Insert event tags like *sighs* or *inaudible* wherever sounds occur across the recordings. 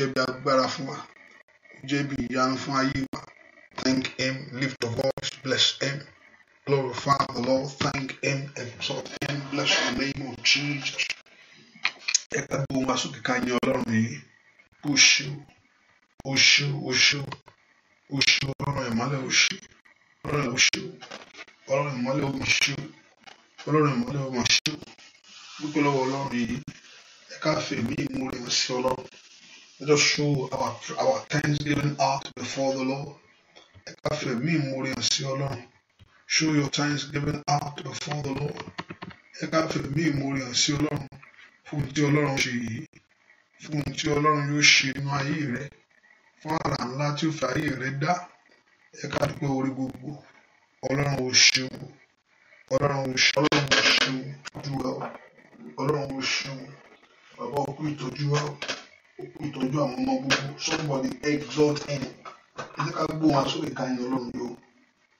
jẹ́ bí agbára fún wa ó ìyanu fún ayé wa thank him lift your voice bless him glorify the Lord thank him exalt him bless the name of Jesus ẹ ká gbóhùn wá sókè ká yan Ọlọ́run yìí oṣù oṣù oṣù oṣù Ọlọ́run ìmọ́lẹ̀ oṣù Ọlọ́run oṣù Ọlọ́run ìmọ́lẹ̀ oṣù Ọlọ́run ìmọ́lẹ̀ oṣù dúpẹ́ lọ́wọ́ Ọlọ́run yìí ẹ ká fèmí ìmúre sí Ọlọ́run. Let us show our, our thanksgiving out before the Lord. Ẹ ká fi ẹ̀mí ìmoore Show your thanksgiving out before the Lord. Ẹ ká fi ẹ̀mí ìmoore hàn sí Ọlọ́run fún tí Ọlọ́run ṣe yìí. Fún tí Ọlọ́run yóò ṣe inú ayé rẹ. Fún àrà ńlá tí ó fi ayé rẹ dá. Ẹ ká dúpẹ́ orí gbogbo. Ọlọ́run ò ṣeun. Ọlọ́run ò ṣeun. Ọlọ́run ò ṣeun. Dúró. Ọlọ́run ò ṣeun. Bàbá òkú ìtọ́jú wa ìtọ́jú àwọn ọmọ gbogbo somebody exalt him ẹ jẹ́ ká gbó wọn sókè ká yin ọlọ́run yóò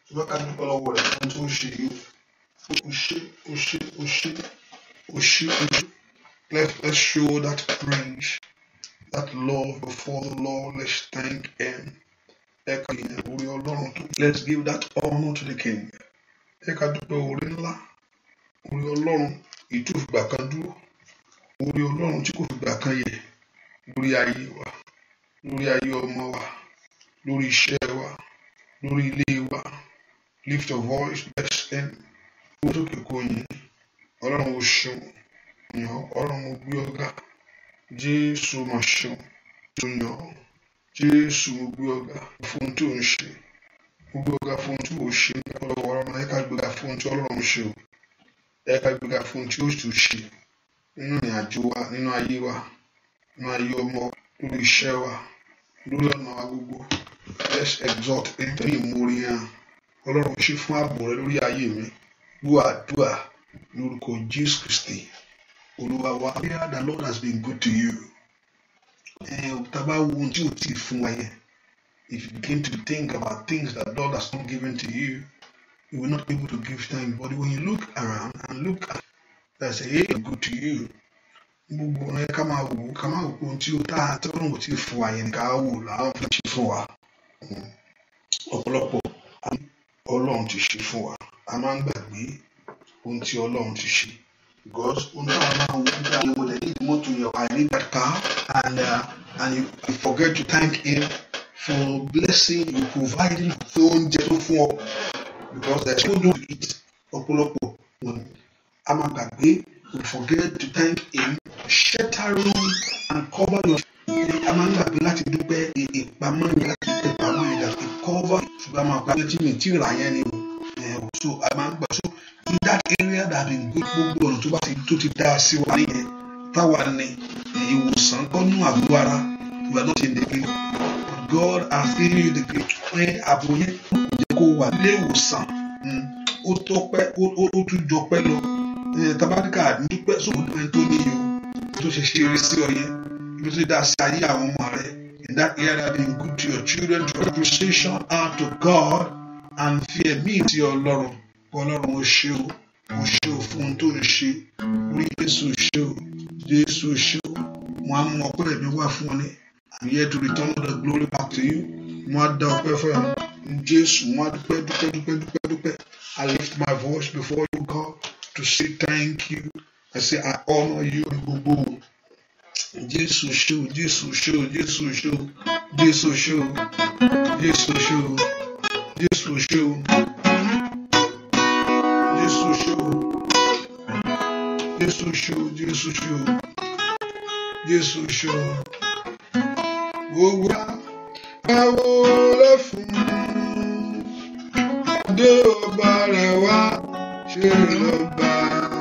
ṣùgbọ́n ká dúpẹ́ lọ́wọ́ rẹ̀ fún tó ṣe yìí o ṣe o ṣe o ṣe o ṣe o ṣe let let's show that praise that love before the Lord let's thank him ẹ ká yin orí ọlọ́run tó let's give that honour to the king ẹ ká dúpẹ́ orí ńlá orí ọlọ́run ìtúfìgbà kan dúró orí ọlọ́run tí kò fìgbà kan yẹ̀. lórí ayé wa lórí ayé ọmọ wa lórí iṣẹ́ wa lórí ilé wa lift your voice bless him kó tó kó yìn ọlọ́run ó ṣeun yàn ọlọ́run ó gbé ọ̀gá jésù mà ṣeun tó yàn jésù gbé ọ̀gá fún tí ń ṣe mo gbé ọ̀gá fún tí ṣe ọlọ́wọ́ ọlọ́run ẹ̀ka gbéga fún ọlọ́run ṣe o ẹ̀ka gbéga fún ṣe nínú máa yọ ọmọ lórí iṣẹ́ wa wa gbogbo let's exalt him tó yìí mórí hàn ọlọ́run ṣe fún ààbò rẹ lórí ayé mi gbọ́ àdúrà lórúkọ Jésù Kristi olúwa wa prayer the Lord has been good to you ẹ tàbá wo ohun tí o ti fún wa yẹn if you begin to think about things that God has not given to you you will not be able to give time. but when you look around and look at that say hey good to you gbogbo ẹ ká máa wò ó ká máa wò ó tí ó tá a tọrùn tí ì fún wa yẹn ká wò láwọn fi ṣe fún wa ọ̀pọ̀lọpọ̀ Ọlọ́run ti ṣe fún wa a máa ń gbàgbé ohun tí Ọlọ́run ti ṣe because ohun tí a máa ń wò ó gbà wọlé ní mọ́tò yẹn I need that car and uh, and you, you forget to thank him for blessing you providing for oúnjẹ tó fún ọ because the school don eat ọ̀pọ̀lọpọ̀ a máa gbàgbé we forget to thank him shelter room and cover your a máa ń gbàgbé láti dúpẹ́ e, ìpamọ́ yẹn láti dúpẹ́ ìpamọ́ yẹn láti cover ṣùgbọ́n a máa gbàgbé tí mi ti rà yẹn ni o so a máa ń gbà so in that area that been good gbogbo ọ̀nà tó bá ti tó ti dá sí wa nìyẹn táwa ni ìwòsàn kọ́nú àgbo ara you are not in the but God has given you the grave ẹ àbò yẹn jẹ́ kó wà lé ìwòsàn hmm, ó tọ́pẹ́ ó tún jọpẹ́ lọ tabarika dúpẹ́ sóhun tó ń tó níyì o. To ṣe ṣe eré sí ibi tó dá sí ayé àwọn ọmọ rẹ in that area being good to your children to your appreciation and to God and fear me sí ọlọ́run ọlọ́run ó ṣe o ó ṣe o fún ohun tó ń ṣe orí Jésù ṣe o Jésù ṣe o wọn á mú ọpẹ́ mi wá fún ọ ní I'm here to return the glory back to you wọn á dá ọpẹ́ fún ẹ Jésù wọn á dúpẹ́ dúpẹ́ dúpẹ́ dúpẹ́ dúpẹ́ I lift my voice before you God to say thank you. I say, I honor you, Bubu. Jesus show, Jesus show, Jesus show, Jesus show, Jesus show, Jesus show, Jesus show, Jesus show, Jesus show, Jesus show. Gbogbo àwo ló fún un, dé ọba rẹ̀ wá, ṣe lọ́ba.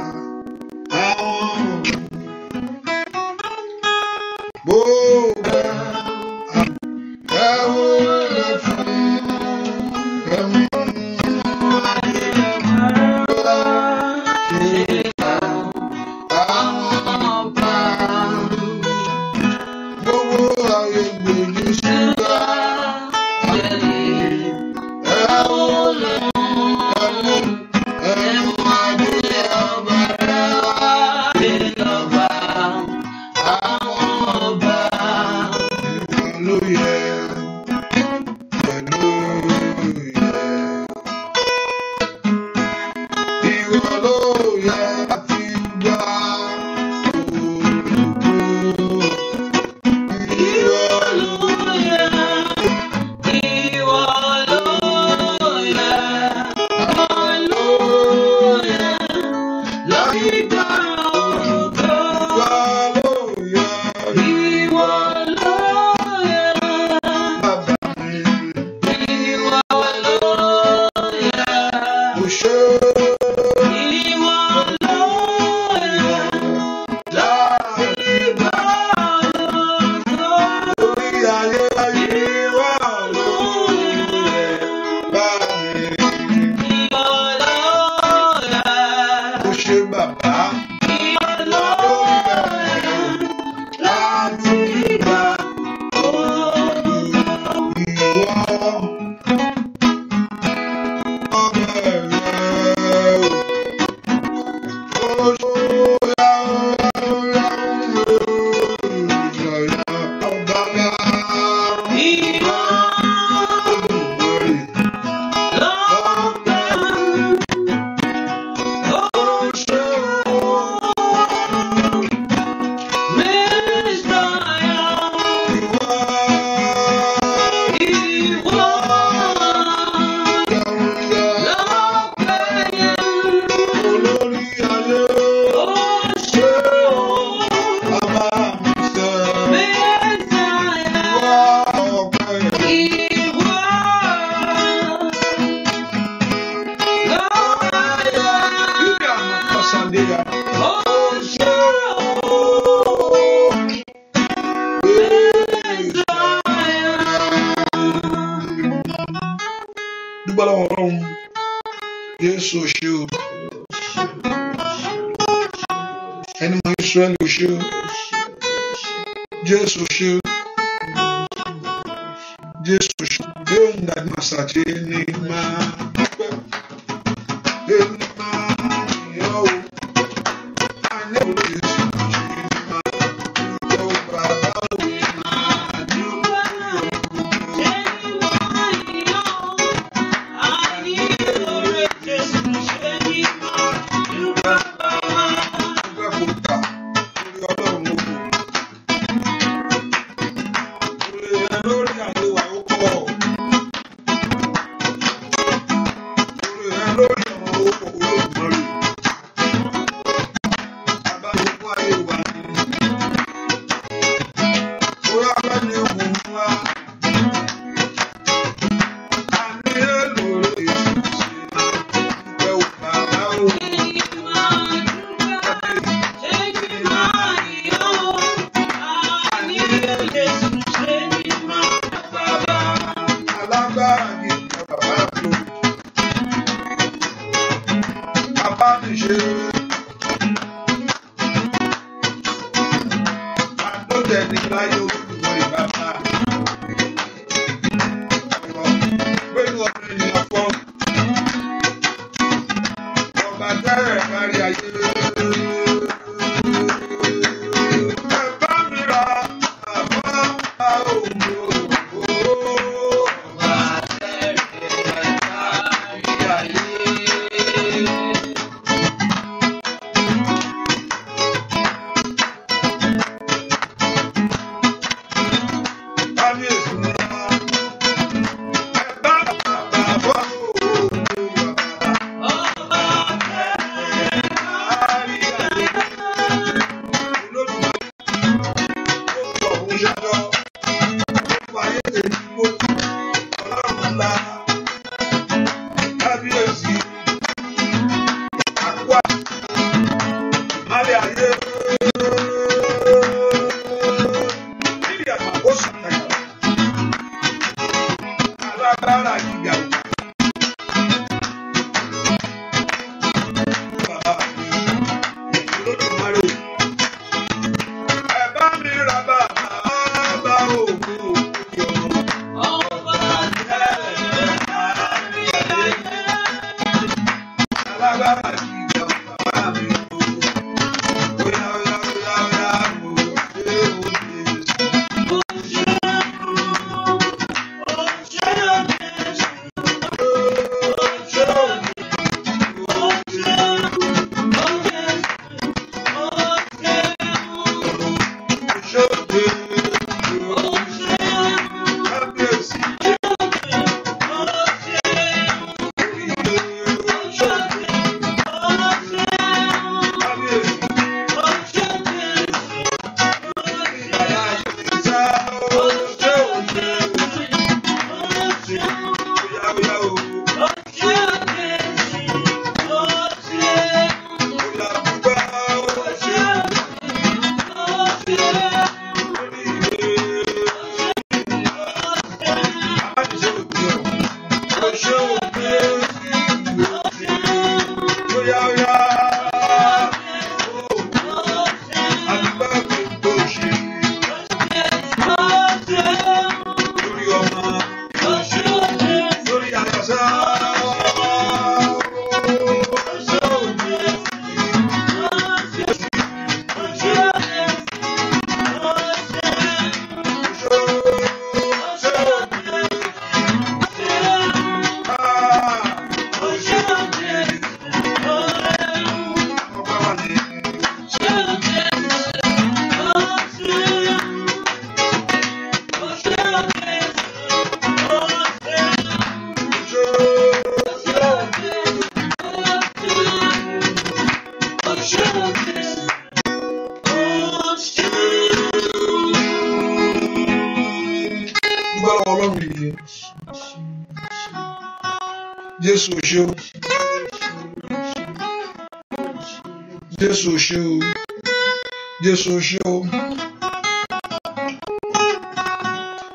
예수 오시오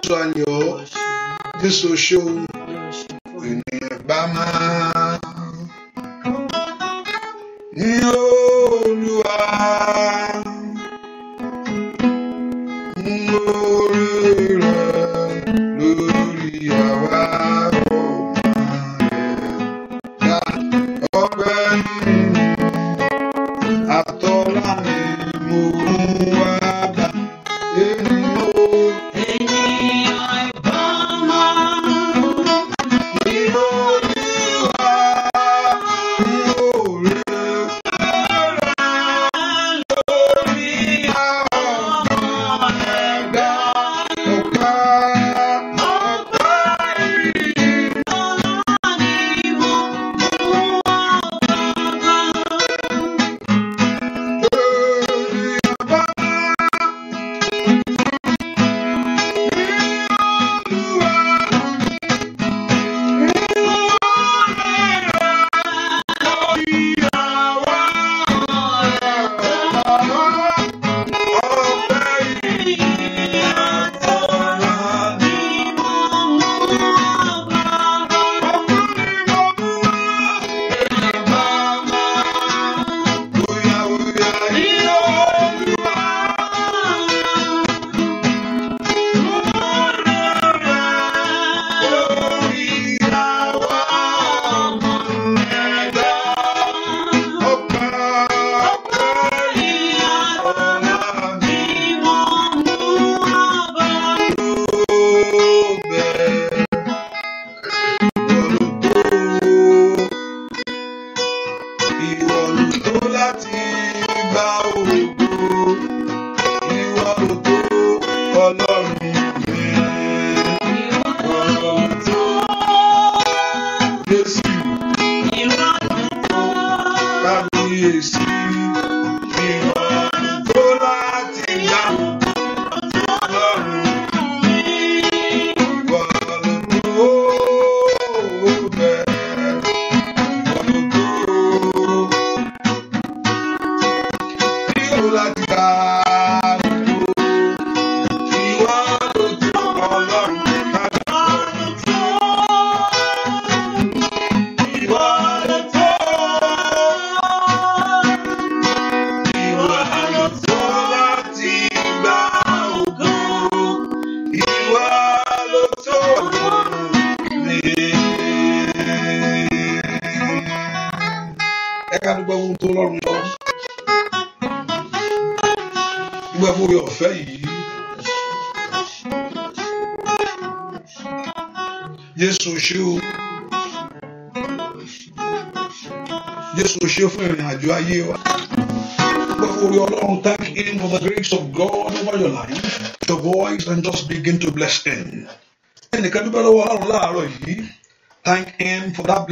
예수 안녕 예수 오시오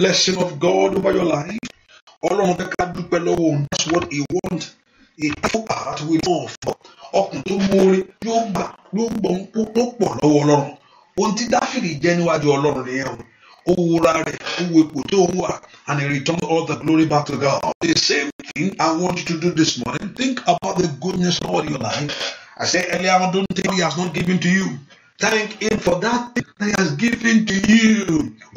blessing of God over your life. Ọlọ́run fẹ́ ká dúpẹ́ lọ́wọ́ òun that's what he want. He took heart will not fall. Ọkùnrin tó mórí yóò gbà yóò gbọ́ tó pọ̀ lọ́wọ́ Ọlọ́run. Ohun tí Dáfídì jẹ́ níwájú Ọlọ́run rẹ̀ o. Ó wúra rẹ̀ ó wo ipò tó ń wà and he returned all the glory back to God. The same thing I want you to do this morning. Think about the goodness of all your life. I say, earlier, don't think he has not given to you. Thank Him for that thing that He has given to you.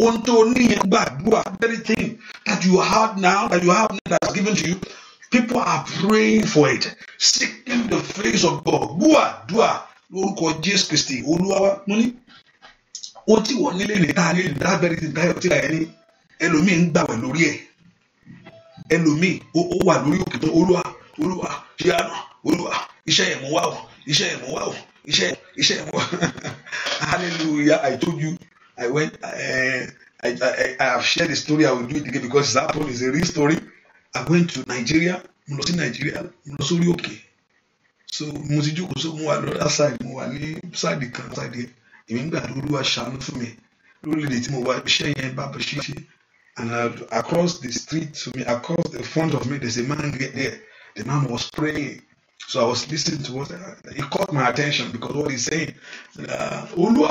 Ohun tó ní yẹn gbàdúrà very thing that you have now that you have now that has given to you. People are praying for it, seeking the face of God. Gbàdúrà lórúkọ Jésù Kristi Olúwa mo ní. Ohun tí wọ́n nílé ní ta nílé that very thing táyọ̀ tí ra ẹni ẹlòmíì ń gbàwẹ̀ lórí ẹ̀. Ẹlòmíì ó wà lórí òkè tó Olúwa Olúwa ṣe àná Olúwa iṣẹ́ yẹn mo wá o iṣẹ́ yẹn mo wá o iṣẹ́ iṣẹ́ wọn *laughs* hallelujah I told you I went uh, I, I, I have shared the story I will do it again because that one is a real story I went to Nigeria mo lọ Nigeria mo lọ sórí òkè so mo ti jókòó so mo wà lọ́dà side mo wà ní side kan side yẹn èmi ń gbà tó olúwa ṣàánú fún mi lórílẹ̀ tí mo wà iṣẹ́ yẹn bá bẹ̀ and across the street to me across the front of me there's a man there the man was praying So I was listening to what uh, he caught my attention because what he's saying, uh, Olúwa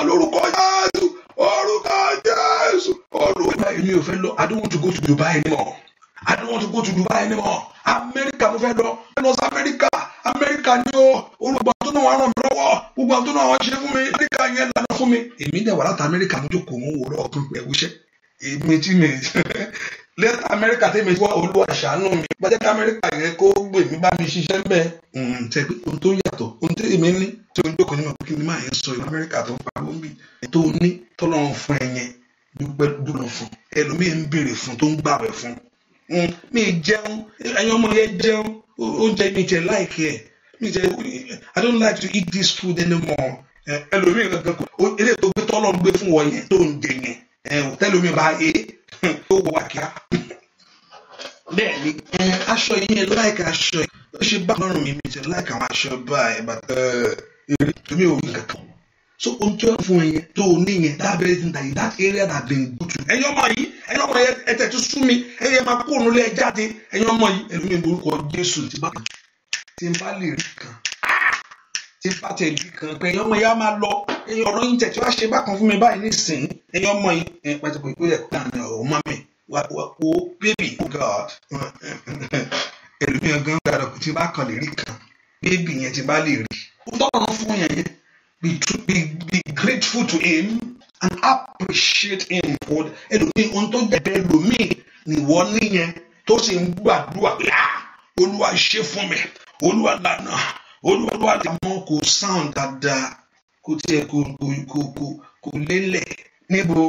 I don't want to go to Dubai anymore. I don't want to go to Dubai anymore. Amẹ́ríkà mo fẹ́ lọ, Los America, Amẹ́ríkà ni o, olùgbà tó náà wà ràn mí lọ́wọ́, gbogbo àwọn tó náà wà ṣe fún mi, Amẹ́ríkà yẹn lànà fún mi. Èmi dẹ̀ wà láti Amẹ́ríkà mo jókòó mo wò lọ́ọ̀kan pẹ̀lú iṣẹ́. Èmi tí mi *laughs* lẹ́tà amẹ́ríkà tèmi wá olúwa ṣàánú mi bàjẹ́ ká amẹ́ríkà yẹn kó gbè mí bá mi ṣiṣẹ́ ń bẹ́ tẹ̀ mm, pé ohun tó yàtọ̀ ohun tí èmi ní tí o ń jókòó ní màkì ní máa yẹn sọ ìlú amẹ́ríkà tó ń pariwo ń bì tó ní tọ́lọ́run fún ẹ yẹn dúpẹ́ dúró fún ẹlòmíì ń béèrè fún tó ń gbàwẹ̀ fún mm, mi jẹun ẹyin ọmọ yẹn jẹun oúnjẹ mi jẹ láìkẹ́ ẹ̀ mi jẹ I don't like to eat this food anymore ẹlòmíì gangan kò eléyìí tó gbé tọ́lọ́run gbé fún wọ yẹn tó ń jẹ yẹn tẹ́lómi bá yé tó wọ wákìá bẹ́ẹ̀ ni aṣọ yẹn láìka aṣọ yẹn ó ṣe bá ọlọ́run mi mi ti láìka àwọn aṣọ báyìí bàtà uh, èrè tómi ò kankan so ohun tí wọ́n fún yẹn tó o ní yẹn that very thing that in that area that been good to ẹ̀yin ọmọ yìí ẹ̀yin ọmọ yẹn ẹ̀tẹ̀ ti sún mi ẹ̀yin ẹ̀ máa kó òun lé ẹ jáde ẹ̀yin ọmọ yìí ẹ̀lú mi lórúkọ Jésù ti bá ti bá lè rí kan tí pàtẹ ìdí kan pé ẹ̀yin ọmọ máa lọ ẹ̀yin ọ̀rọ̀ yín tẹ̀tí wá ṣe bákan fún mi báyìí nísìnyí ẹ̀yin ọmọ yín ẹ̀yin ìpínlẹ̀ kan ọ̀hún mọ́ mi wà wà oh *laughs* ó bébì god ẹlòmíràn gan gbàdọ̀ kò tí bá kàn lè rí kan bébì yẹn ti bá lè rí ó tọrọ fún yẹn yẹn be be be grateful to him and appreciate him for ẹlòmíràn ohun tó jẹ́ bẹ́ẹ̀ lòmíì nìwọ níyẹn tó sì ń gbàdúrà ah, olúwa ṣe fún mi olúwa lànà olúwàdí mọ́ kò sound dáadáa kò tiẹ̀ kò kò kò kò lélẹ̀ níbo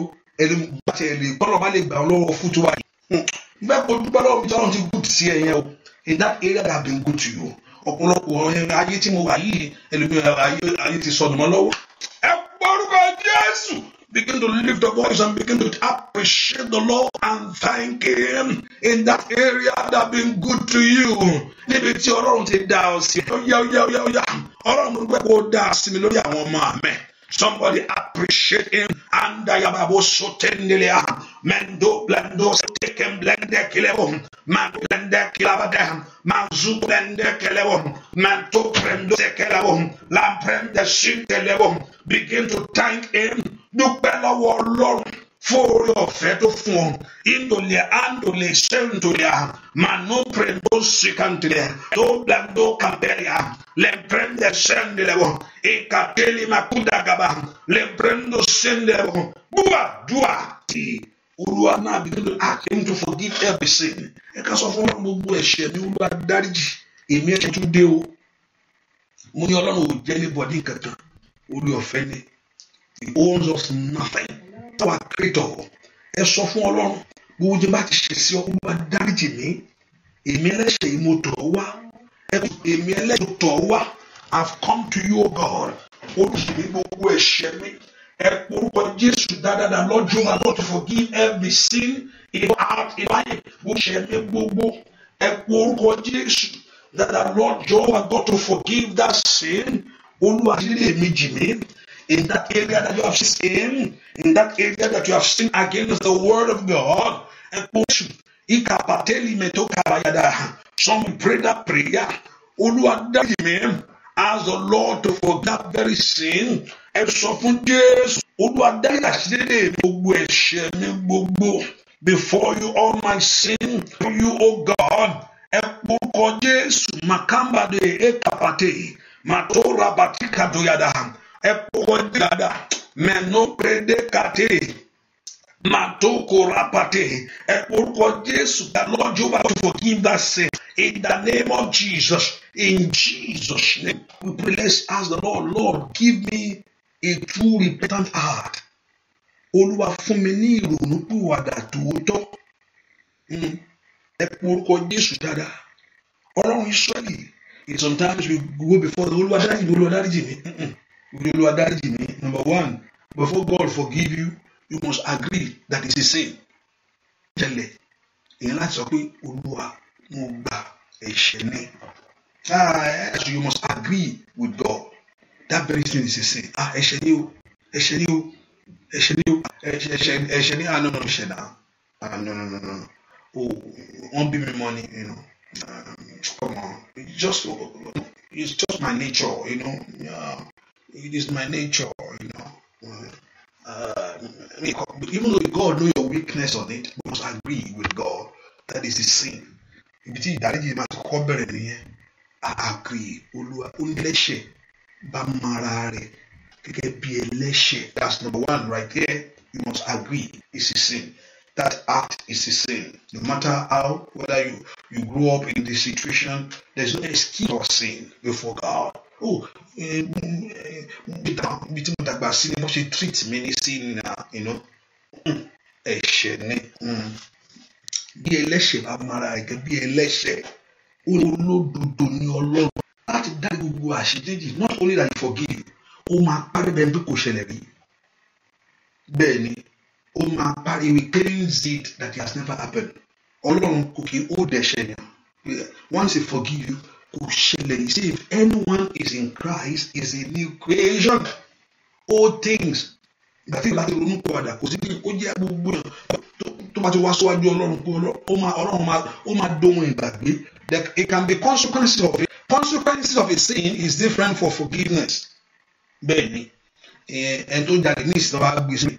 ẹni bá tiẹ̀ lè gbọ́dọ̀ bá lè gbà ọ́ lọ́wọ́ fún tiwa yìí nígbà hmm. tó dúpẹ́ lọ́wọ́ mi tọ́lọ́ ti good sí ẹ yẹn o in that area that been good to you ọ̀pọ̀lọpọ̀ ọ̀rọ̀ ayé tí mo wà yìí ẹlòmíràn ayé ti sọnù mọ́ lọ́wọ́ ẹ gbọ́dọ̀ Jésù Begin to lift the voice and begin to appreciate the Lord and thank Him in that area that have been good to you. Níbi tí Ọlọ́run ti dá ọ sí, ó yá ó yá ó yá ó yá, Ọlọ́run gbẹ́ kó dá sí mi lórí àwọn ọmọ mi. Somebody appreciate him. And Yababo Sotendelia. Mendo blendo taken blende kilebo. Man blende kilabadam. Manzu blende kelebo. Manto prendo sekelebo. Lamprende shitelebo. Begin to thank him. dúpẹ́ lọ́wọ́ ọlọ́run fún orí ọ̀fẹ́ tó fún ọ indole andole sentole manu prendo sikantile tó blando kamperia lemprende sendile wọ ikateli makuda gaba lemprendo sendile wọ bua dua ti olúwa náà bí nínú akim to forgive every sin ẹ ká sọ fún wọn gbogbo ẹ̀ṣẹ̀ mi olúwa dáríjì èmi ẹ̀ṣẹ̀ tún dé o mo ní ọlọ́run ò jẹ́ ní bọ̀dí kankan orí ọ̀fẹ́ ni. He owns us nothing. Our creator. Ẹ sọ fún Ọlọ́run. Gbogbo jẹ́ bá ti ṣe sí ọkùnrin bá dáríjì mí. Èmi ẹlẹ́ṣẹ̀ yìí mo tọ̀ ọ́ wá. Èmi ẹlẹ́ṣẹ̀ mo tọ̀ ọ́ wá. I have come to you, O God. Olùsìn mi gbogbo ẹ̀ṣẹ̀ mi. Ẹ porúkọ Jésù dáadáa lọ́jọ́ máa bọ̀ to forgive every sin in our heart in life. Gbogbo ẹ̀ṣẹ̀ mi gbogbo. Ẹ porúkọ Jésù dáadáa lọ́jọ́ máa bọ̀ to forgive that sin. Olúwa ìdílé mi jì mí in that area that you have sinned, in that area that you have sinned against the word of God, and push. Some pray that prayer. as the Lord to forget very sin. and sọ fún Jésù, Olúwa dárí àṣírí gbogbo ẹ̀ṣẹ̀ Before you all my sin, to you, O God, ẹ porúkọ Jésù, Makambade Ekapate, Matora Batika Doyadaham ẹ pọwọ́ jí dáadáa mẹ́nu pédé kàtí màtókòrápàtì ẹ orúkọ Jésù that Lord you have to forgive that sin in the name of Jesus in Jesus name we pray let's ask the Lord Lord give me a true repentant heart Olúwa fún mi ní ìrònú pìwàdà tòótọ́ ẹ hmm. pọ orúkọ Jésù dáadáa Ọlọ́run Ísírẹ́lì sometimes we go before the Olúwa dáríjì mi Olúwa dáríjì mi. Hmm, hmm. Number one, before God forgive you, you must agree that it's the same. Tẹ́lẹ̀, èèyàn láti sọ pé Olúwa mo gbà ẹ̀ṣẹ̀ mi. Ah, so you must agree with God. That very thing is the same. Ah, ẹ̀ṣẹ̀ ni o, ẹ̀ṣẹ̀ ni o, ẹ̀ṣẹ̀ ni o, ẹ̀ṣẹ̀ ni àánú náà ṣẹ̀ náà. Ah, no, no, no, no, no. Oh, wọ́n bí mi mọ́ ni, you know. Um, come on, it's just, it's just my nature, you know. Yeah. It is my nature, you know. Uh, uh even though God knows your weakness on it, we must agree with God that is the sin. Ibi tí ìdáríjì máa ti kọ́ bẹ̀rẹ̀ nìyẹn. Àkè olúwa ó lẹ́ṣẹ̀ bá mara That's number one right there. You must agree it's a sin. That act is a sin. No matter how, whether you, you grew up in this situation, there's no excuse for sin before God. o bí tí mo dàgbà sí ni wọ́n ṣe treat mi ní sí iná ẹ̀ṣẹ̀ ni bí ẹlẹ́ṣẹ̀ bá mara ẹ̀gẹ́ bí ẹlẹ́ṣẹ̀ olódodo ni ọlọ́run láti dá gbogbo àṣetéjì not only that he forgive ó máa parí bẹ́ẹ̀ bí kò ṣẹlẹ̀ rí bẹ́ẹ̀ ni ó máa parí we cleanse it that it has never happened ọlọ́run kò kí ó dẹ̀ṣẹ̀ yẹn once he forgive you kò ṣẹlẹ̀ yìí say if anyone is in Christ is a new creation all things ìgbà tí ìgbà tí ronú pọ̀ padà kò sí ní ó jẹ́ gbogbo yàn tó bá ti wá síwájú ọlọ́run pé ọlọ́run ó máa dohun ìgbàgbé that it can be consequences of it consequences of a sin is different for forgiveness bẹ́ẹ̀ ni ẹni tó jáde ní ìsìn náà wá gbé sílẹ̀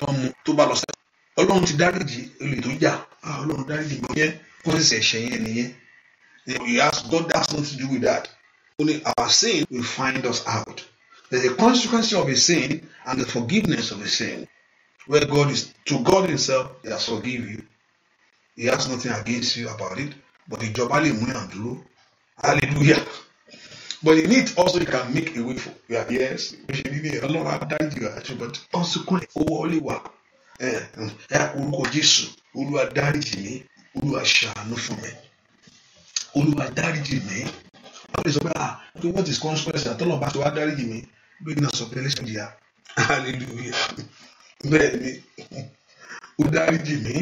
tó mu tó bá lọ sẹ́yìn ọlọ́run ti dáríjì olè tó jà ah, ọlọ́run dáríjì gbọ́ yẹn kó sì ṣẹ̀ṣẹ̀ yẹn nìyẹn He has God has nothing to do with that. Only our sin will find us out. There's a consequence of a sin and the forgiveness of a sin. Where God is to God Himself, He has forgive you. He has nothing against you about it. But ìjọba lè mú Hallelujah. But in it also you can make a way for yeah, yes. Oh you, but Ọlọ́run adájú àṣùbọ̀tì Eh, owó eh, ọ̀lẹ́wà orúkọ Jésù Olúwa dáríjì mi Olúwa ṣàánú fún mi olúwa dáríjì mi wọ́n lè sọ pé ah what is consequence àtọ́lọ̀ bá ti wá dáríjì mi bẹ́ẹ̀ náà sọ pé ẹlẹ́sìn jìyà hallelujah bẹ́ẹ̀ ni ó dáríjì mi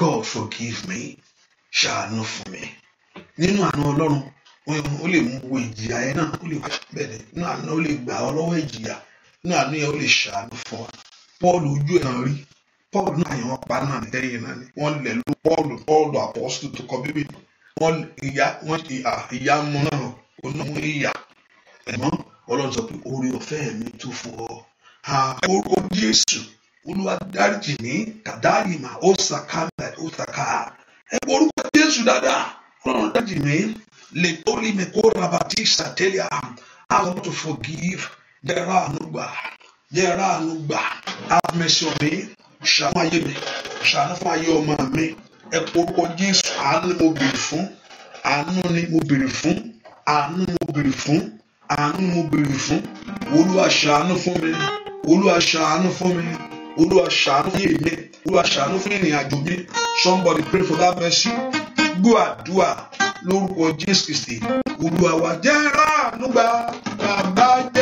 God forgive me ṣàánú fún mi nínú àánú ọlọ́run ó lè mú wo ìjìyà yẹn náà ó lè wá bẹ́ẹ̀ ni nínú àánú ó lè gbà ọ́ lọ́wọ́ ìjìyà nínú àánú yẹn ó lè ṣàánú fún wa Paul ojú ẹ̀ náà rí Paul náà yẹn wọ́n pa náà nìkẹ́yìn náà ni wọ́n lẹ̀ ló Paul Paul apọ́sítù tó kọ bíbélì wọ́n ìyá wọ́n ìyá mú náà oná mú ìyá ẹ̀mọ́ ọlọ́run sọ pé orí ọ̀fẹ́ mi tó fún ọ. àkóró jésù olúwa dáríjì ní kàdáyìmá ó sàkà ó sàkà ẹ orúkọ jésù dáadáa ọlọ́run dáríjì ní lè tó lè mi kó rabatí sàtẹ́lẹ̀ àm I want to forgive jẹ́rọ àánú gbà jẹ́rọ àánú gbà have mercy on me ṣàánú ayé mi ṣàánú fún ayé ọmọ mi ẹ porúkọ Jésù àánú ni mo bèrè fún àánú ni mo bèrè fún àánú ni mo bèrè fún àánú ni mo bèrè fún Olúwa ṣàánú fún mi Olúwa ṣàánú fún mi Olúwa ṣàánú fún èmi Olúwa ṣàánú fún ìrìn àjò mi somebody pray for that mercy gbọ́ àdúrà lórúkọ Jésù Kristi Olúwa wa jẹ́ ráàánú gbà bàbá jẹ́.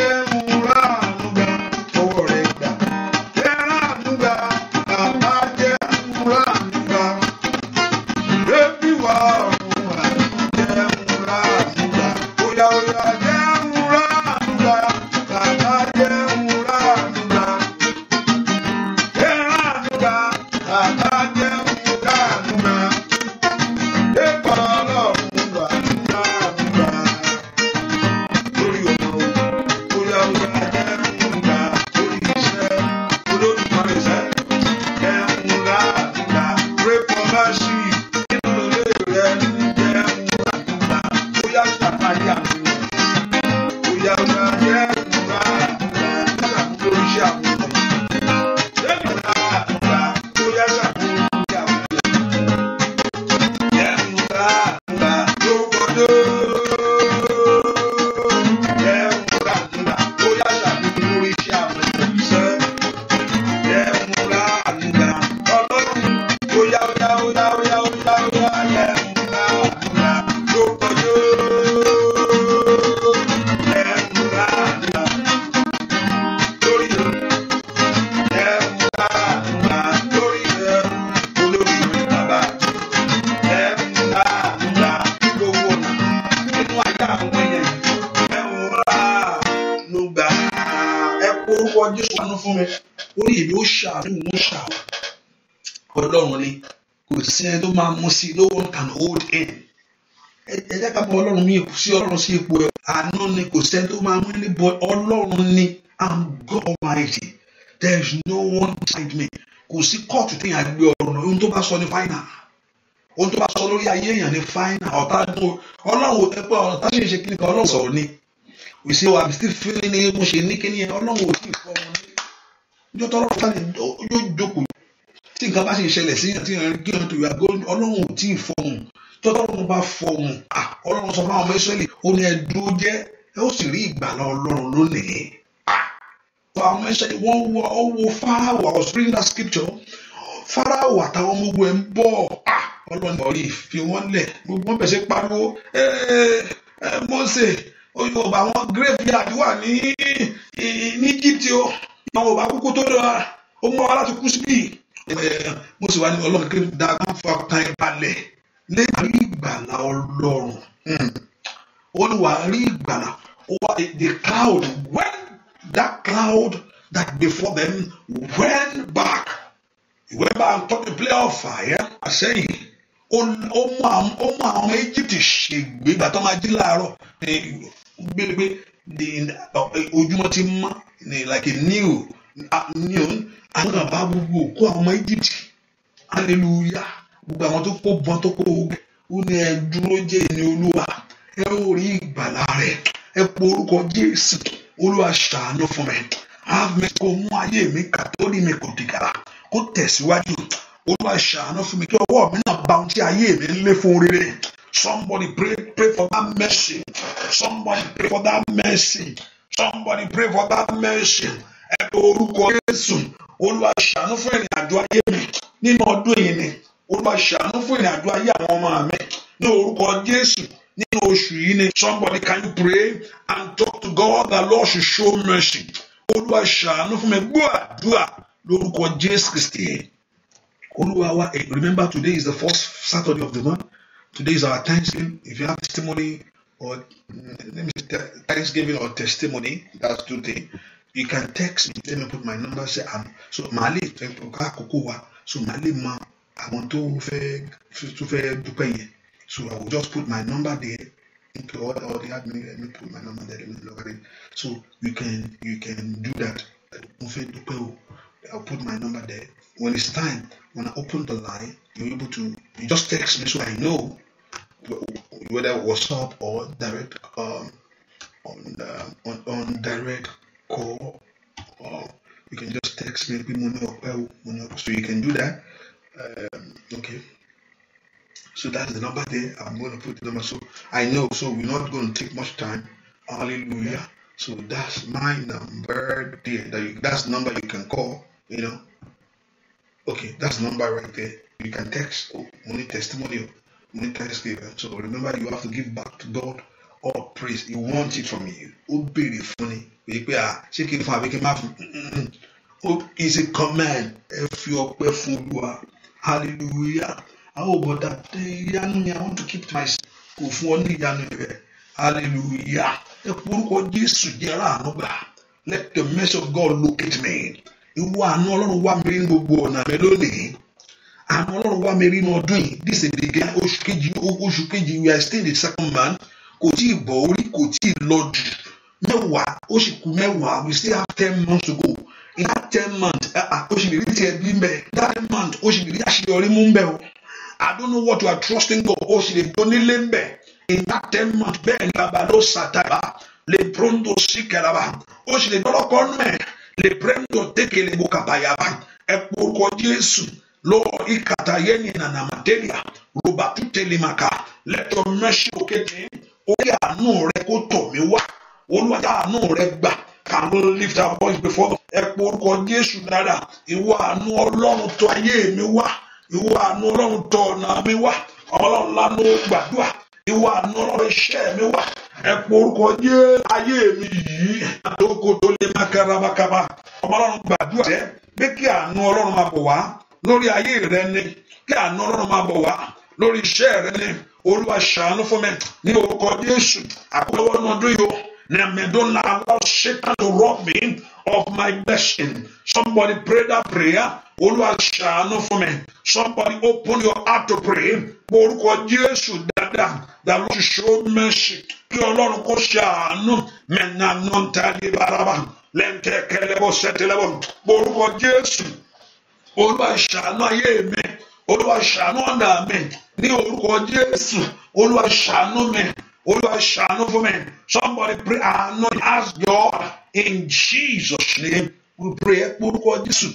fún mi ó ní èmi ó ṣàánú mo ṣàánú ọlọ́run ni kò sí ẹni tó máa mú sí no one can hold in ẹ jẹ́ ká mọ ọlọ́run mi kò sí ọlọ́run sí ipò ẹ̀ àánú ni kò sí ẹni tó máa mú ní bọ́ ọlọ́run ni I'm God Almighty there is no one beside me kò sí kóòtù tí èèyàn gbé ọ̀rọ̀ ohun tó bá sọ ní fáìnà ohun tó bá sọ lórí ayé èèyàn ní fáìnà ọ̀tá dùn ọlọ́run ẹ pé ọ̀tá ṣe ń ṣe kíni ọlọ́run sọ̀rọ̀ ni we say oh I'm still feeling it mo ṣe ní kíni yẹn ọlọ́run ò tí ì fọ́ wọn ní ọjọ́ tọ́lọ́ jáde yóò jókòó tí nǹkan bá sì ń ṣẹlẹ̀ sí àti ìrìn kí ọ̀hún tó yà gbọ́ ọlọ́run ò tí ì fọhùn tó tọ́lọ́run bá fọhùn ọlọ́run sọ fáwọn ọmọ Ísírẹ́lì ó ní ẹdú jẹ́ ẹ ó sì rí ìgbàlá ọlọ́run lónìí. àwọn Ísírẹ́lì wọ́n wọ ọwọ́ Fáráò I was reading that scripture Fáráò àtàwọn ọmọ ogun ẹ̀ ń bọ̀ ọlọ́run ọ̀rí fi wọ́n lẹ̀ gbogbo wọn bẹ̀ṣẹ̀ pariwo Mósè oyún ọba àwọn graveyard wà ní Egypt o ìyàwó bá kúkú tó lọ ó mú wa láti kú síbí mo sì wá ní ọlọ́run kí n da káfà kan ìbalẹ̀ lẹ́yìn ìgbàlá ọlọ́run hmm. ó ní wàá rí ìgbàlá the cloud when that cloud that before them went back ìwé bá ń tọ́ the play of fire àsẹ́yìn ó mú àwọn ọmọ Egypt ṣègbè gbàtọ́ máa jí láàárọ̀ gbégbé eh, ojúmọ́ ti mọ́ like a new neon àwọn kan bá gbogbo òkú àwọn ọmọ Egypt hallelujah gbogbo àwọn tó kó bọ́n tó kó ogun ó ní ẹ dúró jẹ́ ìní olúwa ẹ ó rí ìgbàlà rẹ ẹ po orúkọ Jésù olúwa ṣàánú fún mi àmì kò mú ayé mi kà tó mi kò dìgàrà kó tẹ̀síwájú olúwa ṣàánú fún mi kí ọwọ́ mi náà bá ohun tí ayé mi ń lé fún rere somebody pray pray for that mercy somebody pray for that mercy. Somebody pray for that mercy. Ẹ pe orúkọ Jésù. Olúwa ṣàánú fún ìrìn àjò ayé mi nínú ọdún yìí ni. Olúwa ṣàánú fún ìrìn àjò ayé àwọn ọmọ mi ní orúkọ Jésù nínú oṣù yìí ni. Somebody can you pray and talk to God that Lord should show mercy. Olúwa ṣàánú fún mi gbọ́ àdúrà lórúkọ Jésù Kristi. Olúwa wa remember today is the first Saturday of the month. Today is our Thanksgiving. If you have testimony, or uh, let me thanksgiving or testimony. That's two things. You can text me. Let me put my number. Say I'm so Mali, so Mali ma, I want to tó to dúpẹ́ yẹn. So I will just put my number there. Into all, all the admin, let me put my number there. Let me log in. So you can you can do that. Mo fẹ́ I'll put my number there. When it's time, when I open the line, you're able to you just text me so I know whether WhatsApp or direct um, on, the, um, on on direct call or you can just text me so you can do that um, okay so that's the number there i'm going to put the number so i know so we're not going to take much time hallelujah so that's my number there that you, that's the number you can call you know okay that's the number right there you can text oh, money testimonial ní thanksgiving so remember you have to give back to God all praise he wants it from you ó béèrè fún ni wípé à ah, ṣé kí n fún àbí kí n má is a command ẹ fi ọpẹ́ fún Olúwa hallelujah àwọn òbọ̀dà ìyanu ni I want to keep my kò fún ọ ní ìyanu rẹ hallelujah ẹ porúkọ Jésù jẹ́ aláàánú gbà let the mercy of God locate me ìwọ àánú Ọlọ́run wá mi gbogbo ọ̀nà mi lónìí àwọn ọlọ́run wá mi rí inú ọdún yìí this is the game oṣù kejì oṣù kejì we are still the second man kò tí ì bọ̀ orí kò tí ì lọ jù mẹ́wàá ó sì kù mẹ́wàá we still have ten months to go in that ten months ah, ah, ó sì lè rí tiẹ̀ bí mbẹ́ that ten months ó sì lè rí àṣeyọrí mú mbẹ́ o I don't know what you are trusting God ó sì lè tó nílé mbẹ́ in that ten months bẹ́ẹ̀ ni bàbá ló ṣàtàbà lè pronto sí kẹlẹ́bà ó sì lè dọ́lọ́kọ́ nù ẹ̀ lè pronto tẹ́kẹ̀lẹ́ bó kàbàyà ẹ̀ pọ̀ orúkọ Jésù. Lord, ikatayeni na namateria, robatutelimaka, let your mercy locate me. anu àánú rẹ kó tọ̀ mí wá. Olúwa àánú rẹ gbà. Can we lift our voice before ẹ orúkọ Jésù dára? Ìwọ àánú Ọlọ́run tọ ayé mi wá. Ìwọ anu tọ mi wa. gbàdúrà. Ìwọ mi orúkọ mi yìí. lè má gbàdúrà pé lórí ayé rẹ ni kí àánú ọlọ́run máa bọ̀ wá lórí iṣẹ́ rẹ ni olúwa ṣàánú fún mi ní orúkọ jésù àpẹwọ́ ọdún ọdún yìí o Nemedona allow Satan to rob me of my blessing. Somebody pray that prayer. Olúwa ṣàánú fún mi. Somebody open your heart to pray. Orúkọ Jésù dáadáa. that Lord show mercy. Kí Ọlọ́run kó ṣàánú. Mẹ́nà náà ń tẹ́lẹ̀ bàrà bá. Lẹ́ńkẹ́kẹ́ lẹ́bọ̀ sẹ́tẹ̀ lẹ́bọ̀. Orúkọ Jésù olúwa ṣàánú ayé mi olúwa ṣàánú ọ̀nà mi ní orúkọ jésù olúwa ṣàánú mi olúwa ṣàánú fún mi somebody pray àánú ask God in Jesus name we pray ẹ orúkọ jésù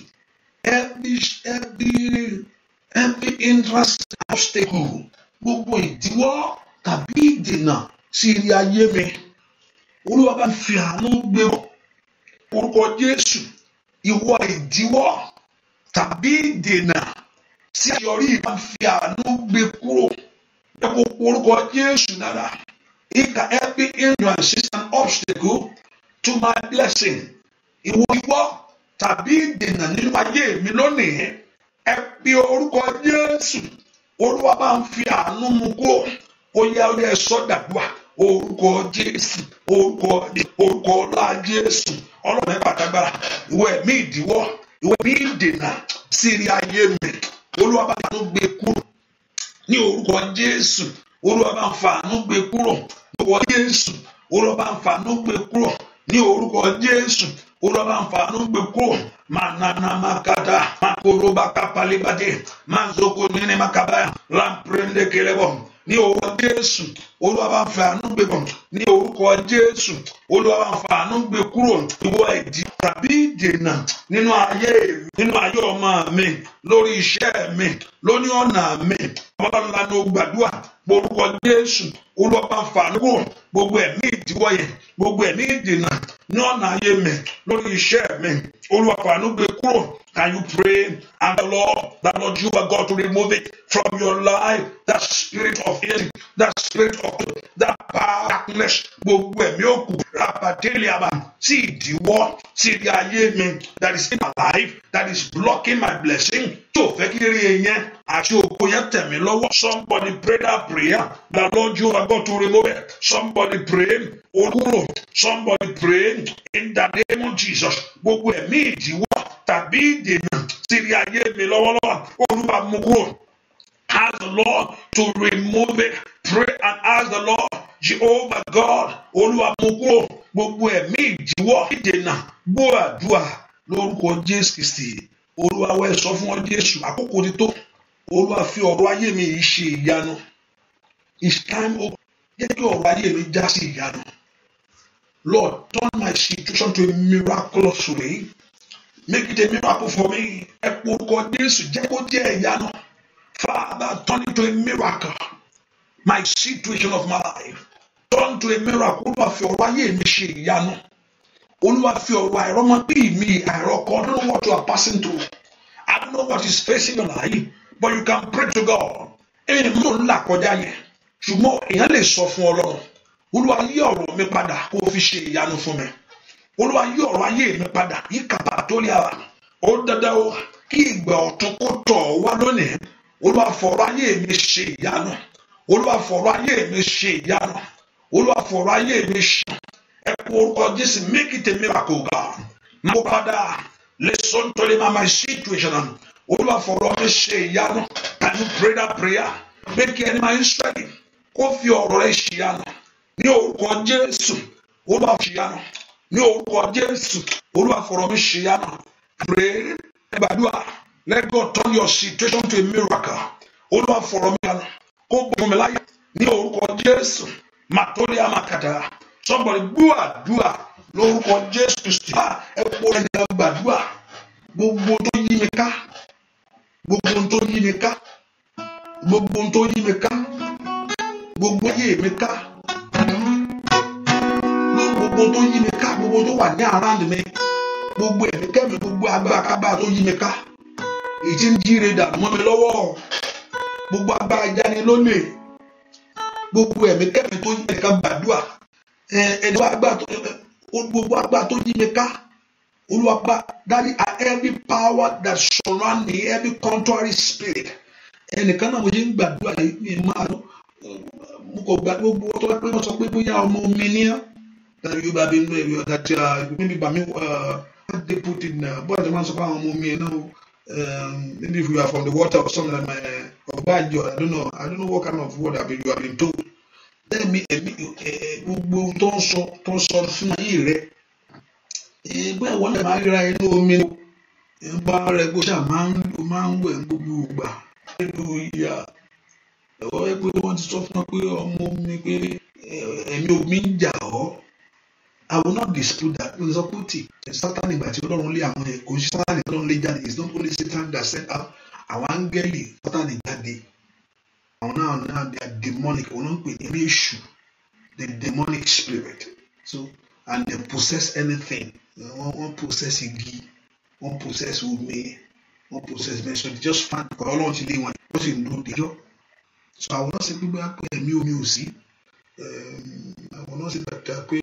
every every every interest obstacle gbogbo ìdíwọ́ tàbí ìdènà sí ilé ayé mi olúwa bá fi àánú gbé orúkọ jésù ìwọ ìdíwọ́ tàbí ìdènà tí àyọrí ìbá fi àánú gbé kúrò ẹ̀kọ́ orúkọ Jésù náírà it can help me hindrance an obstacle to my blessing ìwọ ìwọ tàbí ìdènà nínú ayé mi lónìí ẹ pe orúkọ Jésù Olúwa máa ń fi àánú mu kúrò ó yá ó yẹ sọdàdúà orúkọ Jésù orúkọ orúkọ ọlá Jésù Ọlọ́run ẹ pàtàgbára ìwọ ẹ̀mí ìdíwọ́ ìwọ bí dènà sí rí ayé mi olúwa bá tó gbé kúrò ní orúkọ jésù olúwa bá ń fàánú gbé kúrò orúkọ jésù olúwa bá ń fàánú gbé kúrò ní orúkọ jésù olúwa bá ń fàánú gbé kúrò manana makata makoroba kapalibade mazoko nínú makaba lamprende kelebo ní orúkọ jésù olúwa bá ń fi àánú gbé bọ̀ ní orúkọ jésù olúwa bá ń fi àánú gbé kúrò ìwọ ìdí tàbí ìdènà nínú ayé nínú ayé ọmọ mi lórí iṣẹ́ mi lóní ọ̀nà mi ọlọ́run lanu gbàdúrà orúkọ jésù olúwa bá fàánú wò gbogbo ẹ̀mí ìdíwọ́ yẹn gbogbo ẹ̀mí ìdènà ní ọ̀nà ayé mi lórí iṣẹ́ mi olúwa gbé kúrò and you pray and the Lord the Lord you are God to remove it from your life that spirit of healing that spirit of that darkness gbogbo ẹ̀mí òkú rabatele aba sí ìdíwọ́ sí ìdí ayé mi that is in my life that is blocking my blessing tí ò fẹ́ kí rí i yẹn àti ògo yẹn tẹ̀mí lọ́wọ́ somebody pray that prayer That Lord you are going to remove it somebody pray olúkúrò somebody pray in the name of Jesus gbogbo ẹ̀mí ìdíwọ́ tàbí ìdènà sírí ayé mi lọ́wọ́lọ́wọ́ olúwa mú kúrò ask the Lord to remove it pray and ask the Lord Jehovah God olúwa mú kúrò me? ẹ̀mí ìdíwọ́ ìdènà gbọ́ àdúrà lórúkọ Jésù Kristi olúwa wẹ́ sọ fún ọ Jésù àkókò ti tó olúwa fi ọ̀rọ̀ ayé mi yìí ṣe ìyanu it's time o jẹ́ kí ọ̀rọ̀ ayé mi já sí ìyanu Lord turn my situation to a miraculous way make it a miracle for me ẹ po orúkọ Jésù jẹ́ kó jẹ́ ìyanu Father turn it to a miracle my situation of my life turn to a miracle olúwa fi ọ̀rọ̀ ayé mi ṣe ìyanu olúwa fi ọ̀rọ̀ àìrọ́mọbí mi àìrọ́kọ I don't know what you are passing through I don't know what is facing your life but you can pray to God èèyàn mò ń là kọjá yẹn ṣùgbọ́n èèyàn lè sọ fún Ọlọ́run Olúwa yí ọ̀rọ̀ mi padà kó o fi ṣe ìyanu fún mi Olúwa yí ọ̀rọ̀ ayé mi padà yí kàbà tó lé ara ó dandan o kí ìgbà ọ̀tun kó tọ̀ ọ́ wá lónìí Olúwa fọ̀rọ̀ ayé mi ṣe ìyanu Olúwa fọ̀rọ̀ ayé mi ṣe ìyanu Olúwa fọ̀rọ̀ ayé mi ṣe ẹ kú orúkọ Jésù make it a miracle God mo padà lè sọ nítorí mama situation olúwa fọ̀rọ̀ mi ṣe ìyanu and you pray that prayer pé kí ẹni máa ń sẹ́yìn kó fi ọ̀rọ̀ rẹ ṣìyanu ní orúkọ jésù olúwa ṣìyanu ní orúkọ jésù olúwa fọ̀rọ̀ mi ṣìyanu pray gbàdúrà let God turn your situation to a miracle olúwa fọ̀rọ̀ mi yanu kó gbọ́n mi láyé ní orúkọ jésù màtórí àmàkàtà somebody gbúàdúà lórúkọ jésù kristi ah, ẹ kó lẹ́yìn àgbàdúà gbogbo tó yí mi ká gbogbo ohun tó yí mi ká gbogbo ohun tó yí mi ká gbogbo ayé mi ká gbogbo ohun tó yí mi ká gbogbo ohun tó wà ní aráàlú mi gbogbo ẹ̀mí kẹ́mi gbogbo agbákágbá tó yí mi ká ìtí ń jíire dànù mọ́ mi lọ́wọ́ gbogbo agbára jáde lólè gbogbo ẹ̀mí kẹ́mi tó yí mi ká gbàdúrà ẹ̀ ẹ̀ gbogbo agbára tó yí mi ká that is every power that surround me, every contrary spirit. Ẹnìkan náà mo ṣe ń gbàdúrà yìí ní máa lọ. Mo kò gbà gbogbo ọtọ́ pé wọ́n sọ pé bóyá ọmọ mi ní ọ́. Dàbí yóò bá bí nínú ẹ̀rí ọ̀dà tí a níbi bàmí they put in bọ́ọ̀dì máa ń sọ pé àwọn ọmọ mi náà maybe if you are from the water or something like my ọba àjọ I don't know I don't know what kind of word I be you have been told. Bẹ́ẹ̀ni ẹ̀mí eh, eh, eh, gbogbo tó ń sọ tó ń sọ fún ayé rẹ̀ ìgbà ìwọlẹ máa ríra inú omi ìgbà rẹ kó ṣáà máa ń lò máa ń wẹ̀ gbogbo ìgbà nínú ìyá ẹ̀wọ́ pé wọ́n ti sọ fún ọ pé ọmọ omi pé ẹ̀mí omi ń jà ọ́ I will not dispute that it is a put it Satan ìgbà tí Ọlọ́run lé àwọn ẹ̀ kò sí Satan ìgbà tí Ọlọ́run lé jáde it's not only Satan that sent out àwọn áńgẹ́lì Satan jáde àwọn náà náà they are demonic wọn náà ń pè ní èṣù the demonic spirit so and they possess anything One wọ́n process igi wọ́n process omi one process mẹ́sàn án just fan ọ̀rọ̀ ọlọ́run ti lé wọn ó sì ń dúró déjọ́ so àwọn náà ṣe gbígbá pé ẹ̀mí omi ò sí àwọn náà ṣe gbàgbá pé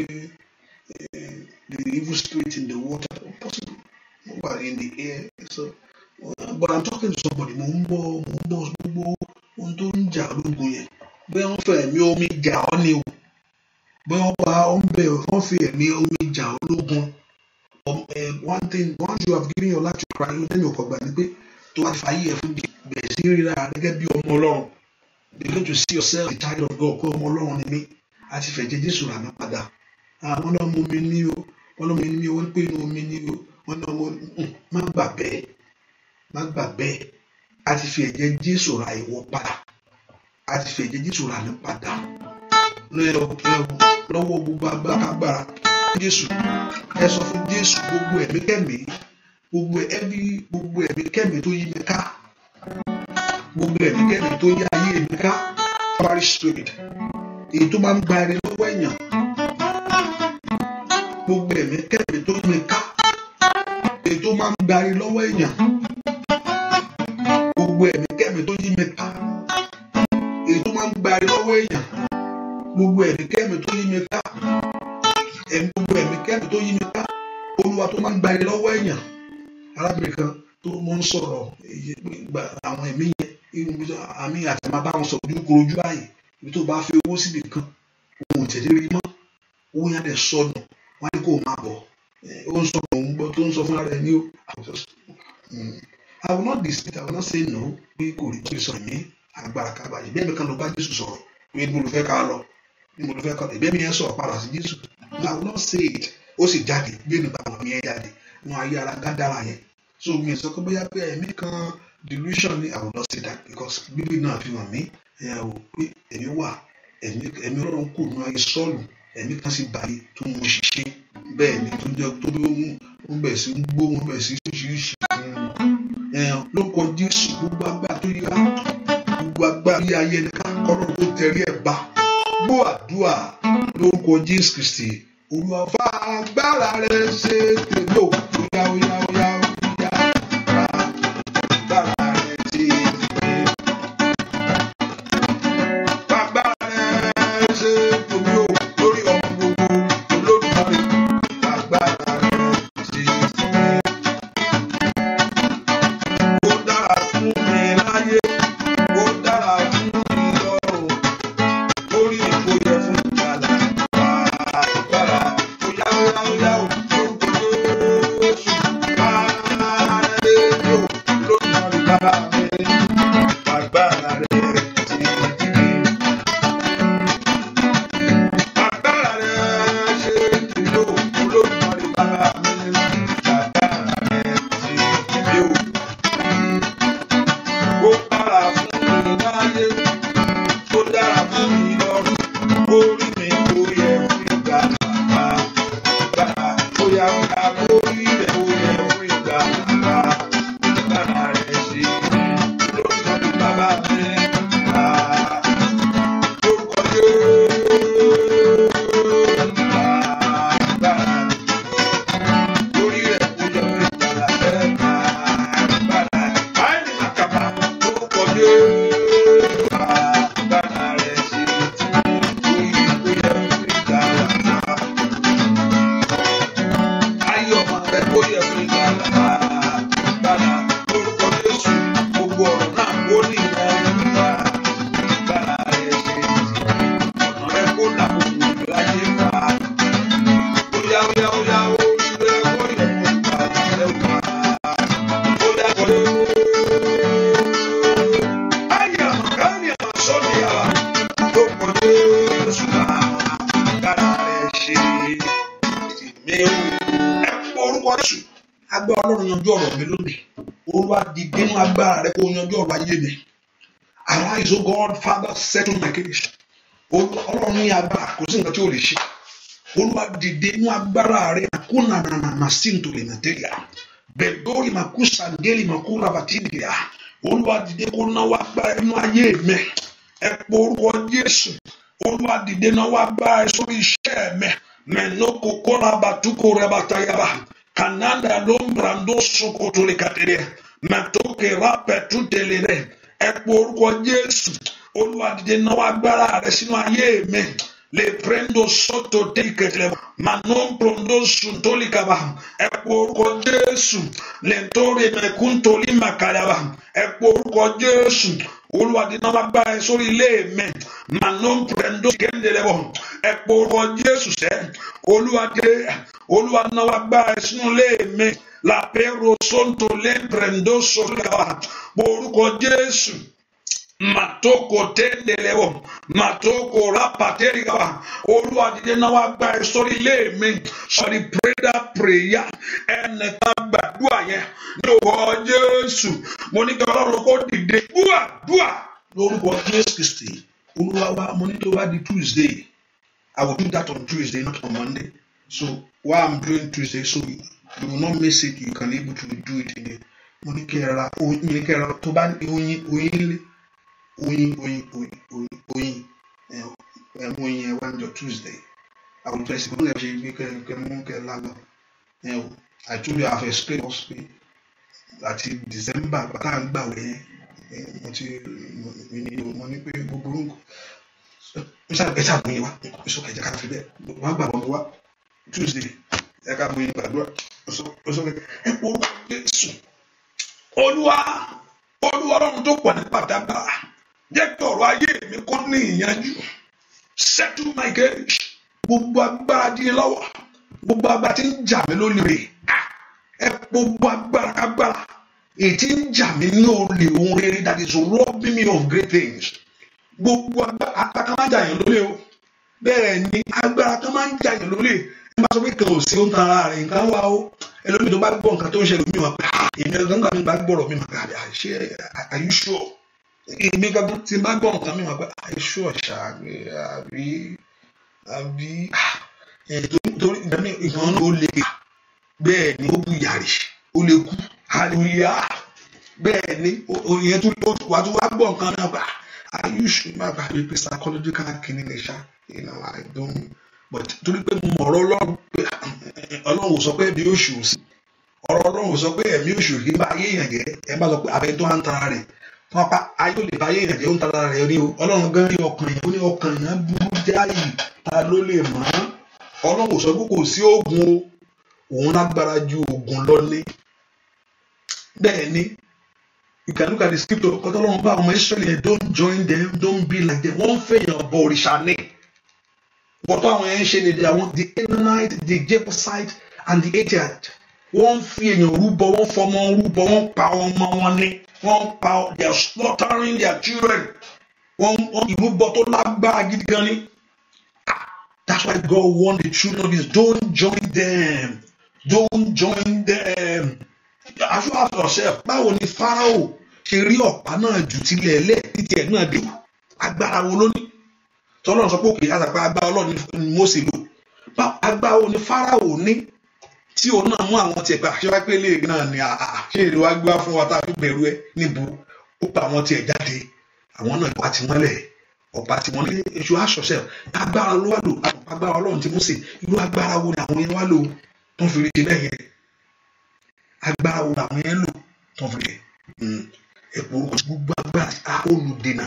eh, the evil spirit in the water possible wọ́n wà in the air so but i'm talking to somebody mo ń bọ̀ mo ń bọ̀ gbogbo ohun tó ń jà ológun yẹn bẹ́ẹ̀ wọ́n fẹ́ ẹ̀mí omi jà ọ́ ni o bẹ́ẹ̀ wọ́n bá ẹ̀mí omi jà ológun Eh, one thing once you have given your life to Christ lẹ́yìn ọ̀kọ̀ gbà ni pé tó bá ti fàyè ẹ̀ fún bẹ̀rẹ̀ sí ríra gẹ́gẹ́ bí ọmọ Ọlọ́run begin to see yourself a child of God pé ọmọ Ọlọ́run ni mí àti fẹ̀jẹ̀ Jésù rà mí padà àwọn náà mú mi ní o wọ́n lọ́mọ mi ní o wọ́n pè ní omi ní o wọ́n náà mú mm, má gbà bẹ́ẹ̀ má gbà bẹ́ẹ̀ àti fẹ̀jẹ̀ Jésù rà ìwọ padà àti fẹ̀jẹ̀ Jésù rà mí padà lọ́wọ́ gbogbo agbára jésù ẹ sọ fún jésù gbogbo ẹ̀mí kẹ́mí gbogbo ẹ̀mí gbogbo ẹ̀mí kẹ́mí tó yí mi ká gbogbo ẹ̀mí kẹ́mí tó yí ayé mi ká holy spirit èyí tó máa ń gba ẹni lọ́wọ́ èèyàn gbogbo ẹ̀mí kẹ́mí tó yí mi ká èyí tó máa ń gba ẹni lọ́wọ́ èèyàn gbogbo ẹ̀mí kẹ́mí tó yí mi ká èyí tó máa ń gba ẹni lọ́wọ́ èèyàn gbogbo ẹ̀mí kẹ́mí tó yí mi ká gbogbo ẹ̀mí kẹ́mi tó yí mi ká olúwa tó máa ń gba ẹni lọ́wọ́ èèyàn arábìnrin kan tó mọ ń sọ̀rọ̀ àwọn ẹ̀mí yẹn àmì àti máa bá wọn sọ ojú kúrò ojú ààyè ibi tó bá fi owó síbi kan òun tẹ̀lé rí mọ́ owó yẹn lè sọnù wọn ni kò máa bọ̀ ó ń sọ òun gbọ́ tó ń sọ fúnra rẹ̀ ní o hmm. I will not deceive I will not say no pé kò rí jésù sọ̀rọ̀ ní agbára kábàjẹ́ bí ẹ̀mí kan ló bá jésù sọ̀rọ̀ pé mo lè fẹ́ ká lọ ni mo fẹ́ kọ́ tẹ̀lé mi yẹn sọ̀rọ̀ padà sí Jésù I will not say it ó sì jáde bí ẹnu bá wọn yẹn jáde wọn ayé ara gádára yẹn so mi sọ pé bóyá pé ẹ̀mí kan delusion ni I will not say that because bíbí náà fi hàn mí ẹ̀ ò pé ẹ̀mí wà ẹ̀mí ọlọ́run kù nínú ayé sọ́ọ̀lù ẹ̀mí kan sì báyé tó mú ṣiṣẹ́ bẹ́ẹ̀ ni tó jẹ́ tó bí ó ń bẹ̀ sí ń gbó ń bẹ̀ sí oríṣiríṣi lórúkọ Jésù gbogbo agbá tó yá gbogbo agbá yí ayé kọ́ lóun tó ẹ̀ bá gbọ́ àdúrà lórúkọ Jésù Kristi olùwàfà agbára rẹ ṣe tèmi ò yáwó yáwó. na mú agbára rẹ àkúnà nànà màsíntò lè nàtẹ́yà bẹ̀dọ́rì màkú sàndéèlì màkú rabatìlìyà olúwa dìde kó náwó agbára inú ayé mi ẹ pọ orúkọ Jésù olúwa dìde náwó agbára sórí iṣẹ́ mi mẹ́nà kókó rabatukó rabatayaba kanada ló ń brando sokoto lè kàtẹ́lẹ̀ mẹ́tòkè rapẹ̀tútẹ̀lẹ̀ rẹ ẹ pọ orúkọ Jésù olúwa dìde náwó agbára rẹ sínú ayé me. E le prendo soto delikele manon prondo suntoli kaba ẹ pọ orúkọ Jesus le ntori mekuntoli makalaba ẹ pọ orúkọ Jésù olùwàdìnnà bá gbá ẹ sórí ilé mi manon prendo kendelebo ẹ pọ orúkọ Jésù sẹ olùwàdìnnà olùwàdìnnà bá gbá ẹ sínú ilé mi la pẹrọ sọntolẹ prendo sọlẹ wa pọ orúkọ Jésù matoko tendelewo matoko rapaterigaba olúwa dìde náà wá gba ẹ e sórí ilé mi sọrí pray that prayer ẹnì kan gbàdúrà yẹn lórúkọ jésù mo ní kí ọlọ́run kó dìde dúà dúà lórúkọ jésù kristi olúwa wa mo ní tó bá di tuesday i will do that on tuesday not on monday so why i'm doing tuesday so you will not miss it you can able to do it again mo ní kí ẹ ra oyin tó bá oyin oyin lé. Oyin, Oyin, Oyin, Oyin, Oyin, ẹ̀mú eh, eh, oyin ẹ̀ wá níjọ Tuesday. Àwùjọ ìsìnkú náà ṣe gbé kẹ mú kẹ lágbà. I told you I have explained us pé àti December bàtà ń gbà wẹ̀ yẹn eh, mo ti mo ní pé gbogbo ń ṣàgbéyàwó yẹn wá ìṣòkè ìjàkadà fi bẹ́ẹ̀ wọ́n gbà wọ́n wá Tuesday ẹ̀ka bóyá gbàdúrà ọ̀sọ́kẹ́ ẹ orúkọ Jésù olúwa olúwa ọlọ́run tó pọ̀ ní pàtàkì jẹ́ kí ọ̀rọ̀ ayé mi kó ní ìyanjú settle my case gbogbo agbára dí i lọ́wọ́ gbogbo agbára tí ń jà mí lólè ẹ gbogbo agbára agbára èyí tí ń jà mí ní olè ohun rere that is robbing me of great things gbogbo agbára kan máa ń jà yàn lólè o bẹ́ẹ̀ ni agbára kan máa ń jà yàn lólè ẹ bá sọ pé kan ò sí ohun tara rẹ̀ nǹkan wá o ẹlòmíì tó bá gbọ́ nǹkan tó ń ṣẹlẹ̀ mi wà pé ah, èmi ọ̀gá nǹkan mi bá gbọ́rọ̀ mi mà kàbí ah, àṣẹ are you sure èmi gangan tí n bá gbọ́ nǹkan mi mọ̀ pé àìṣú ah, ọ̀ṣà àbí àbí ah, torí ìdáni ìgbọ́n náà ó lè bẹ́ẹ̀ ni ó bu yàrá ó lè kú hallelujah bẹ́ẹ̀ ni òyìn tó wà tó wá gbọ́ nǹkan náà gbà àyùṣù má bà mí pé psychological kìíní lè ṣá ìnà àìdùn but torí pé mo mọ̀rọ̀ ọlọ́run pé ọlọ́run ò sọ pé ẹ̀mí òṣù sí ọ̀rọ̀ ọlọ́run ò sọ pé ẹ̀mí òṣù kì bá yéèyàn jẹ́ ẹ bá sọ pé abẹ́ à ń tara rẹ̀ pápá ayé ò lè báyé ìrìnàjò ń tara rẹ̀ rí o ọlọ́run gan rí ọkàn yẹn ó ní ọkàn yẹn burú jáì ta ló lè mọ̀ ọ́n ò sọ pé kò sí oògùn o òun lágbára ju oògùn lọ ní bẹ́ẹ̀ ni you can look at the scripture kọ́tọ́ ọlọ́run bá ọmọ Israẹli yẹn don't join them don't be like them wọ́n fẹ̀yàn bọ òrìṣà ní wọ́tọ́ àwọn yẹn ń ṣe ni the Canaanite the Jebusite and the Hittite wọ́n ń fi èèyàn rúbọ wọ́n fọmọ rúbọ wọ́n pa ọmọ wọn ní wọ́n pa they are slaughtering their children wọ́n ìrúbọ tó lágbára gidi gan ni ah, that's why God warn the children of Israel don't join them don't join them aṣọ àtọ̀ṣe báwo ni Pharaoh ṣe rí ọ̀pá náà jù tilẹ̀ ẹlẹ́ẹ̀tì tiẹ̀ náà dé agbára wo ló ní tọ́lọ́run sọ pé òkè àtàkùn agbára ọlọ́run ni Mósè lò agbára wo ni Pharaoh ní tí òun náà mú àwọn tiẹ̀ pé ah, àṣewá pé léèrè náà ni àṣe ah, ah, èrè wá gbé fún wa tá a fi bẹ̀rù ẹ níbo ó pa àwọn tiẹ̀ jáde àwọn náà pa tiwọn lẹ̀ ọ̀pá tiwọn lé èso àṣọṣẹ́ agbára ló wà lò agbára ọlọ́run ti mú sí irú agbára wo làwọn yẹn wá lò tó ń fi rí ṣe bẹ́ẹ̀ yẹn agbára wo làwọn yẹn lò tó ń fi hmm. rí ẹ̀pọ̀ gbogbo agbára olùdènà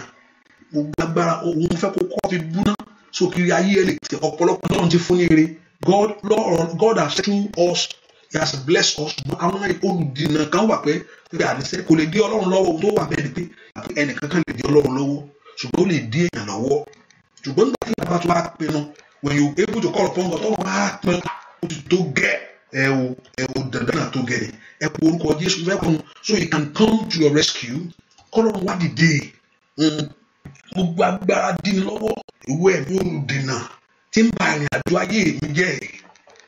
gbogbo agbára òun fẹ́ kó kọ́ fi búná sókiri ayé ẹ̀ lè tẹ ọ̀pọ̀lọpọ̀ náà ti fún ní eré God Lord God has through us he has blessed us àwọn olùdìnnà kan wà pé pé àdìsẹ́ kò lè dí ọlọ́run lọ́wọ́ tó wà bẹ́ẹ̀ ni pé àbí ẹnìkan kan lè dí ọlọ́run lọ́wọ́ ṣùgbọ́n ó lè dí èèyàn lọ́wọ́ ṣùgbọ́n nígbà tí bàbá tó bá pinnu when you able to call upon God tó wọ́n bá pin ó ti tó gẹ́ ẹ o ẹ o dandan náà tó gẹ́ ni ẹ kú orúkọ Jésù fẹ́ kun so he can come to your rescue kọ́lọ́run wá dìde mm. gbogbo agbára dín lọ́wọ́ ìwé ẹ̀mí olùdìnnà tí ń ba ìrìn àjò ayé mi jẹ́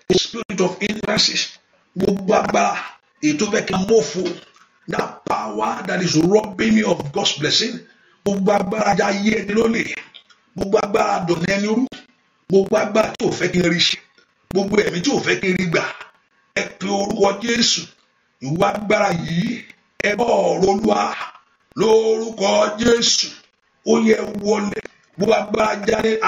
the spirit of hindrances gbogbo agbára èyí tó fẹ́ kí n mọ̀fo that power that is robbing me of God's blessing gbogbo agbára ajá ayé ẹni lónìí gbogbo agbára àdùnnà ẹni rú gbogbo agbára tí ò fẹ́ kí n rí ṣe gbogbo ẹ̀mí tí ò fẹ́ kí n rí gbà ẹ pe orúkọ Jésù ìwà agbára yìí ẹ bọ́ ọ̀rọ̀ Olúwa lórúkọ Jésù ó yẹ wọlé gbogbo agbára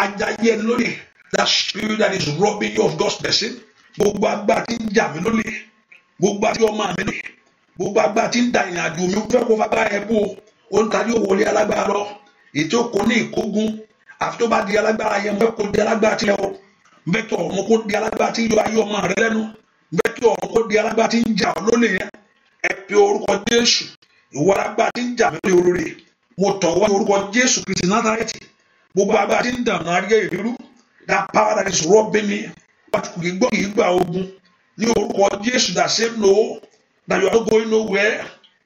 ajá ayé ẹni lónìí. that spirit that is robbing you of God's blessing gbogbo agbára tí ń jà mí lólè gbogbo agbára tí ọmọ mi lè gbogbo agbára tí ń da ìrìn àjò mi fẹ́ kó fagbá ẹ bó o ń tajú wọlé alágbára lọ ètò òkò ní ìkógun àfi tó bá di alágbára yẹn mo fẹ́ kó di alágbára tí ẹ o mo fẹ́ kí ọ̀run kó di alágbára tí ń yọ ayé ọmọ rẹ lẹ́nu mo fẹ́ kí ọ̀run kó di alágbára tí ń jà ọ́ lólè yẹn ẹ pe orúkọ Jésù ìwọ alágbára tí ń jà mí lórí mo tọ̀ wá orúkọ Jésù Kristi Násárẹ́tì gbogbo agbára tí ń dànù that power that is robbing me But í gbọ́ kì í gba ogun ní orúkọ Jésù that say no that you are not going nowhere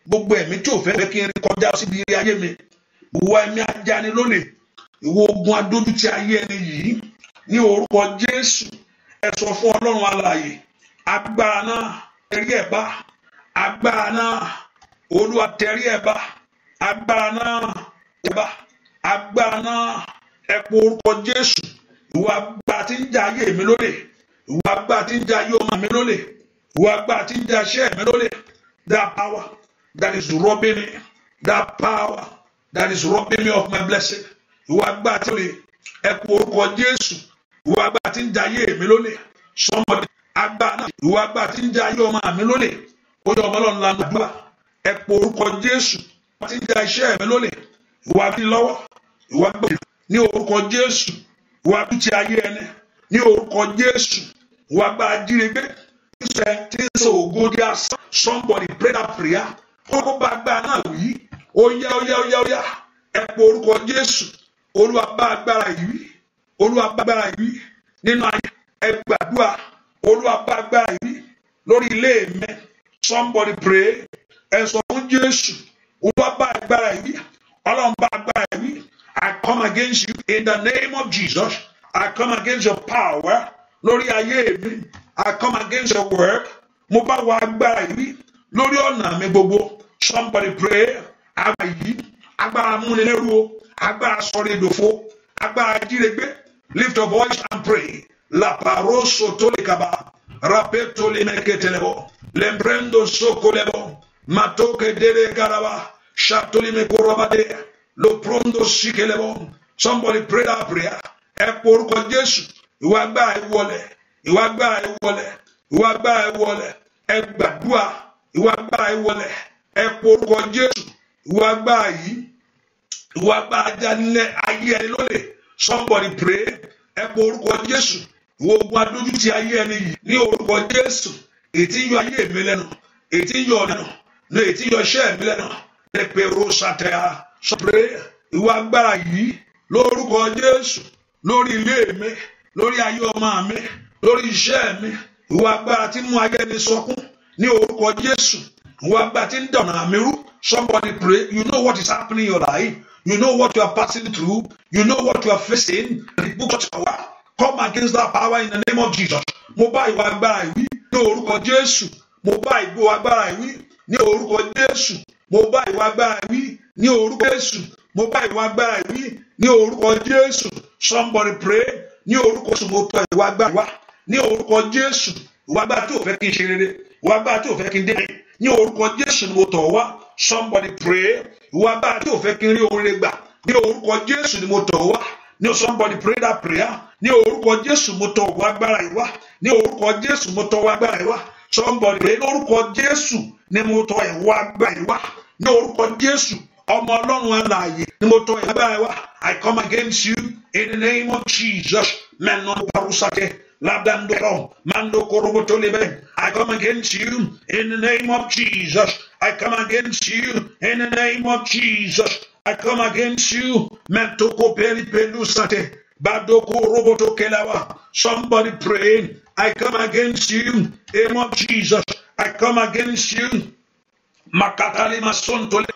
gbogbo ẹ̀mí tí ò fẹ́ fẹ́ kí n rí kọjá síbi eré ayé mi ìwọ ẹ̀mí ajani lónìí ìwọ ogun adójútì ayé ẹni yìí ní orúkọ Jésù ẹ sọ fún Ọlọ́run alààyè agbára náà tẹrí ẹ̀ bá agbára náà Olúwa tẹrí ẹ̀ bá agbára náà ẹ̀ bá agbára náà ẹ̀ pọ̀ orúkọ Jésù ìwà gba tí ń ja ayé mi lólè ìwà gba tí ń ja ayé ọmọ mi lólè ìwà gba tí ń ja iṣẹ́ mi lólè that power that is robbing me that power that is robbing me of my blessing ìwà gba tí ó lè ẹ kú orúkọ Jésù ìwà gba tí ń ja ayé mi lólè somebody agba náà ìwà gba tí ń ja ayé ọmọ mi lólè ó yọ ọmọ Ọlọ́run lanu àdúrà ẹ kú orúkọ Jésù ìwà tí ń ja iṣẹ́ mi lólè ìwà mi lọ́wọ́ ìwà gbọ́ ní orúkọ Jésù wàá tún ti ayé ẹni ní orúkọ Jésù wàá gba ajínigbé tí ń sẹ tí ń sọ ògo di asán somebody pray that prayer kókó bá agbára náà wí ó yá ó yá ó yá ó yá ẹ pọ orúkọ Jésù Olúwa bá agbára yìí Olúwa bá agbára yìí nínú ayé ẹ gbàdúrà Olúwa bá agbára yìí lórí ilé mi somebody pray ẹ sọ fún Jésù Olúwa bá agbára yìí. Ọlọ́run bá I come against you in the name of Jesus I come against your power lórí ayé mi I come against your work mo bá wọ agbára yìí lórí ọ̀nà mi gbogbo somebody pray àgbà yìí agbára múnilẹ́rú o agbára sọ̀rọ̀ ìdòfo agbára jíregbé lift your voice and pray La laparo sotolikaba rapetolimeketelebo lembrendo sokolebo matokedere garaba. Shatolime Korobade, Loprondo Sikelebon. Somebody pray that prayer. Ẹ pe orúkọ Jésù, ìwọ wole. ẹ wọlẹ̀, ìwọ wole. ẹ wọlẹ̀, ìwọ wole. ẹ wọlẹ̀, ẹ gbàdúrà, ìwọ agbára ẹ wọlẹ̀, ẹ pe orúkọ Jésù, ìwọ ayé ẹni lólè. Somebody pray, ẹ pe orúkọ Jésù, ìwọ ogun adójútì ayé ẹni yìí ní orúkọ Jésù, ètí yọ ayé mi lẹ́nu, ètí yọ ọ̀nà, ètí yọ iṣẹ́ mi lẹ́nu ẹ̀pẹ̀rọ̀ṣàtẹ̀à sọ̀pẹ̀ ìwà agbára yìí lórúkọ Jésù lórí ilé mi lórí ayé ọmọ mi lórí iṣẹ́ mi ìwà agbára tí mú ayé mi sọkún ní orúkọ Jésù ìwà agbára tí ń dọ̀nà mi somebody pray you know what is happening in your life you know what you are passing through you know what you are facing rebuke such power come against that power in the name of Jesus mo bá ìwà agbára yìí ní orúkọ Jésù mo bá ìgbó agbára yìí ní orúkọ Jésù mo bá ìwà agbára wí ní orúkọ Jésù mo bá ìwà agbára wí ní orúkọ Jésù somebody pray ní orúkọ Jésù mo tọ̀ ìwà agbára wá ní orúkọ Jésù ìwà agbára tí ò fẹ́ kí n ṣe rere ìwà agbára tí ò fẹ́ kí n dé ní orúkọ Jésù ni mo tọ̀ wá somebody pray ìwà agbára tí ò fẹ́ kí n rí oore gbà ní orúkọ Jésù ni mo tọ̀ wá ní somebody pray that prayer ní orúkọ jésù mo tọ̀ wá agbára yìí ní orúkọ jésù mo tọ̀ wá agbára yìí somebody pray lórúkọ jésù ni mo tọ̀ ìwọ agbára yìí ní orúkọ Jésù ọmọ Ọlọ́run alààyè ni mo tọ̀ ẹ̀bẹ̀ ẹ wá I come against you in the name of Jesus mẹ́nu parusake labdandorom mando korobotolebe I come against you in the name of Jesus I come against you in the name of Jesus I come against you mentoko peripelusate badoko roboto kelawa somebody praying I come against you in the name of Jesus I come against you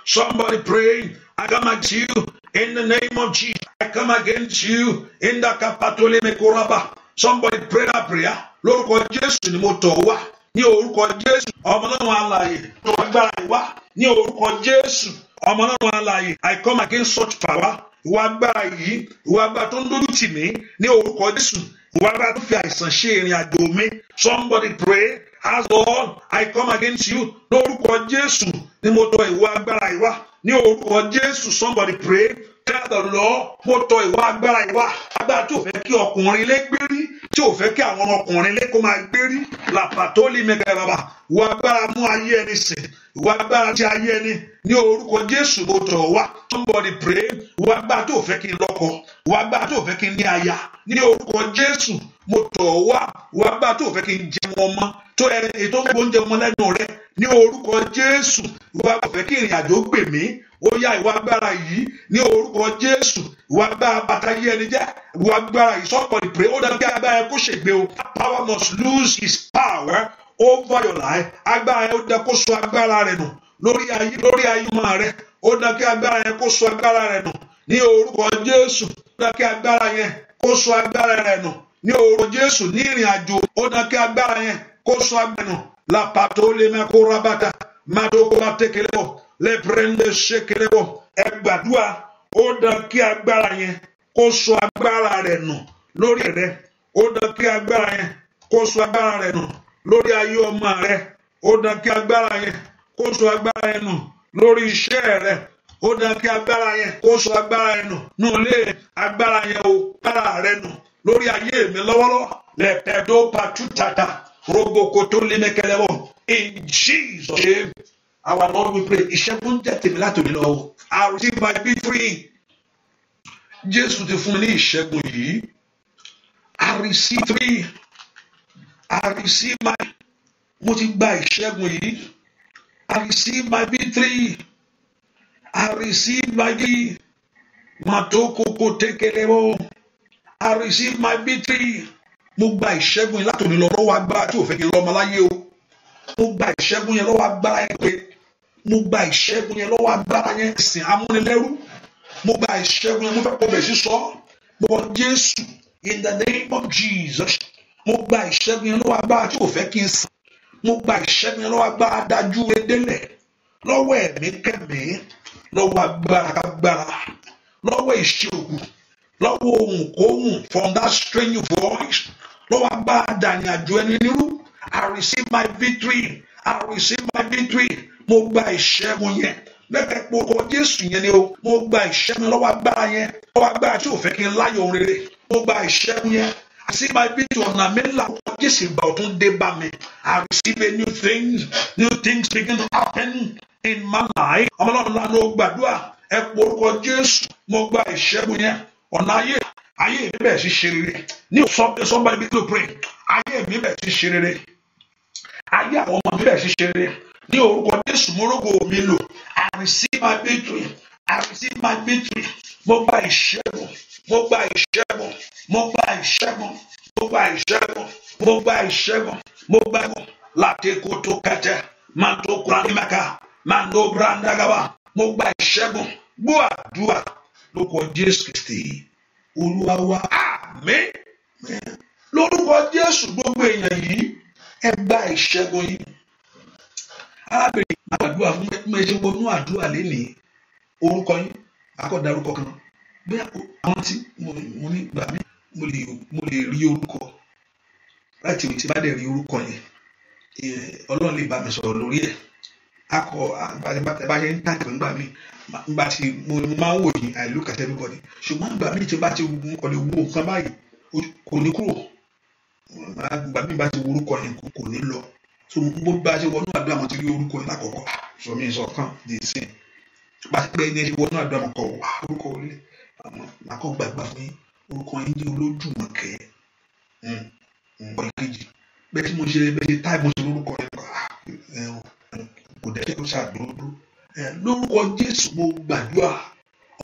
Somebody pray. I come at you in the name of Jesus. I come against you in the kapatole mekuraba. Somebody pray that prayer. Lórúkọ Jésù ni mo tọ̀ wá. Ní orúkọ Jésù, ọmọ náà alààyè. Tọ̀ agbára ìwá. Ní orúkọ Jésù, ọmọ náà alààyè. I come against such power. Ìwà agbára yìí, ìwà agbára tó ń dúdú tì mí. Ní orúkọ Jésù, ìwà agbára tó fi àìsàn ṣe ìrìn àjò mi. Somebody pray as for all I come against you lórúkọ Jésù ni mo tọ̀ ìwọ agbára yìí wá ní orúkọ Jésù somebody pray tell the Lord mo tọ̀ ìwọ agbára yìí wá agbára tí ò fẹ́ kí ọkùnrin lé gbé rí tí ò fẹ́ kí àwọn ọkùnrin lé kó máa gbé rí làpàtó lè mẹ́gà bàbà ìwọ agbára mú ayé ẹni sìn ìwọ agbára tí ayé ẹni ní orúkọ Jésù mo tọ̀ wá somebody pray ìwọ agbára tí ò fẹ́ kí n lọ́kọ ìwọ agbára tí ò fẹ́ kí n ní aya ní orúkọ Jésù mo tọ̀ wá ìwọ agbára tí ò fẹ́ kí n jẹun ọmọ tó ẹni tó gbóúnjẹ ọmọ lẹ́nu rẹ ní orúkọ jésù ìwà àfẹ́ kí ìrìn àjò gbè mí ó yá ìwà agbára yìí ní orúkọ jésù ìwà agbára bàtàyé ẹni jẹ́ ìwà agbára yìí somebody pray ó dàbí agbára kó ṣègbè o power must lose his power over your life agbára ó dẹ kó sọ agbára rẹ nù lórí ayé lórí ayé rẹ ó dẹ kí agbára yẹn kó sọ agbára rẹ nù ní orúkọ jésù ó dẹ kí agbára yẹn kó sọ agbára rẹ nù ní orúkọ jésù ní ìrìn àjò ó dẹ kí agbára yẹn koslabano la patole makorabata madokobatekelebo le prende sekelebo ẹ gbàdúrà ó dán kí agbára yẹn kó sọ agbára rẹ̀ nù lórí rẹ̀ ó dán kí agbára yẹn kó sọ agbára rẹ̀ nù lórí ayé ọmọ rẹ̀ ó dán kí agbára yẹn kó sọ agbára yẹn nù lórí iṣẹ́ rẹ̀ ó dán kí agbára yẹn kó sọ agbára yẹn nù nù lé agbára yẹn ò para rẹ̀ nù lórí ayé mi lọ́wọ́lọ́wọ́ lẹpẹdó patú tata In Jesus' name, our Lord, we pray. Ìṣẹ́gun jẹ́ tèmi láti òní lọ. I receive my victory. Jésù ti fún mi ní ìṣẹ́gun yìí. I receive three. I receive my. Mo ti gba ìṣẹ́gun yìí. I receive my victory. I receive my victory. Màtó kókó tékelebo. I receive my victory mo gba ìṣẹ́gun yẹn látòní lọ lọ́wọ́ agbára tí ò fẹ́ kí n lọ́mọ láyé o mo gba ìṣẹ́gun yẹn lọ́wọ́ agbára yẹn pé mo gba ìṣẹ́gun yẹn lọ́wọ́ agbára yẹn ìsìn amúnilẹ́rú mo gba ìṣẹ́gun yẹn mo fẹ́ kó bẹ̀ sí sọ mo bọ Jésù in the name of Jesus mo gba ìṣẹ́gun yẹn lọ́wọ́ agbára tí ò fẹ́ kí n sìn mo gba ìṣẹ́gun yẹn lọ́wọ́ agbára dájú edélẹ̀ lọ́wọ́ ẹ̀mí kẹ̀mí lọ́wọ́ agbára kágbára lọ́wọ́ ìṣe òkú lọ́wọ́ ohun kóhùn from that strange voice lọ́wọ́ bá dàní àjò ẹni nírú I receive my victory I receive my victory mo gba ìṣẹ́gun yẹn lẹ́tẹ̀ pokò Jésù yẹn ni o mo gba ìṣẹ́gun lọ́wọ́ agbára yẹn lọ́wọ́ agbára tí ò fẹ́ kí n láyọ̀ ohun rere mo gba ìṣẹ́gun yẹn I see my victory ọ̀nà mi là ó Jésù ìgbà ọ̀tún dé bá mi I receive a new things new things begin to happen in my life ọmọlọ́run lánàá ó gbàdúrà ẹ pokò Jésù mo gba ìṣẹ́gun yẹn ọ̀nà ayé ayé mi bẹ̀rẹ̀ sí ṣe rere ní òsọ somebody begin to pray ayé mi bẹ̀rẹ̀ sí ṣe rere ayé àwọn ọmọ mi bẹ̀rẹ̀ sí ṣe rere ní orúkọ Jésù morogo mi lò I receive my victory I receive my victory mo gba ìṣẹ́gun mo gba ìṣẹ́gun mo gba ìṣẹ́gun mo gba ìṣẹ́gun mo gba ìṣẹ́gun mo gba ìṣẹ́gun láti kótó kẹtẹ máa tó kura ní mẹ́ka máa tó brandagaba mo gba ìṣẹ́gun gbọ́ àdúrà lóko Jésù Kristi olúwa wa àmín lórúkọ jésù gbogbo èèyàn yìí ẹ gba ìṣẹ́gun yìí arábìnrin àgbàdua fún mẹ́jẹ wọnú àdúrà lénìí orúkọ yín akọ́darúkọ kan bí àwọn tí mo ní gbà mí mo lè rí orúkọ láti òtí bá dẹ̀ rí orúkọ yẹn ọlọ́run lè bá mi sọ̀rọ̀ lórí ẹ̀ akọ bá ń tàgbẹ̀ ńgbà mí ńgbà tí mo máa ń wò yín I look at everybody ṣùgbọ́n ìgbà mí tí bá ti kọ̀ lè wo nǹkan báyìí kò ní kúrò ìgbà mí bá ti wo orúkọ yẹn kò ní lọ so mo bá ṣe wọnú àdúrà mo ti rí orúkọ yẹn lákọ̀ọ́kọ́ sọ mi sọ kàn dé sí i ní ẹ wọnú àdúrà mo kọ̀ wá orúkọ orílẹ̀ màá kọ́ gbàgbà fún orúkọ yín jẹ́ Olódùmarè hmm, nǹkan kejì bẹ́ẹ̀ tí mo ṣe bẹ́ẹ̀ ṣe táì mo ṣe orúkọ yẹn kò dẹ̀ ṣe tó ṣàdúró lórúkọ Jésù mo gbàdúrà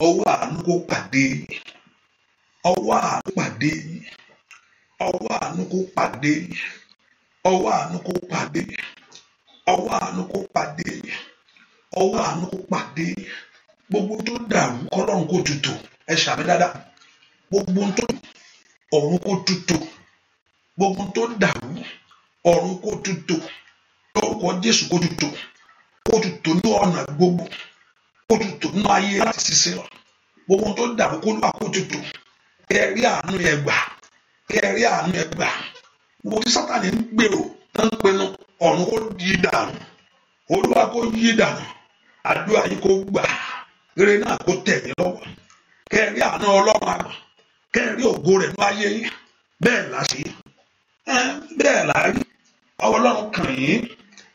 ọwọ́ àánú kó pàdé ọwọ́ àánú pàdé ọwọ́ àánú kó pàdé ọwọ́ àánú kó pàdé ọwọ́ àánú kó pàdé ọwọ́ àánú kó pàdé gbogbo tó dàrú kọ́lọ́run kó tutù ẹ ṣàmì dáadáa gbogbo tó ọ̀run kó tutù gbogbo tó dàrú ọ̀run kó tutù lórúkọ Jésù kó tutù. ojútòónú ọ̀nà gbogbo ojútòónú ayé láti ṣiṣẹ́ lọ gbogbo tó dàbí kó ló àkójútó kẹrí àánú yẹn gbà kẹrí àánú yẹn gbà gbogbo tí sátani ń gbèrò tó ń pinnu ọ̀run yí dànù olúwa kó yí dànù àdúrà yìí kó gbà eré náà kó tẹ̀lé lọ́wọ́ kẹrí àánú ọlọ́run àgbà kẹrí ògo rẹ̀ ní ayé yìí bẹ́ẹ̀ bẹ́ẹ̀ ọwọ́ ọlọ́run kàn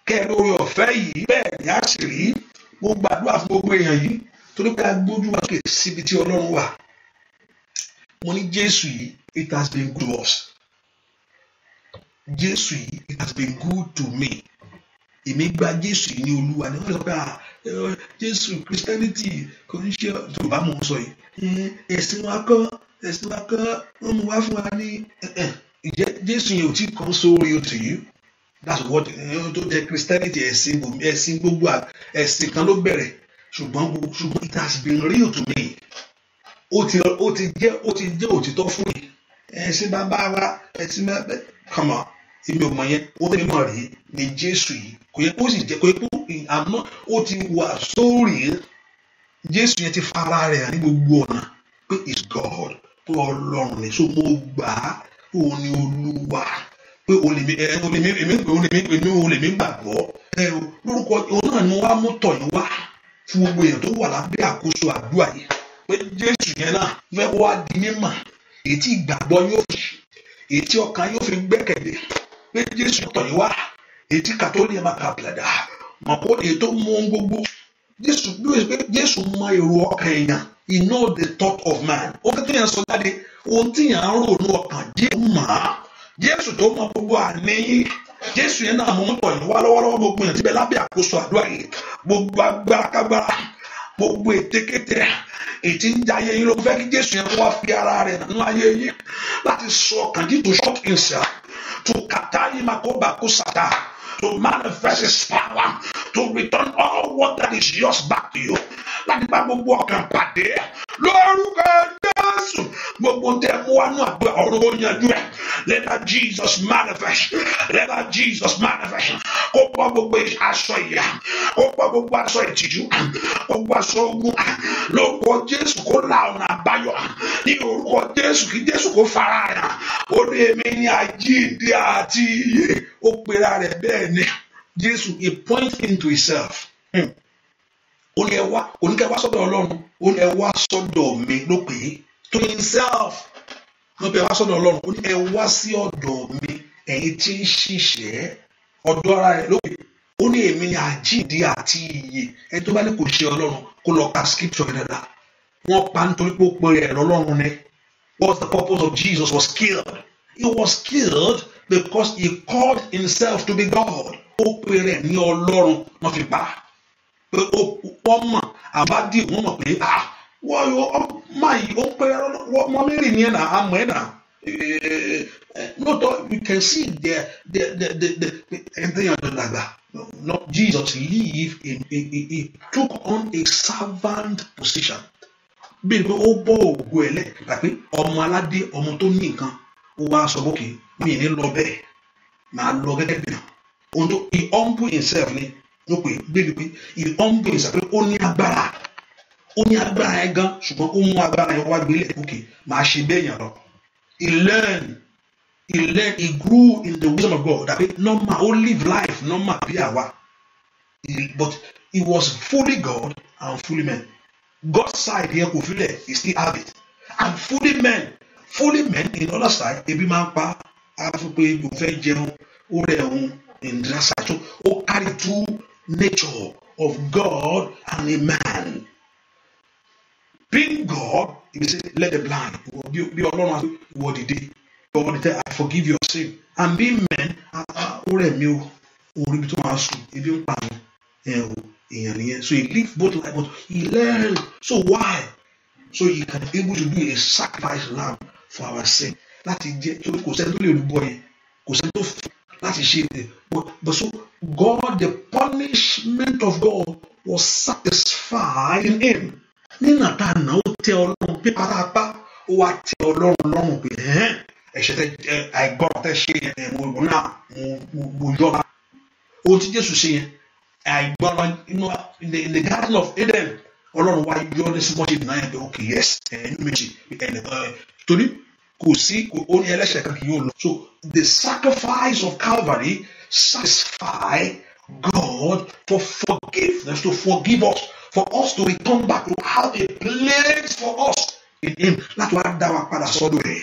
kẹ́ẹ̀rí oore ọ̀fẹ́ yìí bẹ́ẹ̀ ni a sì rí gbogbo àdúrà fún gbogbo èèyàn yìí torí pé a gbójú wa kè síbi tí ọlọ́run wà mo ní jésù yìí it has been good to us jésù yìí it has been good to me èmi gba jésù yìí ní olúwa ni wọ́n sọ pé jésù christianity kò ń ṣe yorùbá mò ń sọ yìí ẹ̀sìn wa kọ́ ẹ̀sìn wa kọ́ wọ́n mú wá fún wa ní ǹjẹ́ jésù yẹn ò tí kàn sóore o tì yìí that's what ohun tó jẹ́ christianity ẹ̀sìn ẹ̀sìn gbogbo ẹ̀sìn kan ló bẹ̀rẹ̀ ṣùgbọ́n ṣùgbọ́n it has been real to me ó ti ó ti jẹ́ ó ti jẹ́ òtítọ́ fún mi ẹ̀sìn bàbá wa ẹ̀sìn bàbá come on èmi ò mọ̀ yẹn ó tẹ́lẹ̀ mọ̀ rèé ni jésù yìí kò yẹ kó sì jẹ́ kó yẹ kó àmọ́ ó ti wà sórí jésù yẹn ti fara rẹ̀ ní gbogbo ọ̀nà pé is God pé ọlọ́run ni so mo gbà á òun ni olúwa pé o lè mi ẹ o lè mi èmi o lè mi èmi o lè mi gbàgbọ́ ẹ o lórúkọ òun náà ni mo wá mú tọ̀ yín wá fún gbogbo èèyàn tó wà lábẹ́ àkóso àdúrà yìí pé Jésù yẹn náà fẹ́ wá di mímọ̀ èyí tí ìgbàgbọ́ yóò fi èyí tí ọkàn yóò fi gbẹ́kẹ̀lé pé Jésù tọ̀ yín wá èyí tí kàtólì ẹ̀ máa kà bìlàdà mọ̀ kó èyí tó mú ohun gbogbo Jésù bí o pé Jésù mọ èrò ọkàn èèyàn he know the thought of man ó fẹ́ tó yẹn sọ jáde ohun tí yẹn ń rò ní ọkàn Jésù mọ̀ á jésù tó mọ gbogbo àníyí jésù yẹn náà mú mọ́tò yìí wá lọ́wọ́lọ́wọ́ gbogbo yẹn ti bẹ lábẹ́ àkóso àdúrà yìí gbogbo agbára kágbára gbogbo ètekéte ètí ń jayé yín ló fẹ́ kí jésù yẹn wá fi ara rẹ̀ nínú ayé yín láti sọ kàdí tó shock himself tó kàtá yín máa kó bàkó sàtà to manifest his power to return all what that is yours back to you láti bá gbogbo ọkàn pàdé lórúkọ jésù gbogbo tẹ mú wá nù àdúrà ọ̀run kò yanjú let that jesus manifest let that jesus manifest kó bọ́ gbogbo aṣọ ìyà kó bọ́ gbogbo aṣọ ìtìjú gbogbo aṣọ ogun lórúkọ jésù kó la ọ̀nà àbáyọ ní orúkọ jésù kí jésù kó fara hàn ó ní èmi ní àjíǹde àti iye ó pera rẹ̀ bẹ́ẹ̀ ni jésù he point into himself. Hmm oníkẹwà sọ́dọ̀ Ọlọ́run oníkẹwà sọ́dọ̀ mi ló pè to himself ló bẹ wá sọ́dọ̀ Ọlọ́run ó ní ẹ wá sí ọ̀dọ̀ mi ẹ̀yin tí ń ṣiṣẹ́ ọ̀dọ̀ ara rẹ̀ lókè ó ní èmi ni àjíǹde àti ìyè ẹni tó bá ní kò ṣe Ọlọ́run kó lọ ka scripture yẹn dáadáa wọ́n pa nítorí pé ó pe ẹ̀rọ Ọlọ́run ni what's the purpose of Jesus was killed he was killed because he called himself to be God ó pe rẹ̀ ní Ọlọ́run wọ́n fi pa wọ́n mọ̀ àbádìí wọ́n mọ̀ pé ah wọ́n máa yìí ó pé mọ́mírì ni ẹ̀nà àmọ́ ẹ̀nà eh, eh, lóòótọ́ you can see the the the the the ẹ̀ńtẹ́yìn ọ̀dọ̀ dàgbà no Jesus live in he he took on a servant position bí pé ó bọ́ ògùn ẹ̀ lẹ̀ tàbí ọmọ aládé ọmọ tó ní nǹkan ó wá sọ bókè mi ní lọ bẹ́ẹ̀ máa lọ gẹ́gẹ́ bí ohun tó he humble himself ni ló pè é bí pé he humble himself ó ní agbára ó ní agbára yẹn gan ṣùgbọ́n ó mú agbára yẹn wá gbélé òkè màá ṣe bẹ́ẹ̀ yẹn lọ he learn he learn he grew in the wisdom of God dàbí normal ó live life normal bí àwa but he was fully God and fully man God's side yẹn kò filẹ̀ he still have it and fully man fully man in other side ebi máa ń pa afipe o fẹ́ jẹun ó rẹ̀ òun in that side so ó carry two nature of God and a man being God, he said, Let the blind be alone." What wọ dìde. Ìwọ said, I forgive your sin. And being men, ah, ah, So he lived both lives. but he learned. So why? So he can be able to do a sacrifice lamb for our sin. Láti jẹ́ torí kò sẹ́ni tó But but so God, the punishment of God was satisfied in him nínà tá a nà ó tẹ ọlọ́run pé pátápá ó wá tẹ ọlọ́run lọ́rùn pé ẹ̀hẹ́n ẹ̀ṣẹ̀ tẹ àìgbọ́ràn tẹ ṣe yẹn ẹ̀ mo náà mo yọba ohun tí Jésù ṣe yẹn àìgbọ́ràn inú in the garden of Eden ọlọ́run wá yọ ní símọ́tì náà yẹn pé ok yes ẹnu méjì ẹnu torí kò sí ó ní ẹlẹ́ṣẹ̀ kan kì yóò lọ so the sacrifice of Calvary satisfy God for forgiveness to forgive us for us to return back to have a place for us in him láti wá that wa padà sọ́dọ̀ ẹ̀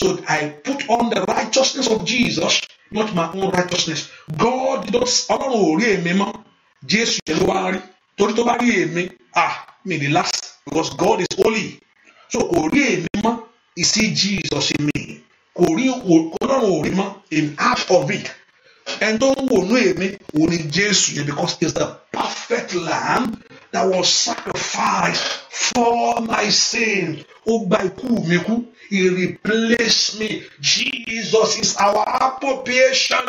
so I put on the righteousness of Jesus not my own righteousness God does not ọlọ́run Jesus. rí èmi mọ́ Jésù yẹn ah me the last because God is holy so kò rí you see Jesus in me kò rí ọlọ́run in half of it ẹni tó ń wònú èmi òun ni Jésù yẹn because he is the perfect lamb that was sacrificed for my sin ó gba ikú mi kú he replaced me Jesus is our appropriation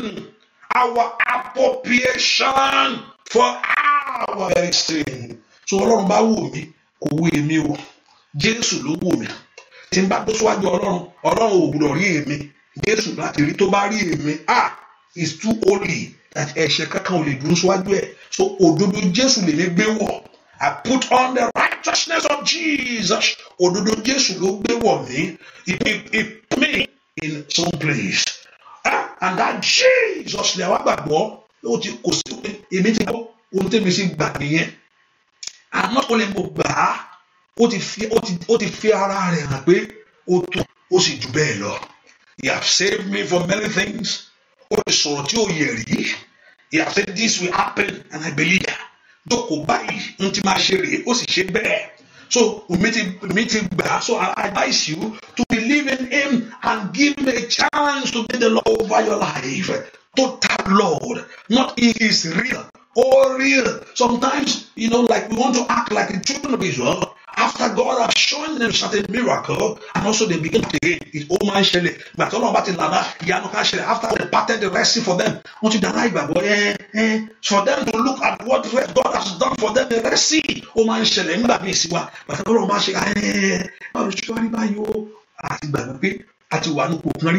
our appropriation for our very sin so Ọlọ́run bá wò mí kò wò èmi o Jésù ló wò mí tí n bá tó síwájú Ọlọ́run Ọlọ́run ò gbọdọ̀ rí èmi Jésù láti rí tó bá rí èmi ah is too holy that ẹ̀ṣẹ̀ kankan ò lè dúró síwájú ẹ̀ so òdodo Jésù lè lè gbé wọ̀ I put on the righteousness of Jesus òdodo Jésù ló gbé wọ̀ mí he he put me in some place ah and that Jesus lè wá gbàgbọ́ ó ti kò sí èmi ti gbọ́ ohun tẹ́mi sì gbà nìyẹn àmọ́ ó lè mo gbà á ó ti fi ó ti ó ti fi ara rẹ̀ hàn pé ó tó ó sì jù bẹ́ẹ̀ lọ he have saved me from many things ó lè sọ̀rọ̀ tí ó yẹ rí he has said this will happen and I believe dòkò báyìí n ti máa ṣe rèé ó sì ṣe bẹ́ẹ̀ so mi ti mi ti gbà so I advise you to believe in him and give him a chance to be the Lord over your life total Lord not he is real Oh, real. Sometimes, you know, like we want to act like the children of Israel after God has shown them certain miracle and also they begin to again it ó máa ń ṣẹlẹ̀ gbà tó lọ́wọ́ bá ti lànà ìyanu after they parted the rest for them wọ́n ti dáná ìgbàgbọ́ ẹ eh, ẹ eh, for them to look at what God has done for them the rest see ó máa ń ṣẹlẹ̀ nígbà míì sí wa gbà tó lọ́wọ́ máa ṣe ẹ ah, ẹ eh, báwo ṣe wá rí báyìí o àti gbàgbọ́ pé a ti wà nípò kan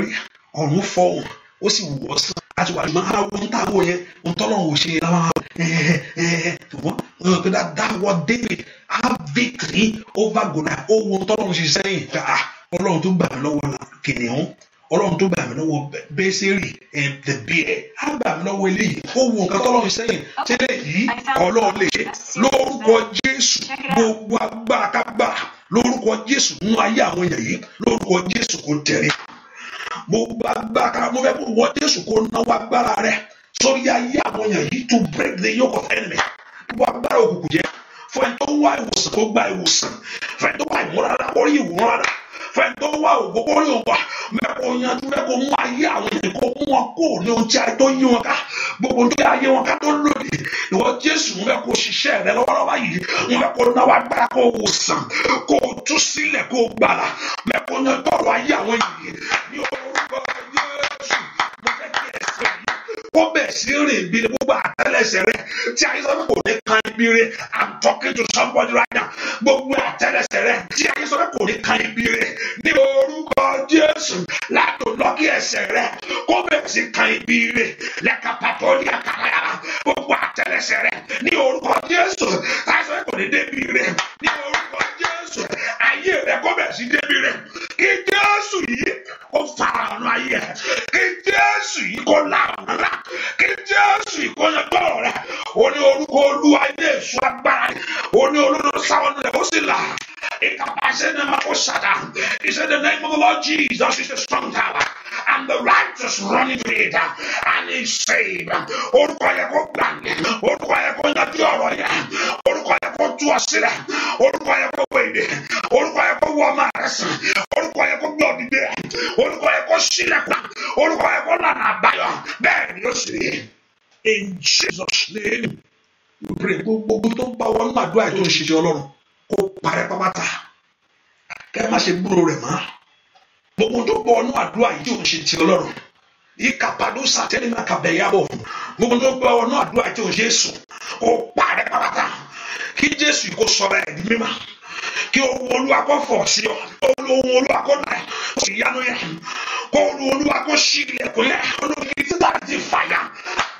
rí ọ̀run ó sì wù ọ́ sàn láti wà lùmọ́ ara wọn tá a wò yẹn ohun tọ́lọ́run ò ṣe yẹn láwọn àwọn ẹ̀ẹ́ ẹ̀ẹ́ ṣùgbọ́n ọ̀hún pé that was David have victory over Goliath ó wo ohun tọ́lọ́run ṣe sẹ́yìn ká ah, ọlọ́run tó gbà mí lọ́wọ́ kìnìún ọlọ́run tó gbà mí lọ́wọ́ bẹ́sẹ̀rì the bear á gbà mí lọ́wọ́ eléyìí ó wo nǹkan tọ́lọ́run sẹ́yìn tẹ́lẹ̀ yìí ọlọ́run lè ṣe lórúkọ Jésù gbogbo agbára kágbára lórúkọ Jésù nínú ayé àwọn èèyàn yìí lórúkọ Jésù kò tẹ̀lé mo gba agbára mo fẹ́ kó wọ Jésù kó náwó agbára rẹ sórí ayé àwọn èèyàn yìí to break the yoke of enemy wọ agbára òkùnkùn jẹ fún ẹni tó wá ìwòsàn kó gba ìwòsàn fún ẹni tó wá ìmúrara orí ìwúrara fẹ́ tó wá ògbógbó ní òwà mẹ́kọ̀ọ́ yanjú rẹ kó mú ayé àwọn ènìyàn kó mú wọn kó ní ohun tí ayé tó yí wọn ká gbogbo ohun tó ayé wọn ká tó lòdì ìwọ Jésù ń bẹ ṣiṣẹ́ rẹ lọ́wọ́lọ́wọ́ yìí ń bẹ náwó agbára kó wò sàn kó tú sílẹ̀ kó gbàlà mẹ́kọ̀ọ́ yanjú ọ̀rọ̀ ayé àwọn ènìyàn ní orúkọ Jésù kó bẹ̀ sí rìn bí gbogbo àtẹ́lẹsẹ̀ rẹ tí ayé sọ pé kò ní kan ibi rẹ i'm talking to somebody right now gbogbo àtẹ́lẹsẹ̀ rẹ tí ayé sọ pé kò ní kan ibi rẹ ní orúkọ jésù látò lọ́kì ẹsẹ̀ rẹ kó bẹ̀ sí kan ibi rẹ lẹ́ka pàtó ní àkàrà gbogbo àtẹ́lẹsẹ̀ rẹ ní orúkọ jésù ayé sọ pé kò ní débi rẹ ní orúkọ jésù ayé rẹ kó bẹ̀ sí débi rẹ kí jésù yìí kó farahàn ayé ẹ kí jésù yìí kó làwùrà kí jésù yìí kó yẹn gbọ́rọ̀ rẹ o ní orúkọ olúwa ilé èso agbára rẹ o ní olódò sáwọn rẹ ó sì là He said, The name of the Lord Jesus is a strong tower, and the righteous run into it, and is saved. Orúkọ yẹ kó gbàgbé, orúkọ yẹ kó yanjú ọ̀rọ̀ yẹ, orúkọ yẹ kó tú wa sílẹ̀ orúkọ yẹ kó wọ èdè orúkọ yẹ kó wọ ọmọ rẹ sàn orúkọ yẹ kó gbé òdìdé rẹ orúkọ yẹ kó sílẹ̀ pa orúkọ ni ó sì in Jesus name we pray gbogbo tó ń bá wọn nínú àdúrà ètò ìṣiṣẹ́ Ọlọ́run kó parẹ́ pápátá kẹ́ ẹ má ṣe gbúrò rẹ̀ mọ́ gbogbo tó bọ̀ nínú àdúrà yìí tí ò ń ṣe ti Ọlọ́run ikapado satani makabeyabo gbogbo tó gbọ́ ọ náà àdúrà tí o ṣe sùn kò parẹ́ pàtàkì kí jésù kò sọ̀rọ̀ ẹ̀ di mímọ́ kí ohun olúwa kò fọ̀ sí ọ ohun olúwa kò náà kò sì yánu yẹn kó ohun olúwa kò sí ilẹ̀kùn yẹn olókìkí títà ti fàyà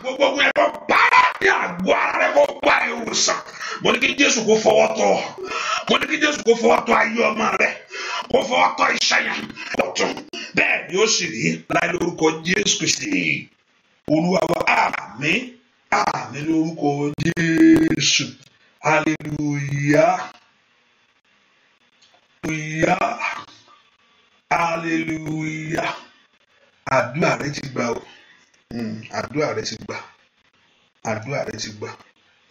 gbogbo ohun ẹ̀kọ́ bára ní àgọ́ ara rẹ kó gba ìwòsàn mo ní kí jésù kò fọwọ́ tọ́ mo ní kí jésù kò fọwọ́ tọ́ ayé ọmọ rẹ kò fọwọ́ tọ́ ìṣàyàn ọ̀tún bẹ́ẹ̀ ni ó sì rí láì lórúkọ jésù kristi olúwa wa àmín àmín lórúkọ jésù. Hallelujah. Hallelujah. Hallelujah. Àdúrà rẹ ti gbà o. Hmm, àdúrà rẹ ti gbà. Àdúrà rẹ ti gbà.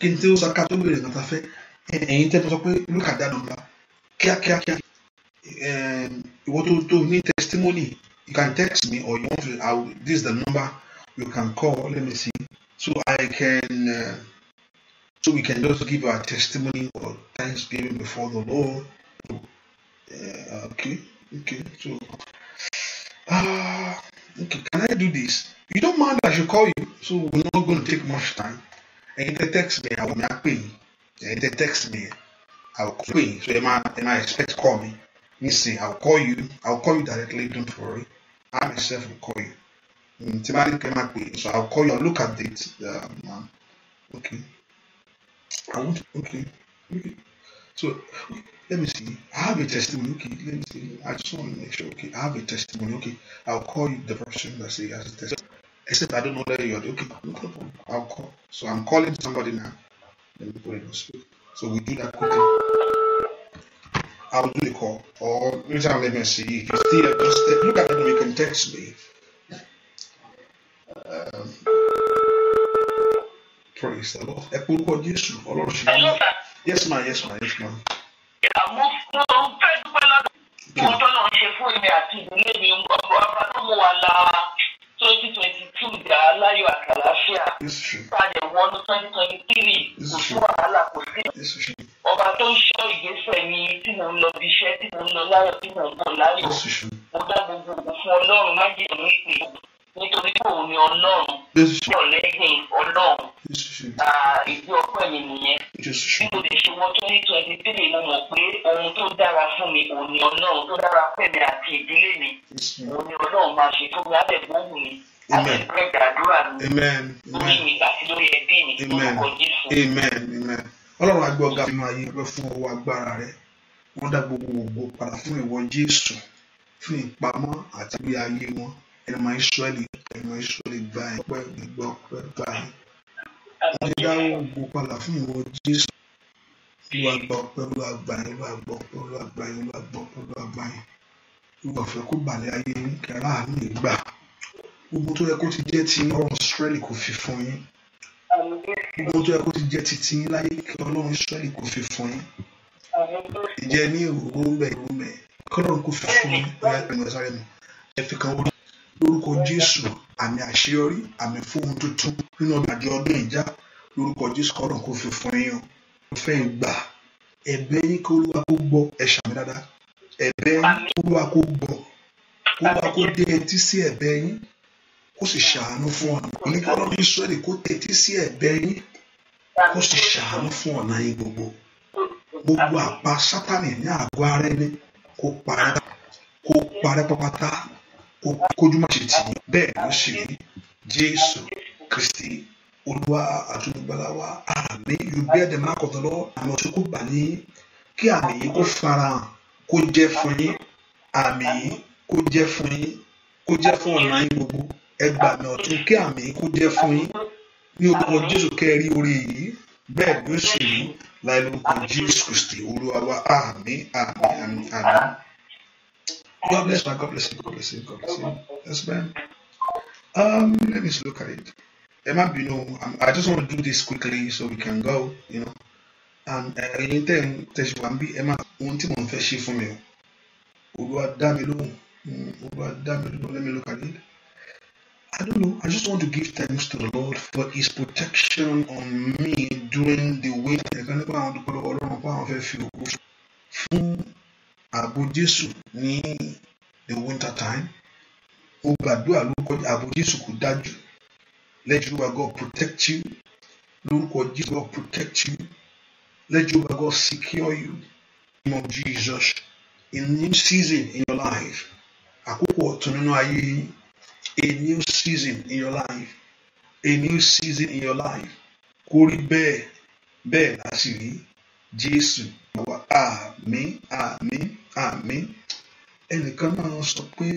Kí n tí ó saka tó bèrè nǹkan ta fẹ́. Ẹ̀yin tẹ́ tó sọ pé look at that number. Kíákíá kíá. Ìwọ tó tó ní testimony. You can text me or you want to, I will, this is the number you can call. Let me see. So I can. Uh, so we can just give our testimony or thanksgiving before the Lord. Uh, okay, okay, so uh, okay, can I do this? You don't mind I should call you, so we're not going to take much time. And if text me, I will not pay. And if text me, I will call So am I, am I expect call me? You see, I'll call you. I'll call you directly. Don't worry. I myself will call you. Mm, so I'll call you. I'll look at it. Um, okay. Oh, okay, okay, okay. So let me see. I have a testimony. Okay, let me see. I just want to make sure. Okay, I have a testimony. Okay, I'll call you the person that say has a testimony. Except I don't know that you're okay. No problem. I'll call. So I'm calling somebody now. Let me put it on speak. So we do that quickly. I'll do the call. Or anytime, let me see. If you still just look at it, you can text me. Um, praise the lord ẹ kó orúkọ jésù ọlọ́run ṣe yín yes ma yes ma yes ma. mo mo fẹ́ dúpẹ́ lọ́dọ̀ ìwọ́n tó ṣe fún mi àti ìdílé mi ọgbọ́n ọba tó mú wa la twenty twenty two dá láyọ̀ àtàlàáfíà pàdé wọnú twenty twenty three kò sí wàhálà kò sí ọba tó ń ṣọ́ ìgbésẹ̀ mi tí mò ń lọ bí iṣẹ́ tí mò ń lọ láyọ̀ tí mò ń bọ̀ láyọ̀ mo dá gbogbo ògùn fún ọlọ́run májèlé ìpè nítorí òun ni ọlọ́run ní ọ̀lẹ́gbìn ọlọ́run ìdí ọpẹ́ mi nìyẹn bí mo lè ṣe wọ́n twenty twenty three mo mọ̀ pé ohun tó dára fún mi òun ni ọlọ́run tó dára fún àti ìdílé mi òun ni ọlọ́run máa ṣe fún mi àbẹ̀gbóhùn mi àbẹ̀gbẹ́ gbàdúrà mi lórí mi àti lórí ẹbí mi lórúkọ Jésù. ọlọ́run àgbẹ̀ ọ̀gá mi máa yí pẹ́ fún ọwọ́ agbára rẹ wọ́n dá gbogbo ògo padà fún ìwọ Jésù fún ìpamọ́ àti bí ayé wọn ẹnumọ Ísírẹ́lì ẹnumọ Ísírẹ́lì gba ẹpẹ ìgbà ọpẹ́ bá yín adédáwò ògùn padà fún ìwọ Jésù Olúwa gba ọpẹ́ Olúwa gba yín Olúwa gba ọpẹ́ Olúwa gba yín Olúwa gba ọpẹ́ Olúwa gba yín Olúwa ọ̀fẹ́ kó balẹ̀ ayé yín kẹrẹ àánú ìgbà gbogbo tó yẹ kó ti jẹ́ ti Ọlọ́run Ísírẹ́lì kò fi fún yín gbogbo tó yẹ kó ti jẹ́ ti ti yín láyé kí Ọlọ́run Ísírẹ́lì kò fi fún yín ìjẹ ní ìrònú bẹ ìrònú bẹ kọlọrun kò fi fún yín bóyá pẹ̀lú ọsàrẹ mọ ẹ fi kan orí lórúkọ jésù àmì àṣeyọrí àmì fóun tuntun nínú ọgbàdì ọdún ìjà lórúkọ jésù kọlọ̀ kò fi fún yín o mo fẹ́ gbà ẹ̀bẹ̀ yín kí olúwa kó gbọ́ ẹ ṣàmì dáadáa ẹ̀bẹ̀ yín kí olúwa kó gbọ́ olúwa kó dé etí sí ẹ̀bẹ̀ yín kó sì ṣàánú fún ọ̀nà yín kí ọlọ́run ìsọ́ọ̀lì kó tẹ́tí sí ẹ̀bẹ̀ yín kó sì ṣàánú fún ọ̀nà yín gbogbo gbogbo àpá sátani ní àgọ́ ara ẹni kó parẹ́ pápátá kójú má ṣe tì í bẹ́ẹ̀ ló ṣe rí jésù kristi olúwa àti olùgbàlà wa àmín you bear the mark of the Lord àmì ọ̀tún kò gbà ní kí àmì yìí kó farahàn kó jẹ́ fún yín àmì yìí kó jẹ́ fún yín kó jẹ́ fún ọ̀nà yín gbogbo ẹ gba àmì ọ̀tún kí àmì yìí kó jẹ́ fún yín ní orúkọ jésù kẹrí orí yìí bẹ́ẹ̀ ló ṣe rí láì jésù kristi olúwa wa àmín àmín àmín àmín. God bless you. God bless you. God bless you. God bless you. Yes, ma'am. Um, let me look at it. Emma, you know, I just want to do this quickly so we can go. You know. And eh, ẹ̀yin tẹ ń tẹsí be, Emma, one thing on tí mò ń fẹ́ go fún mi o. Olúwa dá mi hmm, Let me look at it. I don't know. I just want to give thanks to the Lord for His protection on me during the winter àgbo Jésù ní the winter time ó gbàdúrà lórúkọ ààbò Jésù kò dájú let Jehovah God protect you lórúkọ Jésù God protect you let Jehovah God secure you in the name of Jesus A new season in your life àkókò ọ̀tun nínú ayé yìí a new season in your life a new season in your life kó rí bẹ́ẹ̀ bẹ́ẹ̀ láti rí Jésù àmín àmín àmín ẹnìkan náà sọ pé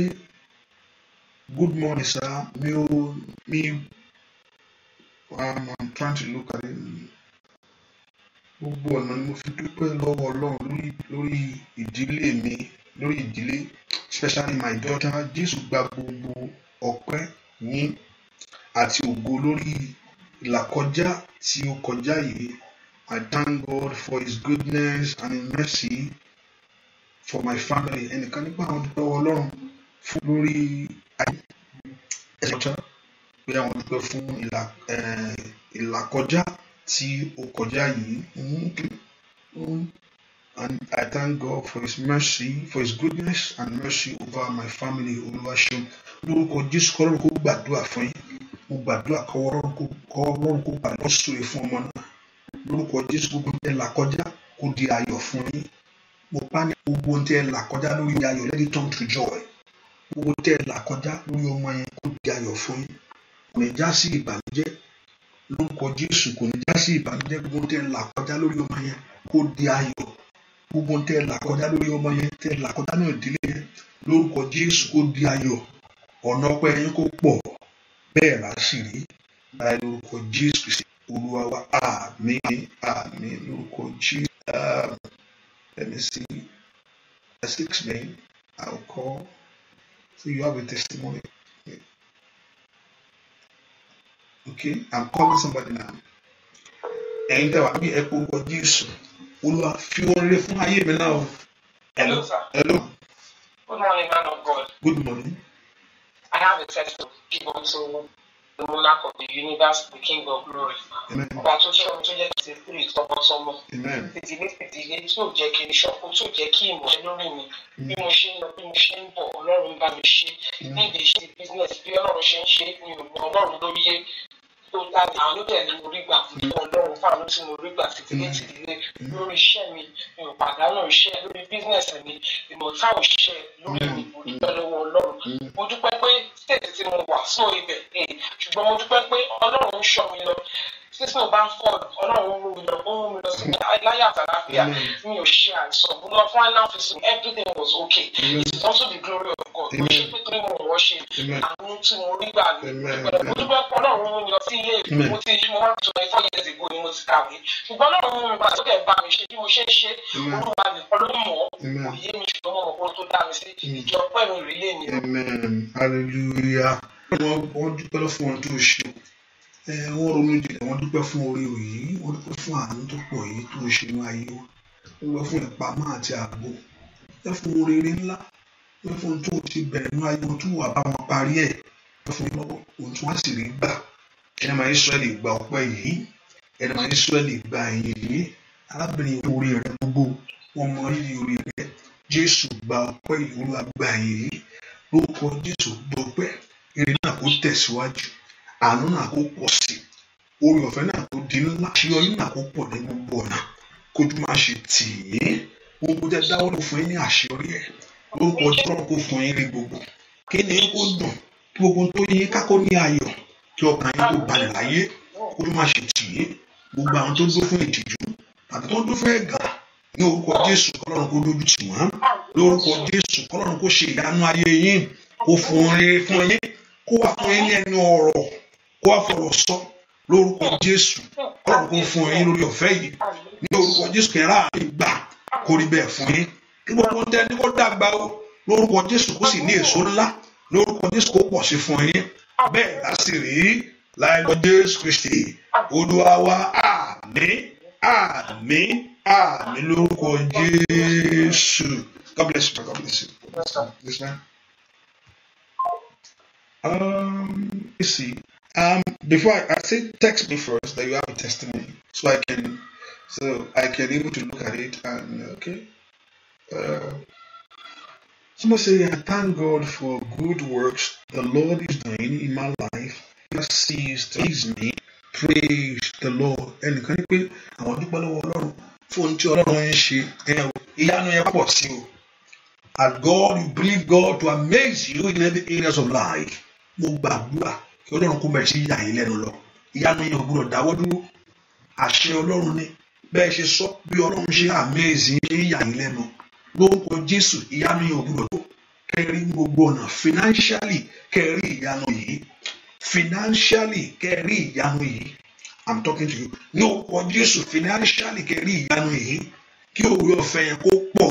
good morning sir mi ò mi um, I'm trying to look at it gbogbo ọ̀nà ni mo fi dúpẹ́ lọ́wọ́ ọlọ́run lórí lórí ìdílé mi lórí ìdílé especially my daughter jésù gba gbogbo ọpẹ́ yín àti ògo lórí ìlàkọjá tí ó kọjá yìí I thank God for his goodness and his mercy for my family ẹnìkan nígbà wọn dúpẹ́ ọlọ́run fún lórí ayé ẹ̀sìn ọ̀tá pé àwọn dúpẹ́ fún ìlàkọjá tí ó kọjá yìí and I thank God for his mercy for his goodness and mercy over my family olúwaṣeun lórúkọ Jésù kọ́ lórúkọ gbàdúrà fún yín mo gbàdúrà kọ́ ọlọ́run kó gbàdúrà sóye fún ọmọ náà lórúkọ Jésù gbogbo ẹ̀ là kọjá kó di ayọ̀ fún yín mo pàní gbogbo ohun tí ẹ là kọjá lórí omi to joy gbogbo ohun tí ẹ là kọjá lórí ọmọ yẹn kó di ayọ̀ fún yín kò ní já sí ìbànújẹ́ lórúkọ Jésù kò ní já sí ìbànújẹ́ gbogbo ohun tí ẹ là kọjá lórí ọmọ yẹn kó di ayọ̀ gbogbo ohun tí ẹ là kọjá lórí ọmọ yẹn tí ẹ là kọjá ní ìdílé yẹn lórúkọ Jésù kó di ayọ̀ ọ̀nà ọpẹ́ yín kó pọ̀ bẹ́ẹ̀ là á sì rí láì lórúkọ Jésù Kristi Olúwa Let me see. A 6 name. I'll call. So you have a testimony. Okay, I'm calling somebody now. ẹ̀yin tẹ́ wà ní ẹ̀kọ́ orúkọ Jésù Olúwa hello sir. hello. good morning man of God. good morning. I have a test of people to the monarch of the universe, the king of glory. Ọba tó ṣe ohun tó jẹ́ kí n ṣe fún ìtọ́mọ́tọ́mọ́. Tètè ní tètè ní tí ò jẹ́ kí n ṣọ́kú tí ò jẹ́ kí ìmọ̀ ẹ lórí mi. Bí mo ṣe ń lọ bí mo ṣe ń bọ̀ Ọlọ́run bá mi ṣe. Ní ìdí ṣe business bí Ọlọ́run ṣe ń ṣe ni òun Ọlọ́run ló yé tó ta ní àwọn oníbẹ̀ ni mo rí gbà ọlọ́run fáwọn tí mo rí gbà títí létí lílé lórí iṣẹ́ mi mi ò pàdánù iṣẹ́ lórí bísíǹsì mi ìmọ̀ta ò ṣe lórí mi mo dúpẹ́ lọ́wọ́ ọlọ́run mo dúpẹ́ pé stéètì tí mo wà sóò ibẹ̀ eh, ṣùgbọ́n mo dúpẹ́ pé ọlọ́run ń ṣọ́ mi lọ sísè ò bá ń fọ ọlọ́run mú mi lọ ó mú mi lọ sí láyé àtàláfíà mi ò ṣe àìsàn mo lọ fún island fishing everything was okay it is also the glory of God mo ṣe pé torí mo wọ́n ṣe àánú tí mo rí gbà mí mo dúpẹ́ pé ọlọ́run mú mi lọ sí ilé ìwé mo ti yí mo wá twenty four years ago ni mo ti kàwé ṣùgbọ́n ọlọ́run mú mi bá tó kẹ̀ bá mi ṣe bí mo ṣe ń ṣe olúwa nìkan ló mọ̀ kò yé mi ṣùgbọ́n mo mọ̀ kó tó dá mi sí ìjọ pẹ́ mi rèé lé mi. hallelujah wọ́n dúpẹ́ lọ́ fún wọn tó ṣe wọ́n ronú jinlẹ̀ wọ́n dúpẹ́ fún oríire yìí wọ́n dúpẹ́ fún àánú tó pọ̀ yìí tó ń ṣe inú ayé wọn wọ́n fún ìpamọ́ àti ààbò wọ́n fún oríire ńlá wọ́n fún tó ti bẹ̀rẹ̀ inú ayé wọn tó wà bá wọn parí ẹ̀ wọ́n fún lọ́wọ́ ohun tí wọ́n sì rí gbà ẹni máa Ísírẹ́lì gba ọpẹ́ yìí ẹni máa Ísírẹ́lì gba ẹ̀yìn yìí arábìnrin orí rẹ gbogbo wọn mọ rírì orí rẹ Jésù gba ọpẹ́ yìí Olúwa gba ẹ̀yìn yìí lórúkọ Jésù gbọpẹ́ eré náà kó tẹ̀síwájú àánú náà kó pọ̀ sí i orí ọ̀fẹ́ náà tó di ńlá àṣeyọrí náà kó pọ̀ ní gbogbo ọ̀nà kójú má ṣe tì í gbogbo jẹ́ dáwọ́ ló fún yín ní àṣeyọrí ẹ̀ lórúkọ jọ́rọ̀ kó fún yín rí gbogbo kí ni kó dùn kí gbogbo tó yín kákó ní ayọ̀ kí ọkàn yín kó balẹ̀ láyé kójú má ṣe tì í gbogbo àwọn tó dó fún ìtìjú tàbí tó dó fún ẹ̀gàn ní orúkọ jésù kọlọ́run kó dojú tì wọ́n lórúkọ jésù kọlọ́run kó ṣe ìdáná ayé yín kó fún yín kó wà fún yín ní ẹni ọ̀rọ̀ kó wá fọ̀rọ̀ sọ lórúkọ jésù ọlọ́run kò fún yín lórí ọ̀fẹ́ yìí ní orúkọ jésù kẹrà ìgbà kò rí bẹ́ẹ̀ fún yín kí gbogbo tẹ ní kó dàgbà o lórúkọ jésù kó sì ní èso ńlá lórúkọ jésù kó pọ̀ sí fún yín bẹ́ẹ̀ lásì rí láìlọ jésù kristi olúwa wa àmín àmín àmín lórúkọ jésù god bless you god bless you. Um, you see. Um, before I, I say text me first that you have a testimony, so I can, so I can able to look at it and okay. Uh, Someone say, I thank God for good works the Lord is doing in my life. He ceased to praise me. Praise the Lord. And ní pé àwọn dúpẹ́ lọ́wọ́ Ọlọ́run fún tí God you believe God to amaze you in every areas of life. kí ọlọ́run kó bẹ̀rẹ̀ sí yà yín lẹ́nu lọ ìyanu yẹn ò gbúdọ̀ dáwọ́ dúró àṣẹ ọlọ́run ni bẹ́ẹ̀ ṣe sọ bí ọlọ́run ṣe àmẹ́ẹ̀sì ṣe yà yín lẹ́nu lórúkọ jésù ìyanu yẹn ò gbúdọ̀ tó kẹrí gbogbo ọ̀nà financially kẹrí ìyanu yìí financially kẹrí ìyanu yìí i'm talking to you lórúkọ jésù financially kẹrí ìyanu yìí kí òwe ọ̀fẹ́ yẹn kó pọ̀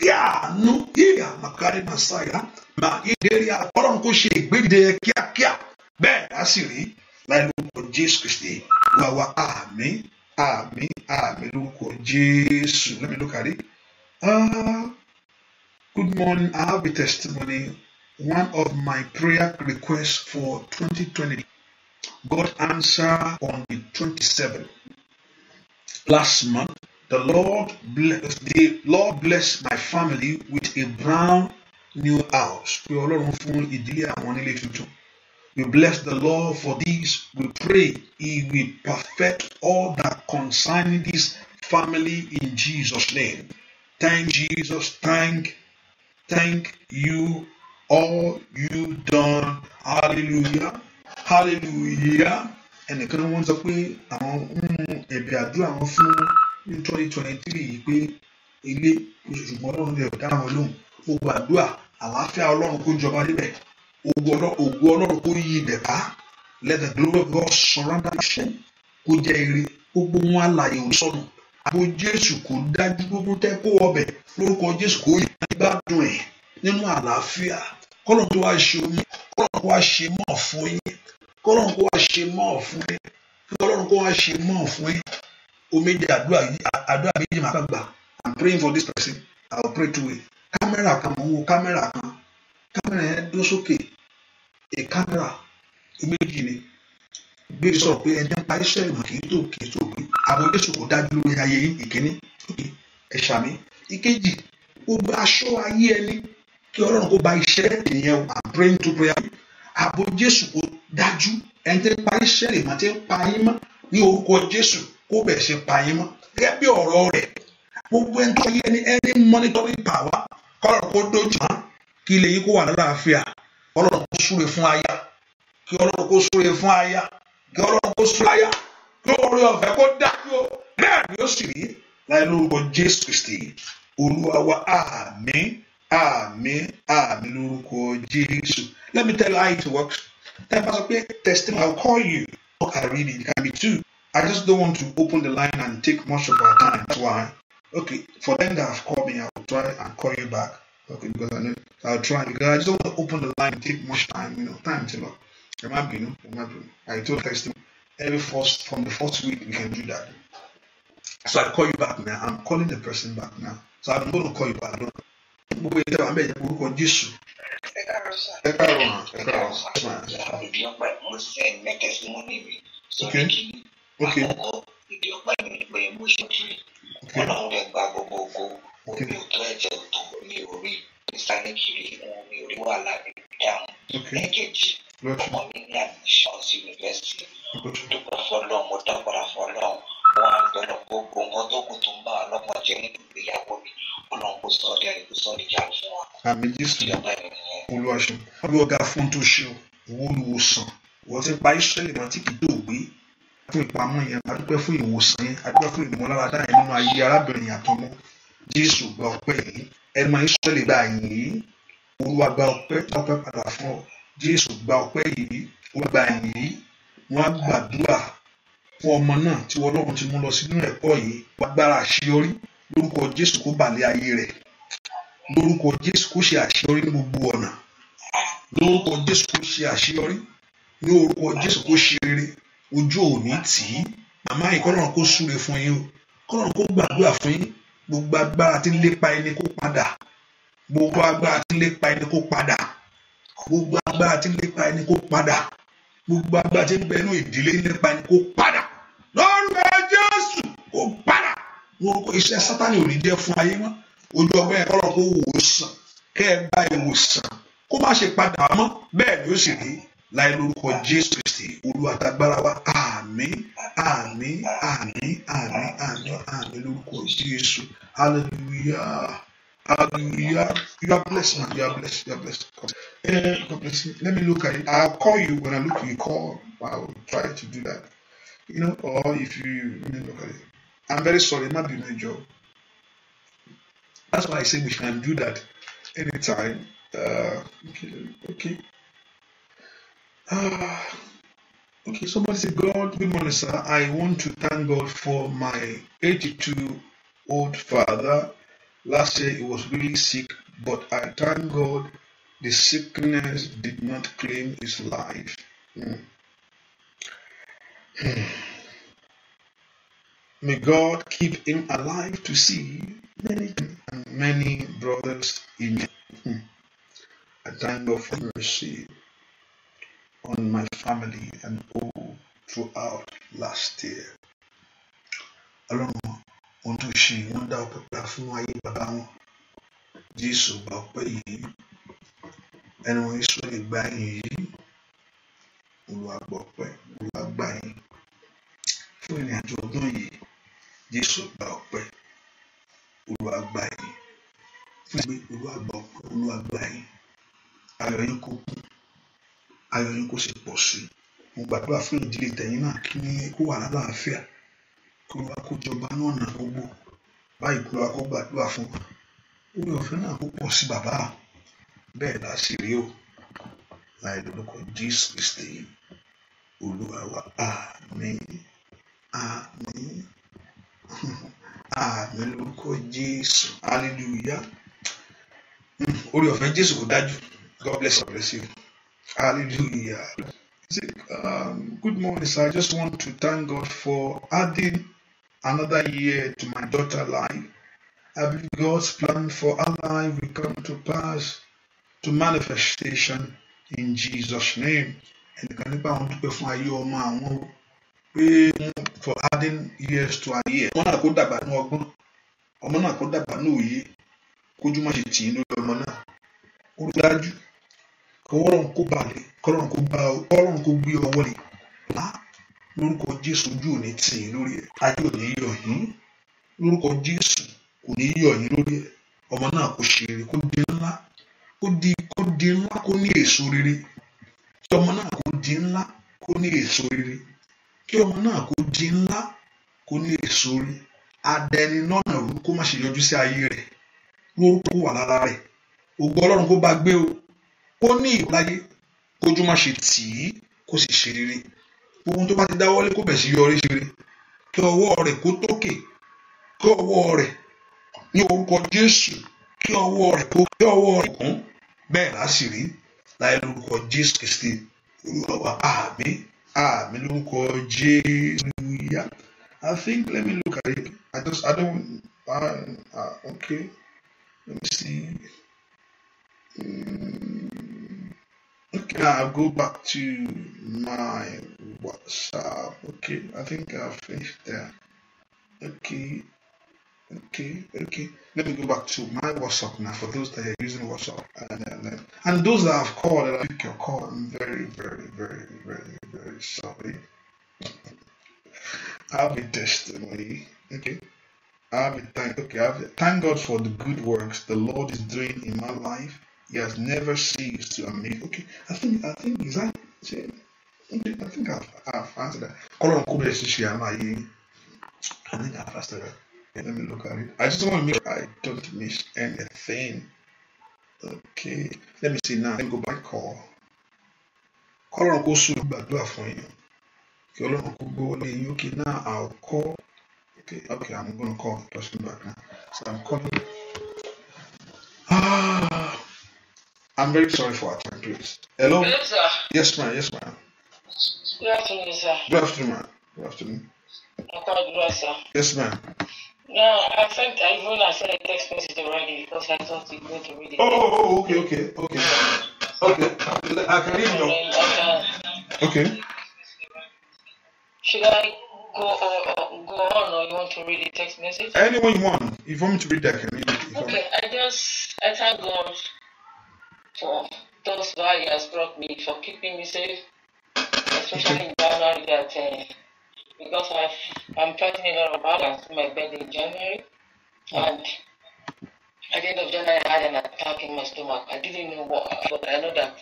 kí àánú yíyà màkàrí màsáyà màá ìdérí àtọ́rọ̀ kó ṣe ìgbédè kíákíá bẹ́ẹ̀ á sì rí láì lórúkọ jésù kristi wá wá àmín àmín àmín lórúkọ jésù let me look at it uh, good morning i have a testimony one of my prayer requests for 2020 god answer on the 27th last month the lord bless the lord bless my family with a brand new house pé ọlọ́run fún ìdílé àwọn nílé tuntun We bless the Lord for this. We pray He will perfect all that concern this family in Jesus' name. Thank Jesus. Thank, thank you, all you done. Hallelujah. Hallelujah. Ẹnìkan wọn sọ pé àwọn ń mm, ẹ̀bẹ̀ àdúrà wọn fún ní twenty twenty three yìí pé ilé ṣùgbọ́n Ọlọ́run rẹ̀ dá lóhùn. Gbogbo àdúrà àlàáfíà Ọlọ́run kó jọba níbẹ̀ ògo ọlọ́run kó yí ibẹ̀ ká let the glory of God surround that nation kó jẹ́ ire gbogbo wọn àlàyé ò sọnù àgbo jésù kò dájú gbogbo tẹ́ kó ọbẹ̀ lórúkọ jésù kò yí gbádùn ẹ̀ nínú àlàáfíà kọ́lọ́n tó wá ṣe omi kọ́lọ́n kó wá ṣe mọ́ fún yín kọ́lọ́n kó wá ṣe mọ́ fún yín kọ́lọ́n kó wá ṣe mọ́ fún yín omi jẹ́ àdúrà àdúrà méjì máa gbà i'm praying for this person i will pray to him kámẹ́rà kan mo ń wo kámẹ́rà kan kámẹ́rà yẹn dó sókè ìkádàrà méjì ni gbèrè sọ̀rọ̀ pé ẹni nípa iṣẹ́ ìmọ̀ kì í tó kì í tó gbé àwọn Jésù kò dájú lórí ayé yìí ìkíní ẹ ṣàmì ìkejì ó gba aṣọ ayé ẹni kí Ọlọ́run kó ba iṣẹ́ ìyẹn à praying to prayer àbò Jésù kò dájú ẹni tí ń pa iṣẹ́ ìmọ̀ tí ń pa yín mọ́ ní orúkọ Jésù kó bẹ̀ ṣe pa yín mọ́ gẹ́gẹ́ bí ọ̀rọ̀ rẹ̀ gbogbo ẹni tó yẹ ní any monitoring power kọ́lọ̀ kó dojú mọ́ kí ilé yìí kó wà lọ́la ọlọ́run kó súre fún aya kí ọlọ́run kó súre fún aya kí ọlọ́run kó súre aya kí oore ọ̀fẹ́ kó dájú o bẹ́ẹ̀ ni ó sì rí láì lórúkọ jésù kristi olúwa wa àmín àmín lórúkọ jésù let me tell you how it works tẹ́ ẹ bá sọ pé testing i'll call you talk i read it can be two i just don't want to open the line and take much of our time that's why okay for them that have called me i will try and call you back. Okay, because I know I'll try because I just don't want to open the line and take much time, you know. Time to lot. It might be, you know, it might be. I told Kirsten every first from the first week we can do that. So I call you back now. I'm calling the person back now. So I'm gonna call you back. gbogbo ilé wa mẹ́jẹ̀ orúkọ Jésù. ẹ káàárọ̀ sá ẹ káàárọ̀ ẹ káàárọ̀ orí òtún ẹ̀jẹ̀ tó mi ò rí sáré kiri wọn mi ò rí wàhálà mi dáhùn lẹ́ẹ̀kejì ọmọ mi ní admission sí yunifásitì dúpẹ́ fọlọ́ mo dábàrà fọlọ́ wọn á bẹ̀rẹ̀ gbogbo nǹkan tó kù tó ń bá wa lọ́mọ jẹ nínú ìgbéyàwó mi ọlọ́run kò sọ ọ́ dẹ́rẹ́ kò sọ ọ́ dìjà fún wa. àmì jésù olùwàṣẹ olùwàga fún tó ṣe owó olùwòsàn wọ́n ti pa israẹli wọn tí kì í dògbé fún ìpamọ́ yẹn adúpẹ́ fún ìwòsàn yẹn adúpẹ́ fún ìmọ̀lára dáhùn nínú ayé arábìnrin àtọmọ jésù gba ọpẹ́ yìí ẹ máa ń sọ́ọ̀lì gbà yìí olúwa gba ọpẹ́ tọ́pẹ́ padà fún ọ jésù gba ọpẹ́ yìí olúwa gbà yìí wọ́n á gbàdúrà fún ọmọ náà tí wọ́n lọ́run ti mú lọ sínú ẹ̀kọ́ yìí wọ́n agbára àṣeyọrí lórúkọ jésù kó bàlẹ̀ ayé rẹ̀ lórúkọ jésù kó ṣe àṣeyọrí ní gbogbo ọ̀nà lórúkọ jésù kó ṣe àṣeyọrí ní orúkọ jésù kó ṣe rere ojú òní tì í màmá yìí kó súre fún yín o kọ́nà kó gbàdúrà fún yín gbogbo agbára tí lépa ẹni kó padà gbogbo agbára tí lépa ẹni kó padà gbogbo agbára tí lépa ẹni kó padà gbogbo agbára tí bẹnu ìdílé lépa ẹni kó padà lórúkọ Jésù kó padà lórúkọ iṣẹ́ Sátánì ò ní jẹ́ fún ayé mọ́ ojú ọgbẹ́ ẹ̀kọ́ lọ́kọ́ wòsàn kẹ́ ẹ gba ìwòsàn kó má ṣe padà mọ́ bẹ́ẹ̀ ni ó sì rí láì lórúkọ Jésù kristi olùwàtàgbára wa àmín àmín àmín àmín àmín àmín lórúkọ jésù hallelujah hallelujah you are blessed man you are blessed you are blessed God, uh, God bless you let me look at it I'll call you when I look you call I will try to do that you know or if you let me look at it might be my job. bínú ìjọ that's why I say we can do that anytime uh, okay okay. Ah. Okay, somebody said, God, good morning, sir. I want to thank God for my 82 old father. Last year he was really sick, but I thank God the sickness did not claim his life. Mm. Hmm. May God keep him alive to see many and many brothers in. me. Hmm. I thank God for mercy. on my family and all throughout last year. Ọlọ́run ohun tó ṣe wọ́n dá ọpẹ́ padà fún ayé bàbá wọn. Jésù gba ọpẹ́ yìí. Ẹni wọn Ísírẹ́lì gba ẹ̀yìn yìí. Olúwa gba ọpẹ́, Olúwa gba ẹ̀yìn. Fún ìrìn àjò ọdún yìí, Jésù gba ọpẹ́. Olúwa gba Fún ìgbé Olúwa gba ọpẹ́, Ayọ̀ yín kò kú ayọ̀ yín kó sì pọ̀ sí i mo gbàdúrà fún ìdílé tẹ̀yìn náà kí ní kó wà lálàáfíà kí olúwa kó jọba náà nà gbogbo báyìí kí olúwa kó gbàdúrà fún wa orí ọ̀fẹ́ náà kó pọ̀ sí bàbá bẹ́ẹ̀ la sì rí o láì lórúkọ Jésù Kristi olúwa wa àmín àmín àmín lórúkọ Jésù hallelujah hmm, orí ọ̀fẹ́ Jésù kò dájú God bless you. Hallelujah. Um, good morning, sir. I just want to thank God for adding another year to my daughter's life. I believe God's plan for our life will come to pass to manifestation in Jesus' name. ẹnìkan nípa àwọn dúpẹ́ fún ayé your àwọn pé for adding years to her year ọmọ náà kó dàgbà ní ọgbọ́n ọmọ náà kó dàgbà ní òye kójú má ṣe tì í lórí ọmọ náà ó dájú kọ́lọ́run kó balẹ̀ kọ́lọ́run kó bá kọ́lọ́run kó gbé ọwọ́ rẹ̀ lá lórúkọ jésù ojú ò ní tì í lórí ẹ̀ ayé ò ní yọ̀ yín lórúkọ jésù kò ní yọ̀ yín lórí ẹ̀ ọmọ náà kò ṣe rere kó di ńlá kó di kó di ńlá kó ní èso rere kí ọmọ náà kó di ńlá kó ní èso rere kí ọmọ náà kó di ńlá kó ní èso rere adẹni lọ́nà òru kó má ṣe yọjú sí ayé rẹ̀ lórúkọ wà lára rẹ̀ ògbọ́ ọlọ́run kó bá gbé o kó ní ìgbáyé kójú má ṣe tì í kó sì ṣe rere gbogbo tó bá ti dáwọ́lé kó bẹ̀ sí yọrí ṣe rere kí ọwọ́ rẹ̀ kó tókè kí ọwọ́ rẹ̀ ní orúkọ Jésù kí ọwọ́ rẹ̀ kó kí ọwọ́ rẹ̀ kún bẹ́ẹ̀ láti rí láì lórúkọ Jésù Kristi olùwàwà àmín àmín lórúkọ Jésù yá I think let me look at it I just I don't Ah, uh, okay let me see. Mm. think I'll go back to my WhatsApp. Okay, I think I've finished there. Okay, okay, okay. Let me go back to my WhatsApp now for those that are using WhatsApp. And, and, and those that have called, and I pick your call, I'm very, very, very, very, very sorry. I'll be testimony. Okay. I'll be thank okay, I'll be, thank God for the good works the Lord is doing in my life He has never ceased to amaze. Okay, I think I think is that same. I think I've, I've answered that. Colon Kube Shishiyama. I think I've answered that. Yeah, let me look at it. I just want to make sure I don't miss anything. Okay, let me see now. Let me go back call. Colon Kosu Badua for you. kí ọlọ́run kó gbówó lé yín okay now I'll call okay okay I'm gonna call the person back now so I'm calling I'm very sorry for our time, please. Hello? Hello, sir. Yes, ma'am. Yes, ma'am. Good afternoon, sir. Good afternoon, ma'am. Good afternoon. Akadura, sir. Yes, ma'am. No, I sent, I even I sent a text message already because I thought you were going to read it. Oh, oh, oh okay, okay, okay. okay, I can read now. Uh, okay. Should I go, or, uh, go on or you want to read the text message? Anyone you want. If you want me to read that, I can read it. Okay, I just, I thank God for oh, those why He has brought me, for keeping me safe, especially in January that uh, because i am fighting a lot of battles. My bed in January, and at the end of January, I had an attack in my stomach. I didn't know what, but I know that.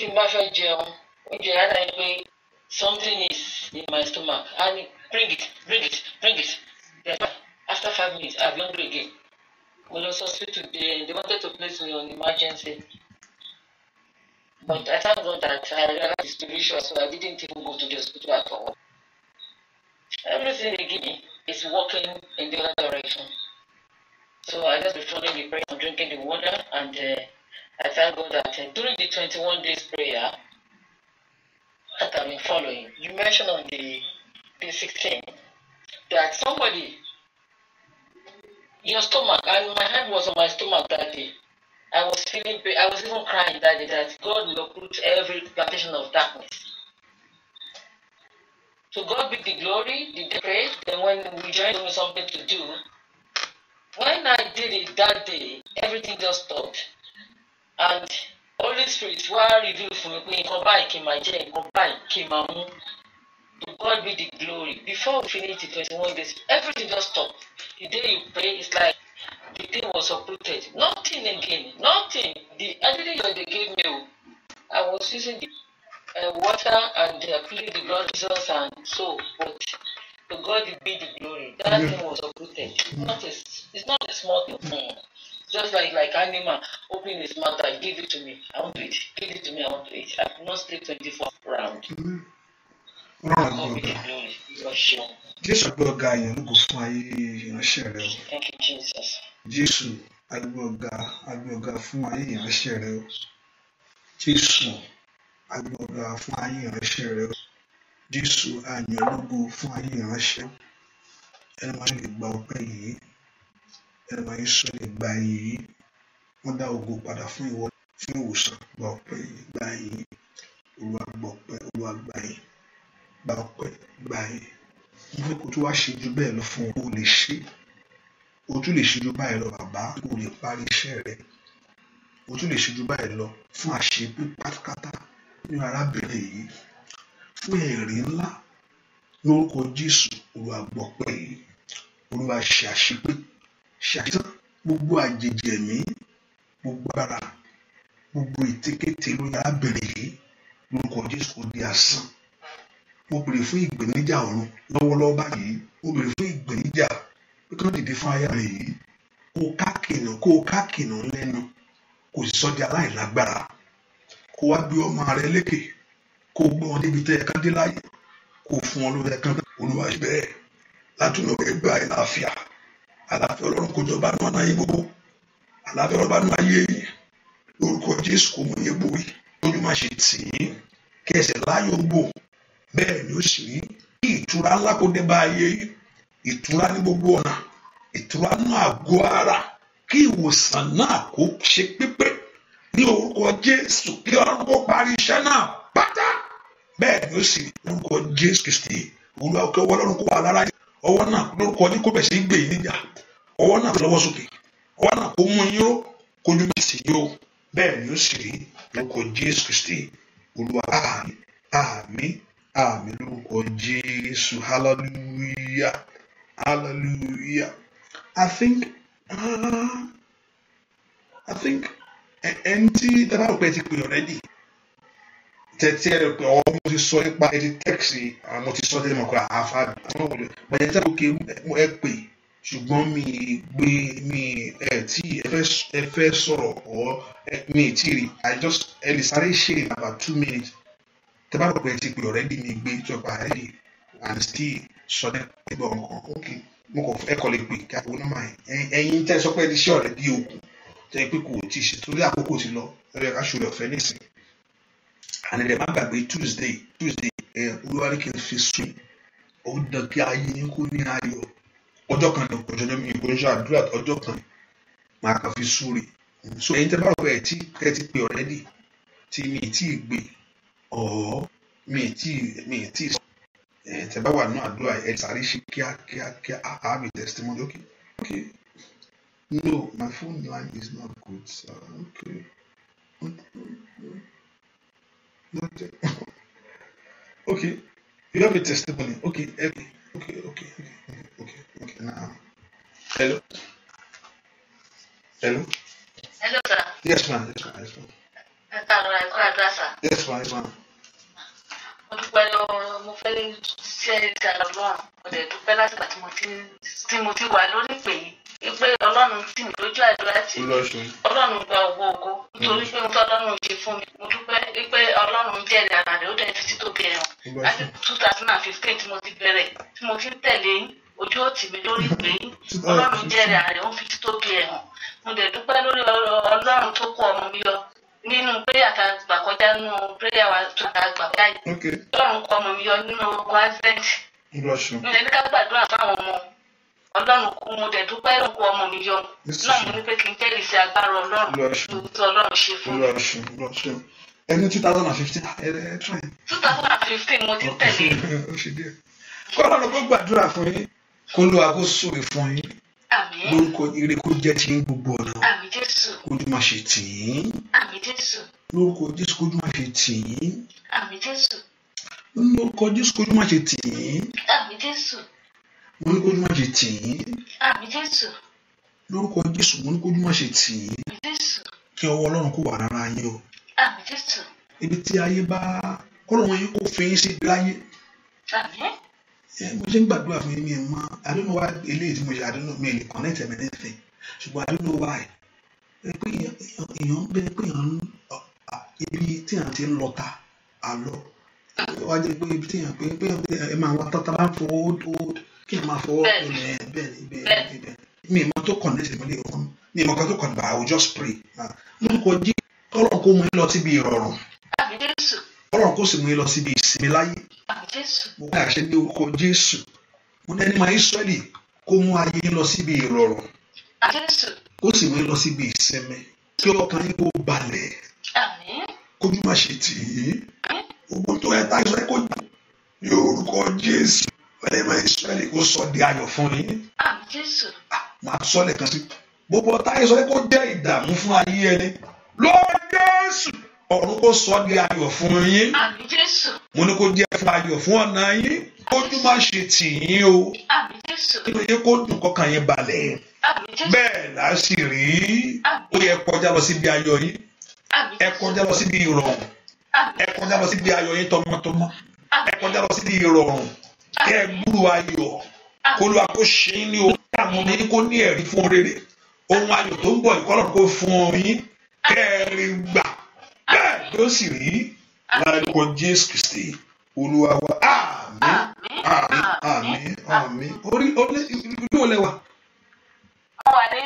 in n bá jail jẹun, oúnjẹ had yẹn something is in my stomach. I need, bring it, bring it, bring it. Then after five minutes, I'll be hungry again was hospital today and they wanted to place me on emergency. But I thank God that I realized the spiritual, so I didn't even go to the hospital at all. Everything they give me is working in the other direction. So I just refunding the prayer and drinking the water, and uh, I thank God that uh, during the 21 days prayer that I've been following, you mentioned on the, the 16 that somebody your stomach, and my hand was on my stomach that day. I was feeling, I was even crying that day that God will uproot every plantation of darkness. So God be the glory, the praise. Then when we joined with something to do, when I did it that day, everything just stopped. And Holy Spirit, why revealed for me, combine, came my jail, combine, came my To God be the glory. Before we finish the 21 days, everything just stopped. The day you pray, it's like the thing was uprooted. Nothing again. Nothing. The anything that they gave me, oh, I was using the uh, water and uh, pleading the blood of Jesus and so, but to God be the glory. That yeah. thing was uprooted. Mm. Not a, it's not a small thing. Mm. Just like like animal opening his mouth, and give it to me. I want to eat. Give it to me. I want to eat. I could not stay 24 round. Mm ràn mí lọ́gà jésù gbé ọ̀gá yẹn kò fún ayé ìránṣẹ́ rẹ o jésù agbé ọ̀gá agbé ọ̀gá fún ayé ìránṣẹ́ rẹ o jésù agbé ọ̀gá fún ayé ìránṣẹ́ rẹ o jésù àyàn ológo fún ayé ìránṣẹ́ ẹni máa lè gba ọpẹ́ yìí ẹni máa ń sọ lè gba yìí wọ́n dá ògo padà fún ìwọ fún ìwòsàn gba ọpẹ́ yìí gba yìí olúwa gbọ́ ọpẹ́ olúwa gba yìí gba ọpẹ́ gba yìí ibi kò tún wá ṣe ju bẹ́ẹ̀ lọ fún ọ lè ṣe o tún lè ṣe ju báyìí lọ bàbá o lè parí iṣẹ́ rẹ o tún lè ṣe ju báyìí lọ fún àṣepé pátákátá nínú arábìnrin yìí fún ẹ̀rí ńlá lórúkọ Jésù Olúwa gbọpẹ́ yìí Olúwa ṣe àṣepé ṣe àṣetán gbogbo àjèjì ẹ̀mí gbogbo ara gbogbo ìtékété lórí arábìnrin yìí lórúkọ Jésù kò di asán mo béèrè fún ìgbìníjà ọ̀run lọ́wọ́lọ́wọ́ báyìí mo béèrè fún ìgbìníjà pé kí dìde fún aya yìí kó o kó o lẹ́nu kò sì sọ di aláìlágbára kó wá gbé ọmọ rẹ lékè kó o gbọ́ wọn débi tẹ́ ẹ ká dé láyé kó o fún wọn lórí ẹ̀kan olúwa bẹ́ẹ̀ látúnú ẹgbẹ́ àìláfíà àláfíà ọlọ́run kó jọba nù àná yín gbogbo àláfíà ọlọ́ba nù ayé yìí lórúkọ jésù kò mọ̀ yẹ bòyí lójú ṣe tì í kí ẹsẹ̀ láyọ̀ bẹ́ẹ̀ ni ó sì rí kí ìtura ńlá kó dé bá ayé yìí ìtura ní gbogbo ọ̀nà ìtura nínú àgọ́ ara kí ìwòsàn náà kó ṣe pípé ní orúkọ Jésù kí ọ̀run kó parí iṣẹ́ náà pátá bẹ́ẹ̀ ni ó sì rí orúkọ Jésù Kristi olúwa kí ọwọ́ ọlọ́run kó wà lára yìí ọwọ́ náà lórúkọ ní kó bẹ̀sẹ̀ gbé níjà ọwọ́ náà lọ́wọ́ sókè ọwọ́ náà kó mú yín ró kójú bẹ̀sẹ̀ yó bẹ́ẹ̀ ni ó sì rí orúkọ Jésù Kristi olúwa àmín àmín àmì lórúkọ Jesus, hallelujah hallelujah i think uh, i think ẹni tí dábàá òpè ti pè already tẹ̀tí ẹ̀rọ pé ọ̀ mo ti sọ nípa ẹni tẹ́ẹ̀sì mo ti sọ tẹ́lẹ̀ mọ̀ pé àáfà àtúnwòlò bàjẹ́ tí a kò ẹ pè ṣùgbọ́n mi gbé mi ẹ tí ẹ fẹ́ sọ̀rọ̀ ọ̀ mi ì i just ẹ lè sáré ṣe in about two minutes tẹ bá rò pé ti pè ọ̀rẹ́dì mi gbé ìjọba àrẹ́dì and still sọdẹ ẹgbẹ́ ọ̀rọ̀ kan ok mo kò fẹ́ kọ́ lè pè káàkó nọ́mà yẹn ẹ̀yin tẹ́ sọ pé ẹni ṣé ọ̀rẹ́ bí òkú tẹ́ pé kò tí ì ṣe torí àkókò ti lọ ẹ̀rọ ẹ̀ka ṣòro ọ̀fẹ́ nìsín and ẹ̀rẹ̀ má gbàgbé Tuesday Tuesday ẹ̀ olúwa ní kí n fi sùn ó dán kí ayé yín kó ní ayọ̀ ọjọ́ kan ní ọjọ́ mi kò ń ṣe àdúrà ọjọ́ kan máa kàn fi súre so ẹ̀yin tẹ́ bá rò pé ẹ̀ tí ẹ ti pè ọ̀rẹ́dì tí mi ì tí ì gbé ọ̀ọ́ mi tí mi tí sọ ẹ̀ tẹ́ bá wà nínú àdúrà ẹ̀ sáré ṣe kíákíákíá I have a testimony okay okay no my phone line is not good sir okay okay *laughs* okay you have a testimony okay okay okay okay okay okay, okay now hello hello hello sir yes ma'am yes ma'am yes ma'am ẹ káàárọ̀ ẹ kúrò àdúrà sá. yes ma yes ma. mo dúpẹ́ lọ́wọ́ mo fẹ́ ṣe ti àlọ́ ọlọ́run mo dẹ̀ dúpẹ́ láti ìgbà tí mo ti wà lórí ìpè yìí pé ọlọ́run tì mí lójú àdúrà tí ọlọ́run gba owó ogo nítorí pé ohun tí ọlọ́run ṣe fún mi mo dúpẹ́ pé ọlọ́run jẹ́ ẹ̀dá ara rẹ̀ ó dẹ̀ fi títò bẹ̀rẹ̀ hàn láti two thousand and fifteen tí mo ti bẹ̀rẹ̀ tí mo ti ń tẹ̀lé ojú òtì mi lórí pé ọlọ́run jẹ́ ẹ̀dá rẹ̀ ó fi títò bẹ̀rẹ̀ hàn mo dẹ̀ dúpẹ́ lórí ọlọ́run tó kó ọmọ mi yọ nínú prayer tá a gbà kọjá nínú prayer wa tó a gbà kọjá yìí Ọlọ́run kọ ọmọ mi yọ nínú ogun advent ilẹ̀ ní ká gbàdúrà fáwọn ọmọ Ọlọ́run kú mo dẹ̀ dúpẹ́ ẹ̀rùn kú ọmọ mi yọ náà mo ní pé kí n jẹ́rìí sí agbára Ọlọ́run tó Ọlọ́run ṣe fún mi ẹni two thousand and fifteen ẹ ẹ try. two thousand and fifteen mo ti tẹ̀lé. *laughs* kọ́lá ló kó gbàdúrà fún yín kó ló wa kó fún yín lórúkọ ire jẹ́ ti ń gbogbo àmì jésù. kójú máa ṣe tì í. àmì jésù. lórúkọ jésù kójú máa ṣe tì í. àmì jésù. lórúkọ jésù kójú máa ṣe tì í. àmì jésù. mo ní kójú máa ṣe tì í. àmì jésù. lórúkọ jésù mo ní kójú máa ṣe tì í. àmì jésù. kí ọwọ́ ọlọ́run kó wà lára yín o. àmì jésù. ibi tí ayé bá kọ́lọ́run yín kó fi yín sí láyé. àmì mo ṣe ń gbàdúrà fún yín mi mọ I don't know why eléyìí tí mo ṣe I don't know mi lè connect them anything ṣùgbọ́n I don't know why pé èèyàn èèyàn ń bẹ́ẹ̀ pé èèyàn ń ibi tí èèyàn ti ń lọ ta àlọ́ wá jẹ́ pé ibi tí èèyàn pé pé ẹ máa wá tata bá ń fọ old old kí èèyàn máa fọwọ́ ilẹ̀ bẹ́ẹ̀ ni bẹ́ẹ̀ ni bẹ́ẹ̀ mi ìmọ̀ tó kàn lẹ́sìn ìmọ̀lẹ́ ìwọ̀n mi ìmọ̀ kan tó kàn bá I will just pray lórúkọ jí ọlọ́run kó mú yín lọ síbi ìrọ̀rùn ọlọ́run kó sì mú yín lọ síbi ìsinmi láyé mo wá àṣẹ ní orúkọ Jésù mo ní ẹni máa Ísírẹ́lì kó mú ayé lọ síbi ìrọ̀rùn kó sì máa lọ síbi ìsinmi kí ọkàn yín kó balẹ̀ kójú má ṣe tì í gbogbo tó ẹ tá ìsọ̀rọ̀ kó jù ní orúkọ Jésù ọ̀rẹ́ máa ń sọ̀rọ̀ kó sọ di ayọ̀ fún yín ah, máa sọ lẹ́ẹ̀kan sí gbogbo tá ìsọ̀rọ̀ kó jẹ́ ìdààmú fún ayé ẹni lọ́ọ́ Jésù ọ̀run kò sọ di ayọ̀ fún yín mo ní kó di fún ayọ̀ fún ọ̀nà yín kójú má ṣe tì yín o nínú yín kó dùn kọkàn yín balẹ̀ bẹ́ẹ̀ láṣì rí ó yẹ kọjá lọ síbi ayọ̀ yín ẹ kọjá lọ síbi ìrọ̀rùn ẹ kọjá lọ síbi ayọ̀ yín tọmọtọmọ ẹ kọjá lọ síbi ìrọ̀rùn kẹ gbúrú ayọ̀ kó ló àkó ṣe é ní orí àwọn ọmọ yín kó ní ẹ̀rí fún rere ohun ayọ̀ tó ń bọ̀ ìkọlọ̀ kó fún ọ yín kẹ́ ẹ rí gbà bẹ́ẹ̀ ló sì rí lórúkọ Jésù Kristi Olúwa wa àmín àmín àmín orí ìlú olè wa. mo wà ní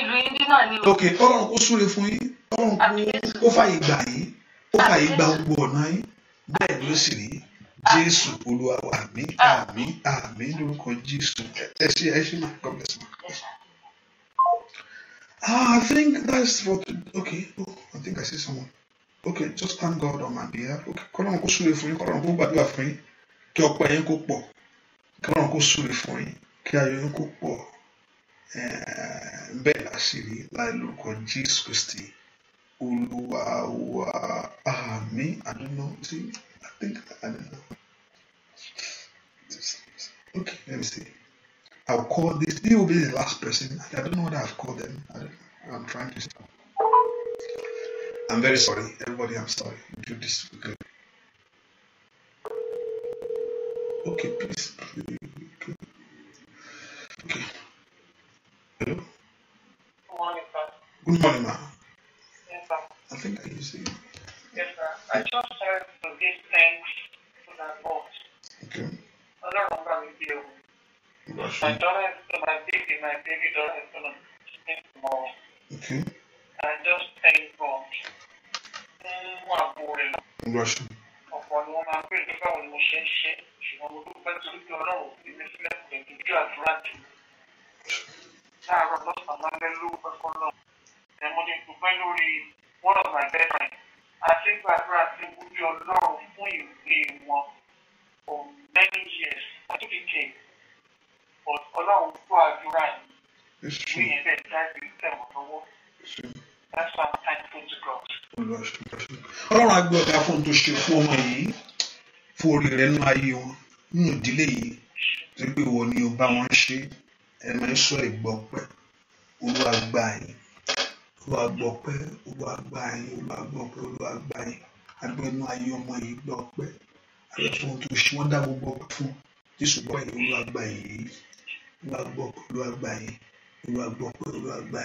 ìlú indi náà ni. ok Ọlọ́run kó súre fún yín Ọlọ́run kó fàyè gbà yín kó fàyè gba gbogbo ọ̀nà yín bẹ́ẹ̀ ló sì rí jésù olúwa àmín àmín àmín lórúkọ jésù ẹ ṣe máa kọ bẹsẹ máa kọ. I think that's for Okay. Oh, I think I see someone okay just thank God on my behalf okay kọ́lọ́run kó súre fún yín kọ́lọ́run kó gbàdúrà fún yín kí ọpẹ́ yín kó pọ̀ kọ́lọ́run kó súre fún yín kí ayọ̀ yín kó pọ̀ eh, bẹ́ẹ̀ láṣìírí láì lórúkọ Jésù Kristi Olúwa wa àmín àdúná tí I think àdúná okay let me see I'll call this he will be the last person I don't know whether I've called them I don't know I'm trying to stop. I'm very sorry. Everybody, I'm sorry. Do this again. Okay, please. Okay. okay. Hello? Good morning, sir. Good morning, ma'am. Yes, sir. I think I used it. Yes, sir. I just have to give thanks to the boss. Okay. I don't want to be you. My daughter is my baby, my baby daughter is going to sleep tomorrow. Okay. I just thank God fún àbò rẹ̀ ọ̀pọ̀ ni wọ́n máa ń pè ní báwo ni mo ṣe ń ṣe ṣùgbọ́n mo dúpẹ́ torí pé ọlọ́run fi mi sílẹ̀ pẹ̀lú bí àdúrà jù láàárọ̀ lọ́sàn-án lálẹ́ lówó ẹ̀kọ́ náà ẹ̀ mo lè dúpẹ́ lórí one of my best friends àti gbàdúrà sí wúlé ọlọ́run fún ìwé wọn for many years ọdún kékeré ọlọ́run tó àdúrà yìí wíyẹn bẹ́ẹ̀ dájú ìtẹ̀wọ̀n lọ́wọ́ ọlọ́run á gbé ọ̀gá fún tó ṣe fún ọmọ yìí fún orí rẹ̀ nínú ayé wọn nínú ìdílé yìí torí pé ìwọ ni o bá wọn ṣe ẹ máa ń sọ ìgbọ́pẹ́ olúwa gbà yín olúwa gbọ́pẹ́ olúwa gbà yín olúwa gbọ́pẹ́ olúwa gbà yín agbẹnu ayé ọmọ yìí gbọ́pẹ́ ayé fún tó ṣe wọ́n dá gbogbo ọpẹ́ fún jésù gbọ́ yìí olúwa gbà yìí olúwa gbọ́pẹ́ olúwa gbà yín olúwa gbọ́pẹ́ olúwa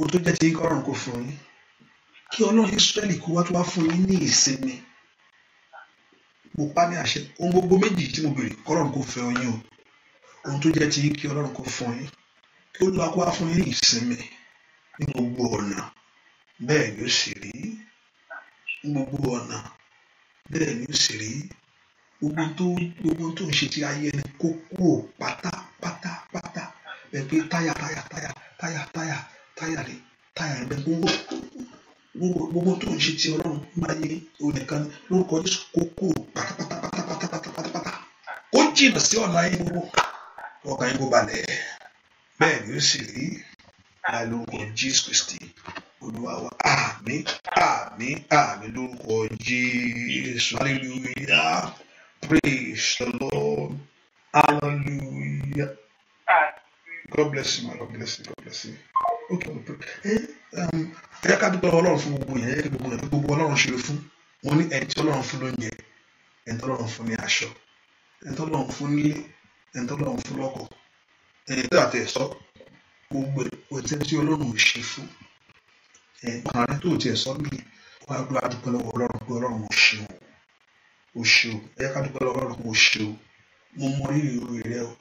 o tó jẹ́ ti kọ́rùn kò fún yín kí ọlọ́run Ísírẹ́lì kó wá tó wá fún yín ní ìsinmi mo pa ní àṣẹ ohun gbogbo méjì tí mo béèrè kọ́rùn kò fẹ́ yín o ohun tó jẹ́ ti kí ọlọ́run kó fún yín kí olúwa kó wá fún yín ní ìsinmi ní gbogbo ọ̀nà bẹ́ẹ̀ ni ó sì rí ní gbogbo ọ̀nà bẹ́ẹ̀ ni ó sì rí gbogbo tó gbogbo tó ń ṣe ti ayé ẹni kó kúrò pátápátápátá bẹ́ẹ̀ pé táyà táyà táyà táyà táyà táyà rẹ̀ táyà rẹ̀ gbogbo gbogbo tó ń ṣe ti ọlọ́run máa yẹ onìkan lórúkọ Jésù kó kú pátápátápátápátápátá kó jìnnà sí ọ̀nà ayé gbogbo ọkàn yín kó balẹ̀ bẹ́ẹ̀ ni ó sì rí lórúkọ Jésù Kristi Olúwa wa àmín àmín àmín lórúkọ Jésù hallelujah praise the Lord hallelujah God bless you my God bless you God bless you ó kì í pé ẹ ká dúpẹ́ ọlọ́run fún gbogbo yẹn ẹ kí gbogbo yẹn gbogbo ọlọ́run ṣe fún wọn ní ẹni tí ọlọ́run fún lóúnjẹ ẹni tí ọlọ́run fún ní aṣọ ẹni tí ọlọ́run fún nílé ẹni tí ọlọ́run fún lọ́kọ̀ ẹni tí àti ẹ̀sọ́ gbogbo ẹni tí ọlọ́run ṣe fún ọ̀nà rẹ tó tiẹ̀ sọ́ mi wá gbọ́ adúpẹ́ lọ́wọ́ ọlọ́run pé ọlọ́run ò ṣe o ò ṣe o ẹ ká dúpẹ́ lọ́wọ́ ọlọ́run ò ṣe o mo mọ rírì rẹ o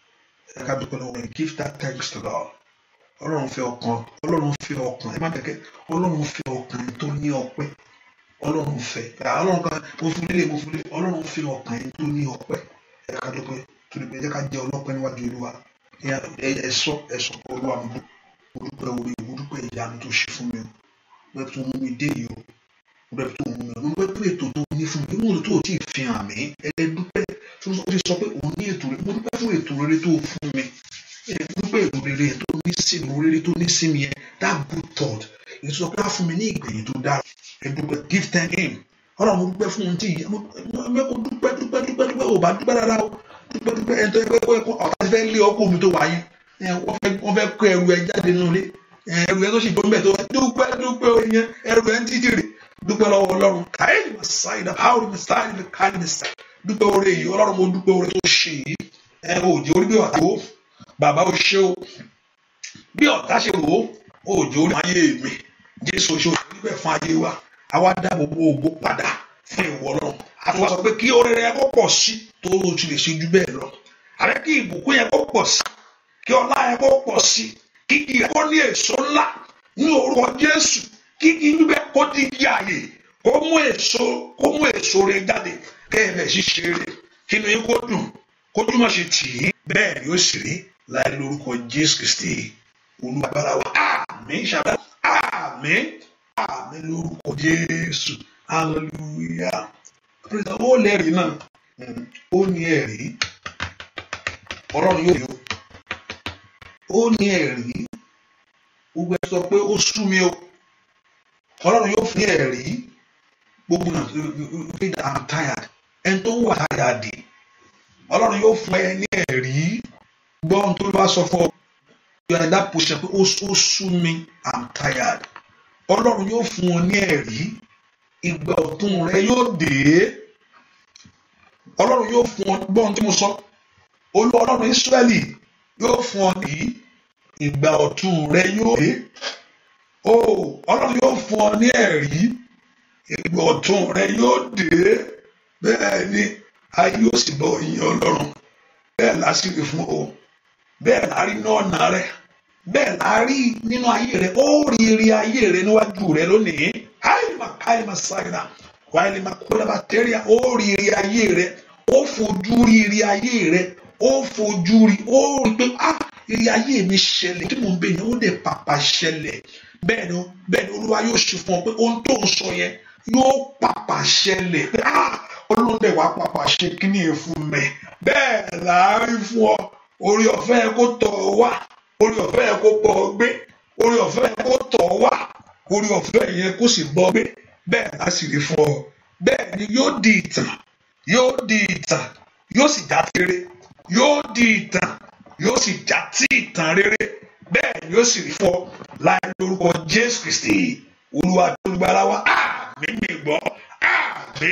ẹ ká dúpẹ́ lọ́wọ́ give that thanks to God ọlọ́run fẹ́ ọkàn ọlọ́run fẹ́ ọkàn ẹ má kẹ́kẹ́ ọlọ́run fẹ́ ọkàn tó ní ọpẹ́ ọlọ́run fẹ́ ọlọ́run kan mo fún lílé mo fún lílé ọlọ́run fẹ́ ọkàn tó ní ọpẹ́ ẹ ká dúpẹ́ torí pé ẹ jẹ́ ká jẹ́ ọlọ́pẹ́ níwájú olúwa ẹ sọ ẹ sọ pé olúwa mi bú mo dúpẹ́ orí mo dúpẹ́ ìyanu tó ṣe fún mi o mo dúpẹ́ tó mi dé yìí o mo dúpẹ́ tó mi o mo dúpẹ́ pé ètò tó ní fún mi mo tó ti fi hàn mí ẹ dúpẹ́ tó ti sọ pé òun ní ètò rẹ mo dúpẹ́ fún ètò rere tó fún mi ẹgbẹ́ ìwúrere tó ní sí mi ìwúrere tó ní sí mi yẹn that good thought èyí sọ pé á fún mi ní ìgbẹ̀yìn tó Do ẹ̀dùnkẹ́ give thank him ọ̀rọ̀ mo dúpẹ́ fún ohun tí ìyá mo dúpẹ́ dúpẹ́ dúpẹ́ dúpẹ́ ò bá dúpẹ́ rárá o dúpẹ́ dúpẹ́ ẹni tó yẹ kó ẹkọ ọ̀tá ti fẹ́ lé ọkọ omi tó wà yẹn wọ́n fẹ́ kó ẹrù ẹ jáde nínú ilé ẹrù ẹ tó ṣì gbọ́n bẹ̀ tó dúpẹ́ dúpẹ́ yẹn ẹrù ẹ ń títì rè dúpẹ́ lọ́wọ́ ọlọ́run káyéèdì mà sáyidà báwo ni sáyidà káyéèdì sá dúpẹ́ oore yìí ọlọ́run mo dúpẹ́ oore tó ṣe yìí ẹ òjò orí gbé wà tó bàbá o ṣe o bí ọ̀tá ṣe wò ó òjò orí ayé mi jésù ṣe òjò níbẹ̀ fún ayé wa àwa dá gbogbo ògo padà fún ìwọ náà àti wàá sọ pé kí oore rẹ kó pọ̀ sí tó o ti lè ṣe jù bẹ́ẹ̀ lọ àrẹ kí ìbùkún yẹn kó pọ̀ sí kí ọlá yẹn kó pọ̀ sí kí kí ẹ kó ní èso ńlá ní orúkọ jésù kí kí níbẹ̀ kó di yí àyè kó mú èso kó mú èso rẹ jáde kẹ́ ẹ bẹ̀ ṣiṣẹ́ rẹ kí ni kó dùn kó ṣe tì í bẹ́ẹ̀ ni ó sì rí láì lórúkọ Jésù Kristi olùgbàgbára wa Amen. ṣàbẹ̀ Amen. àmín lórúkọ Jésù hallelujah pírẹsìdá ó lẹ́rìí náà hmm. ó ní ẹ̀rí ọlọ́run yóò rí o ó ní ẹ̀rí gbogbo ẹ sọ pé ó sú mi o ọlọ́run yóò fún ẹ̀rí gbogbo náà i'm tired ẹni tó wà tired ọlọ́run yóò fún ẹ ní ẹ̀rí gbọ́ ohun tó bá sọ fún ọ you are in that position pé ó sú mi i'm tired ọlọ́run yóò fún ọ ní ẹ̀rí ìgbà ọ̀tún rẹ yóò dé ọlọ́run yóò fún ọ gbọ́ ohun tí mo sọ olú ọlọ́run Ísírẹ́lì yóò fún ọ ní ìgbà ọ̀tún rẹ yóò dé o oh, ọlọ́run yóò fún ọ ní ẹ̀rí ìgbà ọ̀tún rẹ yóò dé bẹ́ẹ̀ ni ayé yóò sì bọ̀ yín ọlọ́run bẹ́ẹ̀ lásìkò fún òun bẹ́ẹ̀ la rí ní ọ̀nà rẹ bẹ́ẹ̀ la rí nínú ayé rẹ ó rí rí ayé rẹ níwájú rẹ lónìí káyìmá káyìmá sáyidá wáyé má kó lábà tẹ́rìà ó rí rí ayé rẹ ó fojú rí rí ayé rẹ ó fojú rí ó rí pé á ah, rí ayé mi ṣẹlẹ̀ tí mò ń bẹ yẹn ó dẹ̀ pàpà ṣẹlẹ̀ bẹ́ẹ̀ ni bẹ́ẹ̀ ni olúwa yóò ṣe fún ọ pé ohun tó ń sọ yẹn yóò pàpà ṣẹlẹ̀ pé á ah, olóńdẹ̀ wàá pàpà ṣe kíní ẹ̀ mẹ́ bẹ́ẹ̀ là fún ọ orí ọ̀fẹ́ yẹn kó tọ̀ ọ́ wá orí ọ̀fẹ́ yẹn kó pọ̀ ọ́ gbé orí ọ̀fẹ́ yẹn kó tọ̀ ọ́ wá orí ọ̀fẹ́ yẹn kó sì bọ́ gbé bẹ́ẹ̀ á sì rí fún ọ bẹ́ẹ̀ ni yóò di ìtàn yóò di ìtàn yóò sì já tere yóò di ìtàn yóò sì já tí ìtàn rere bẹ́ẹ̀ ni yóò sì rí fún ọ láì lórúkọ Jésù Kristi olúwa tó ń gbára wa àmì mi gbọ́ àmì.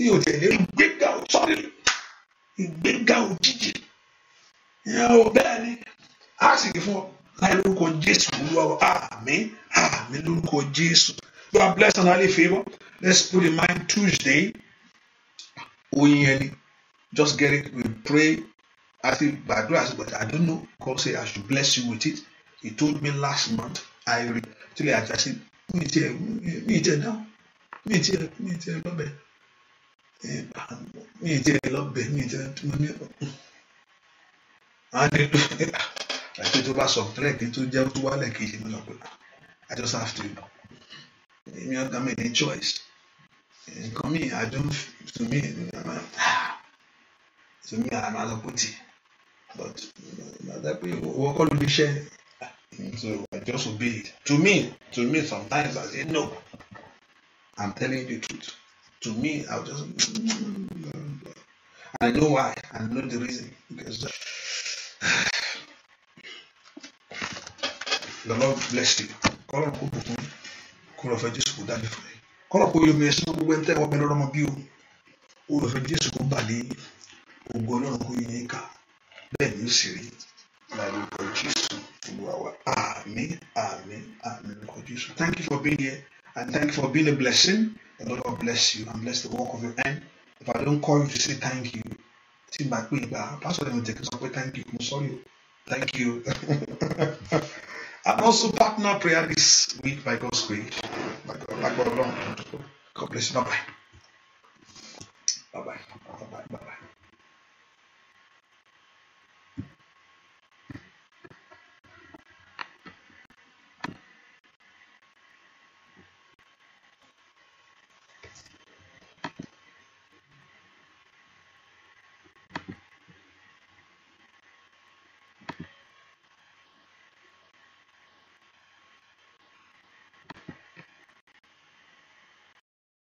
tí o tẹ̀lé ìgbéga sọ́rí ìgbéga òjijì ìyẹn o bẹ́ẹ̀ ni a sì kí fún ọ láì lórúkọ Jésù olúwa wa àmín àmín lórúkọ Jésù God bless and highly favour let's put in mind Tuesday oyin ẹni just get it we pray àti gbàdúrà sí but I don't know God say I should bless you with it he told me last month I re tilẹ̀ àjàṣe mi tiẹ̀ mi tiẹ̀ náà mi tiẹ̀ mi tiẹ̀ lọ́bẹ̀ẹ́ mi ìjẹ́ lọ́bẹ̀ mi ìjẹ́ mo ní àwọn ẹni tó àti tó bá sọ tẹ́lẹ̀ kí tó jẹ́ tó wálẹ̀ kejì mi lọ pé I just have to èmi ọ̀gá mi ní choice nǹkan mi àjọ to me to me I'm lọ pọ̀ tì but màdá pé wọ́n kọ́ ló ní iṣẹ́ so I just obey it to me to me sometimes I say no I'm telling you the truth to me, I'll just. And I know why. I know the reason. Because *sighs* the Lord bless you. Kọ́lọ̀ kó bùkún kó lọ fẹ́ Jésù kó dábì fún ẹ. Kọ́lọ̀ kó yomi ẹ sínú gbogbo ẹ̀ńtẹ́ ọ̀pẹ lọ́rọ́ mọ bí o. Ó lọ fẹ́ Jésù kó bà ní ògo Ọlọ́run kó yin ká. Bẹ́ẹ̀ ni ó sì rí. Thank you for being here. And thank you for being a blessing. The Lord bless you and bless the work of your hand. If I don't call you to say thank you, tí màá pè gbà pastor dem tẹ̀kí sọ pé thank you I'm sorry thank you and *laughs* also partner prayer this week by God's grace by God by God God bless you bye bye bye bye bye bye.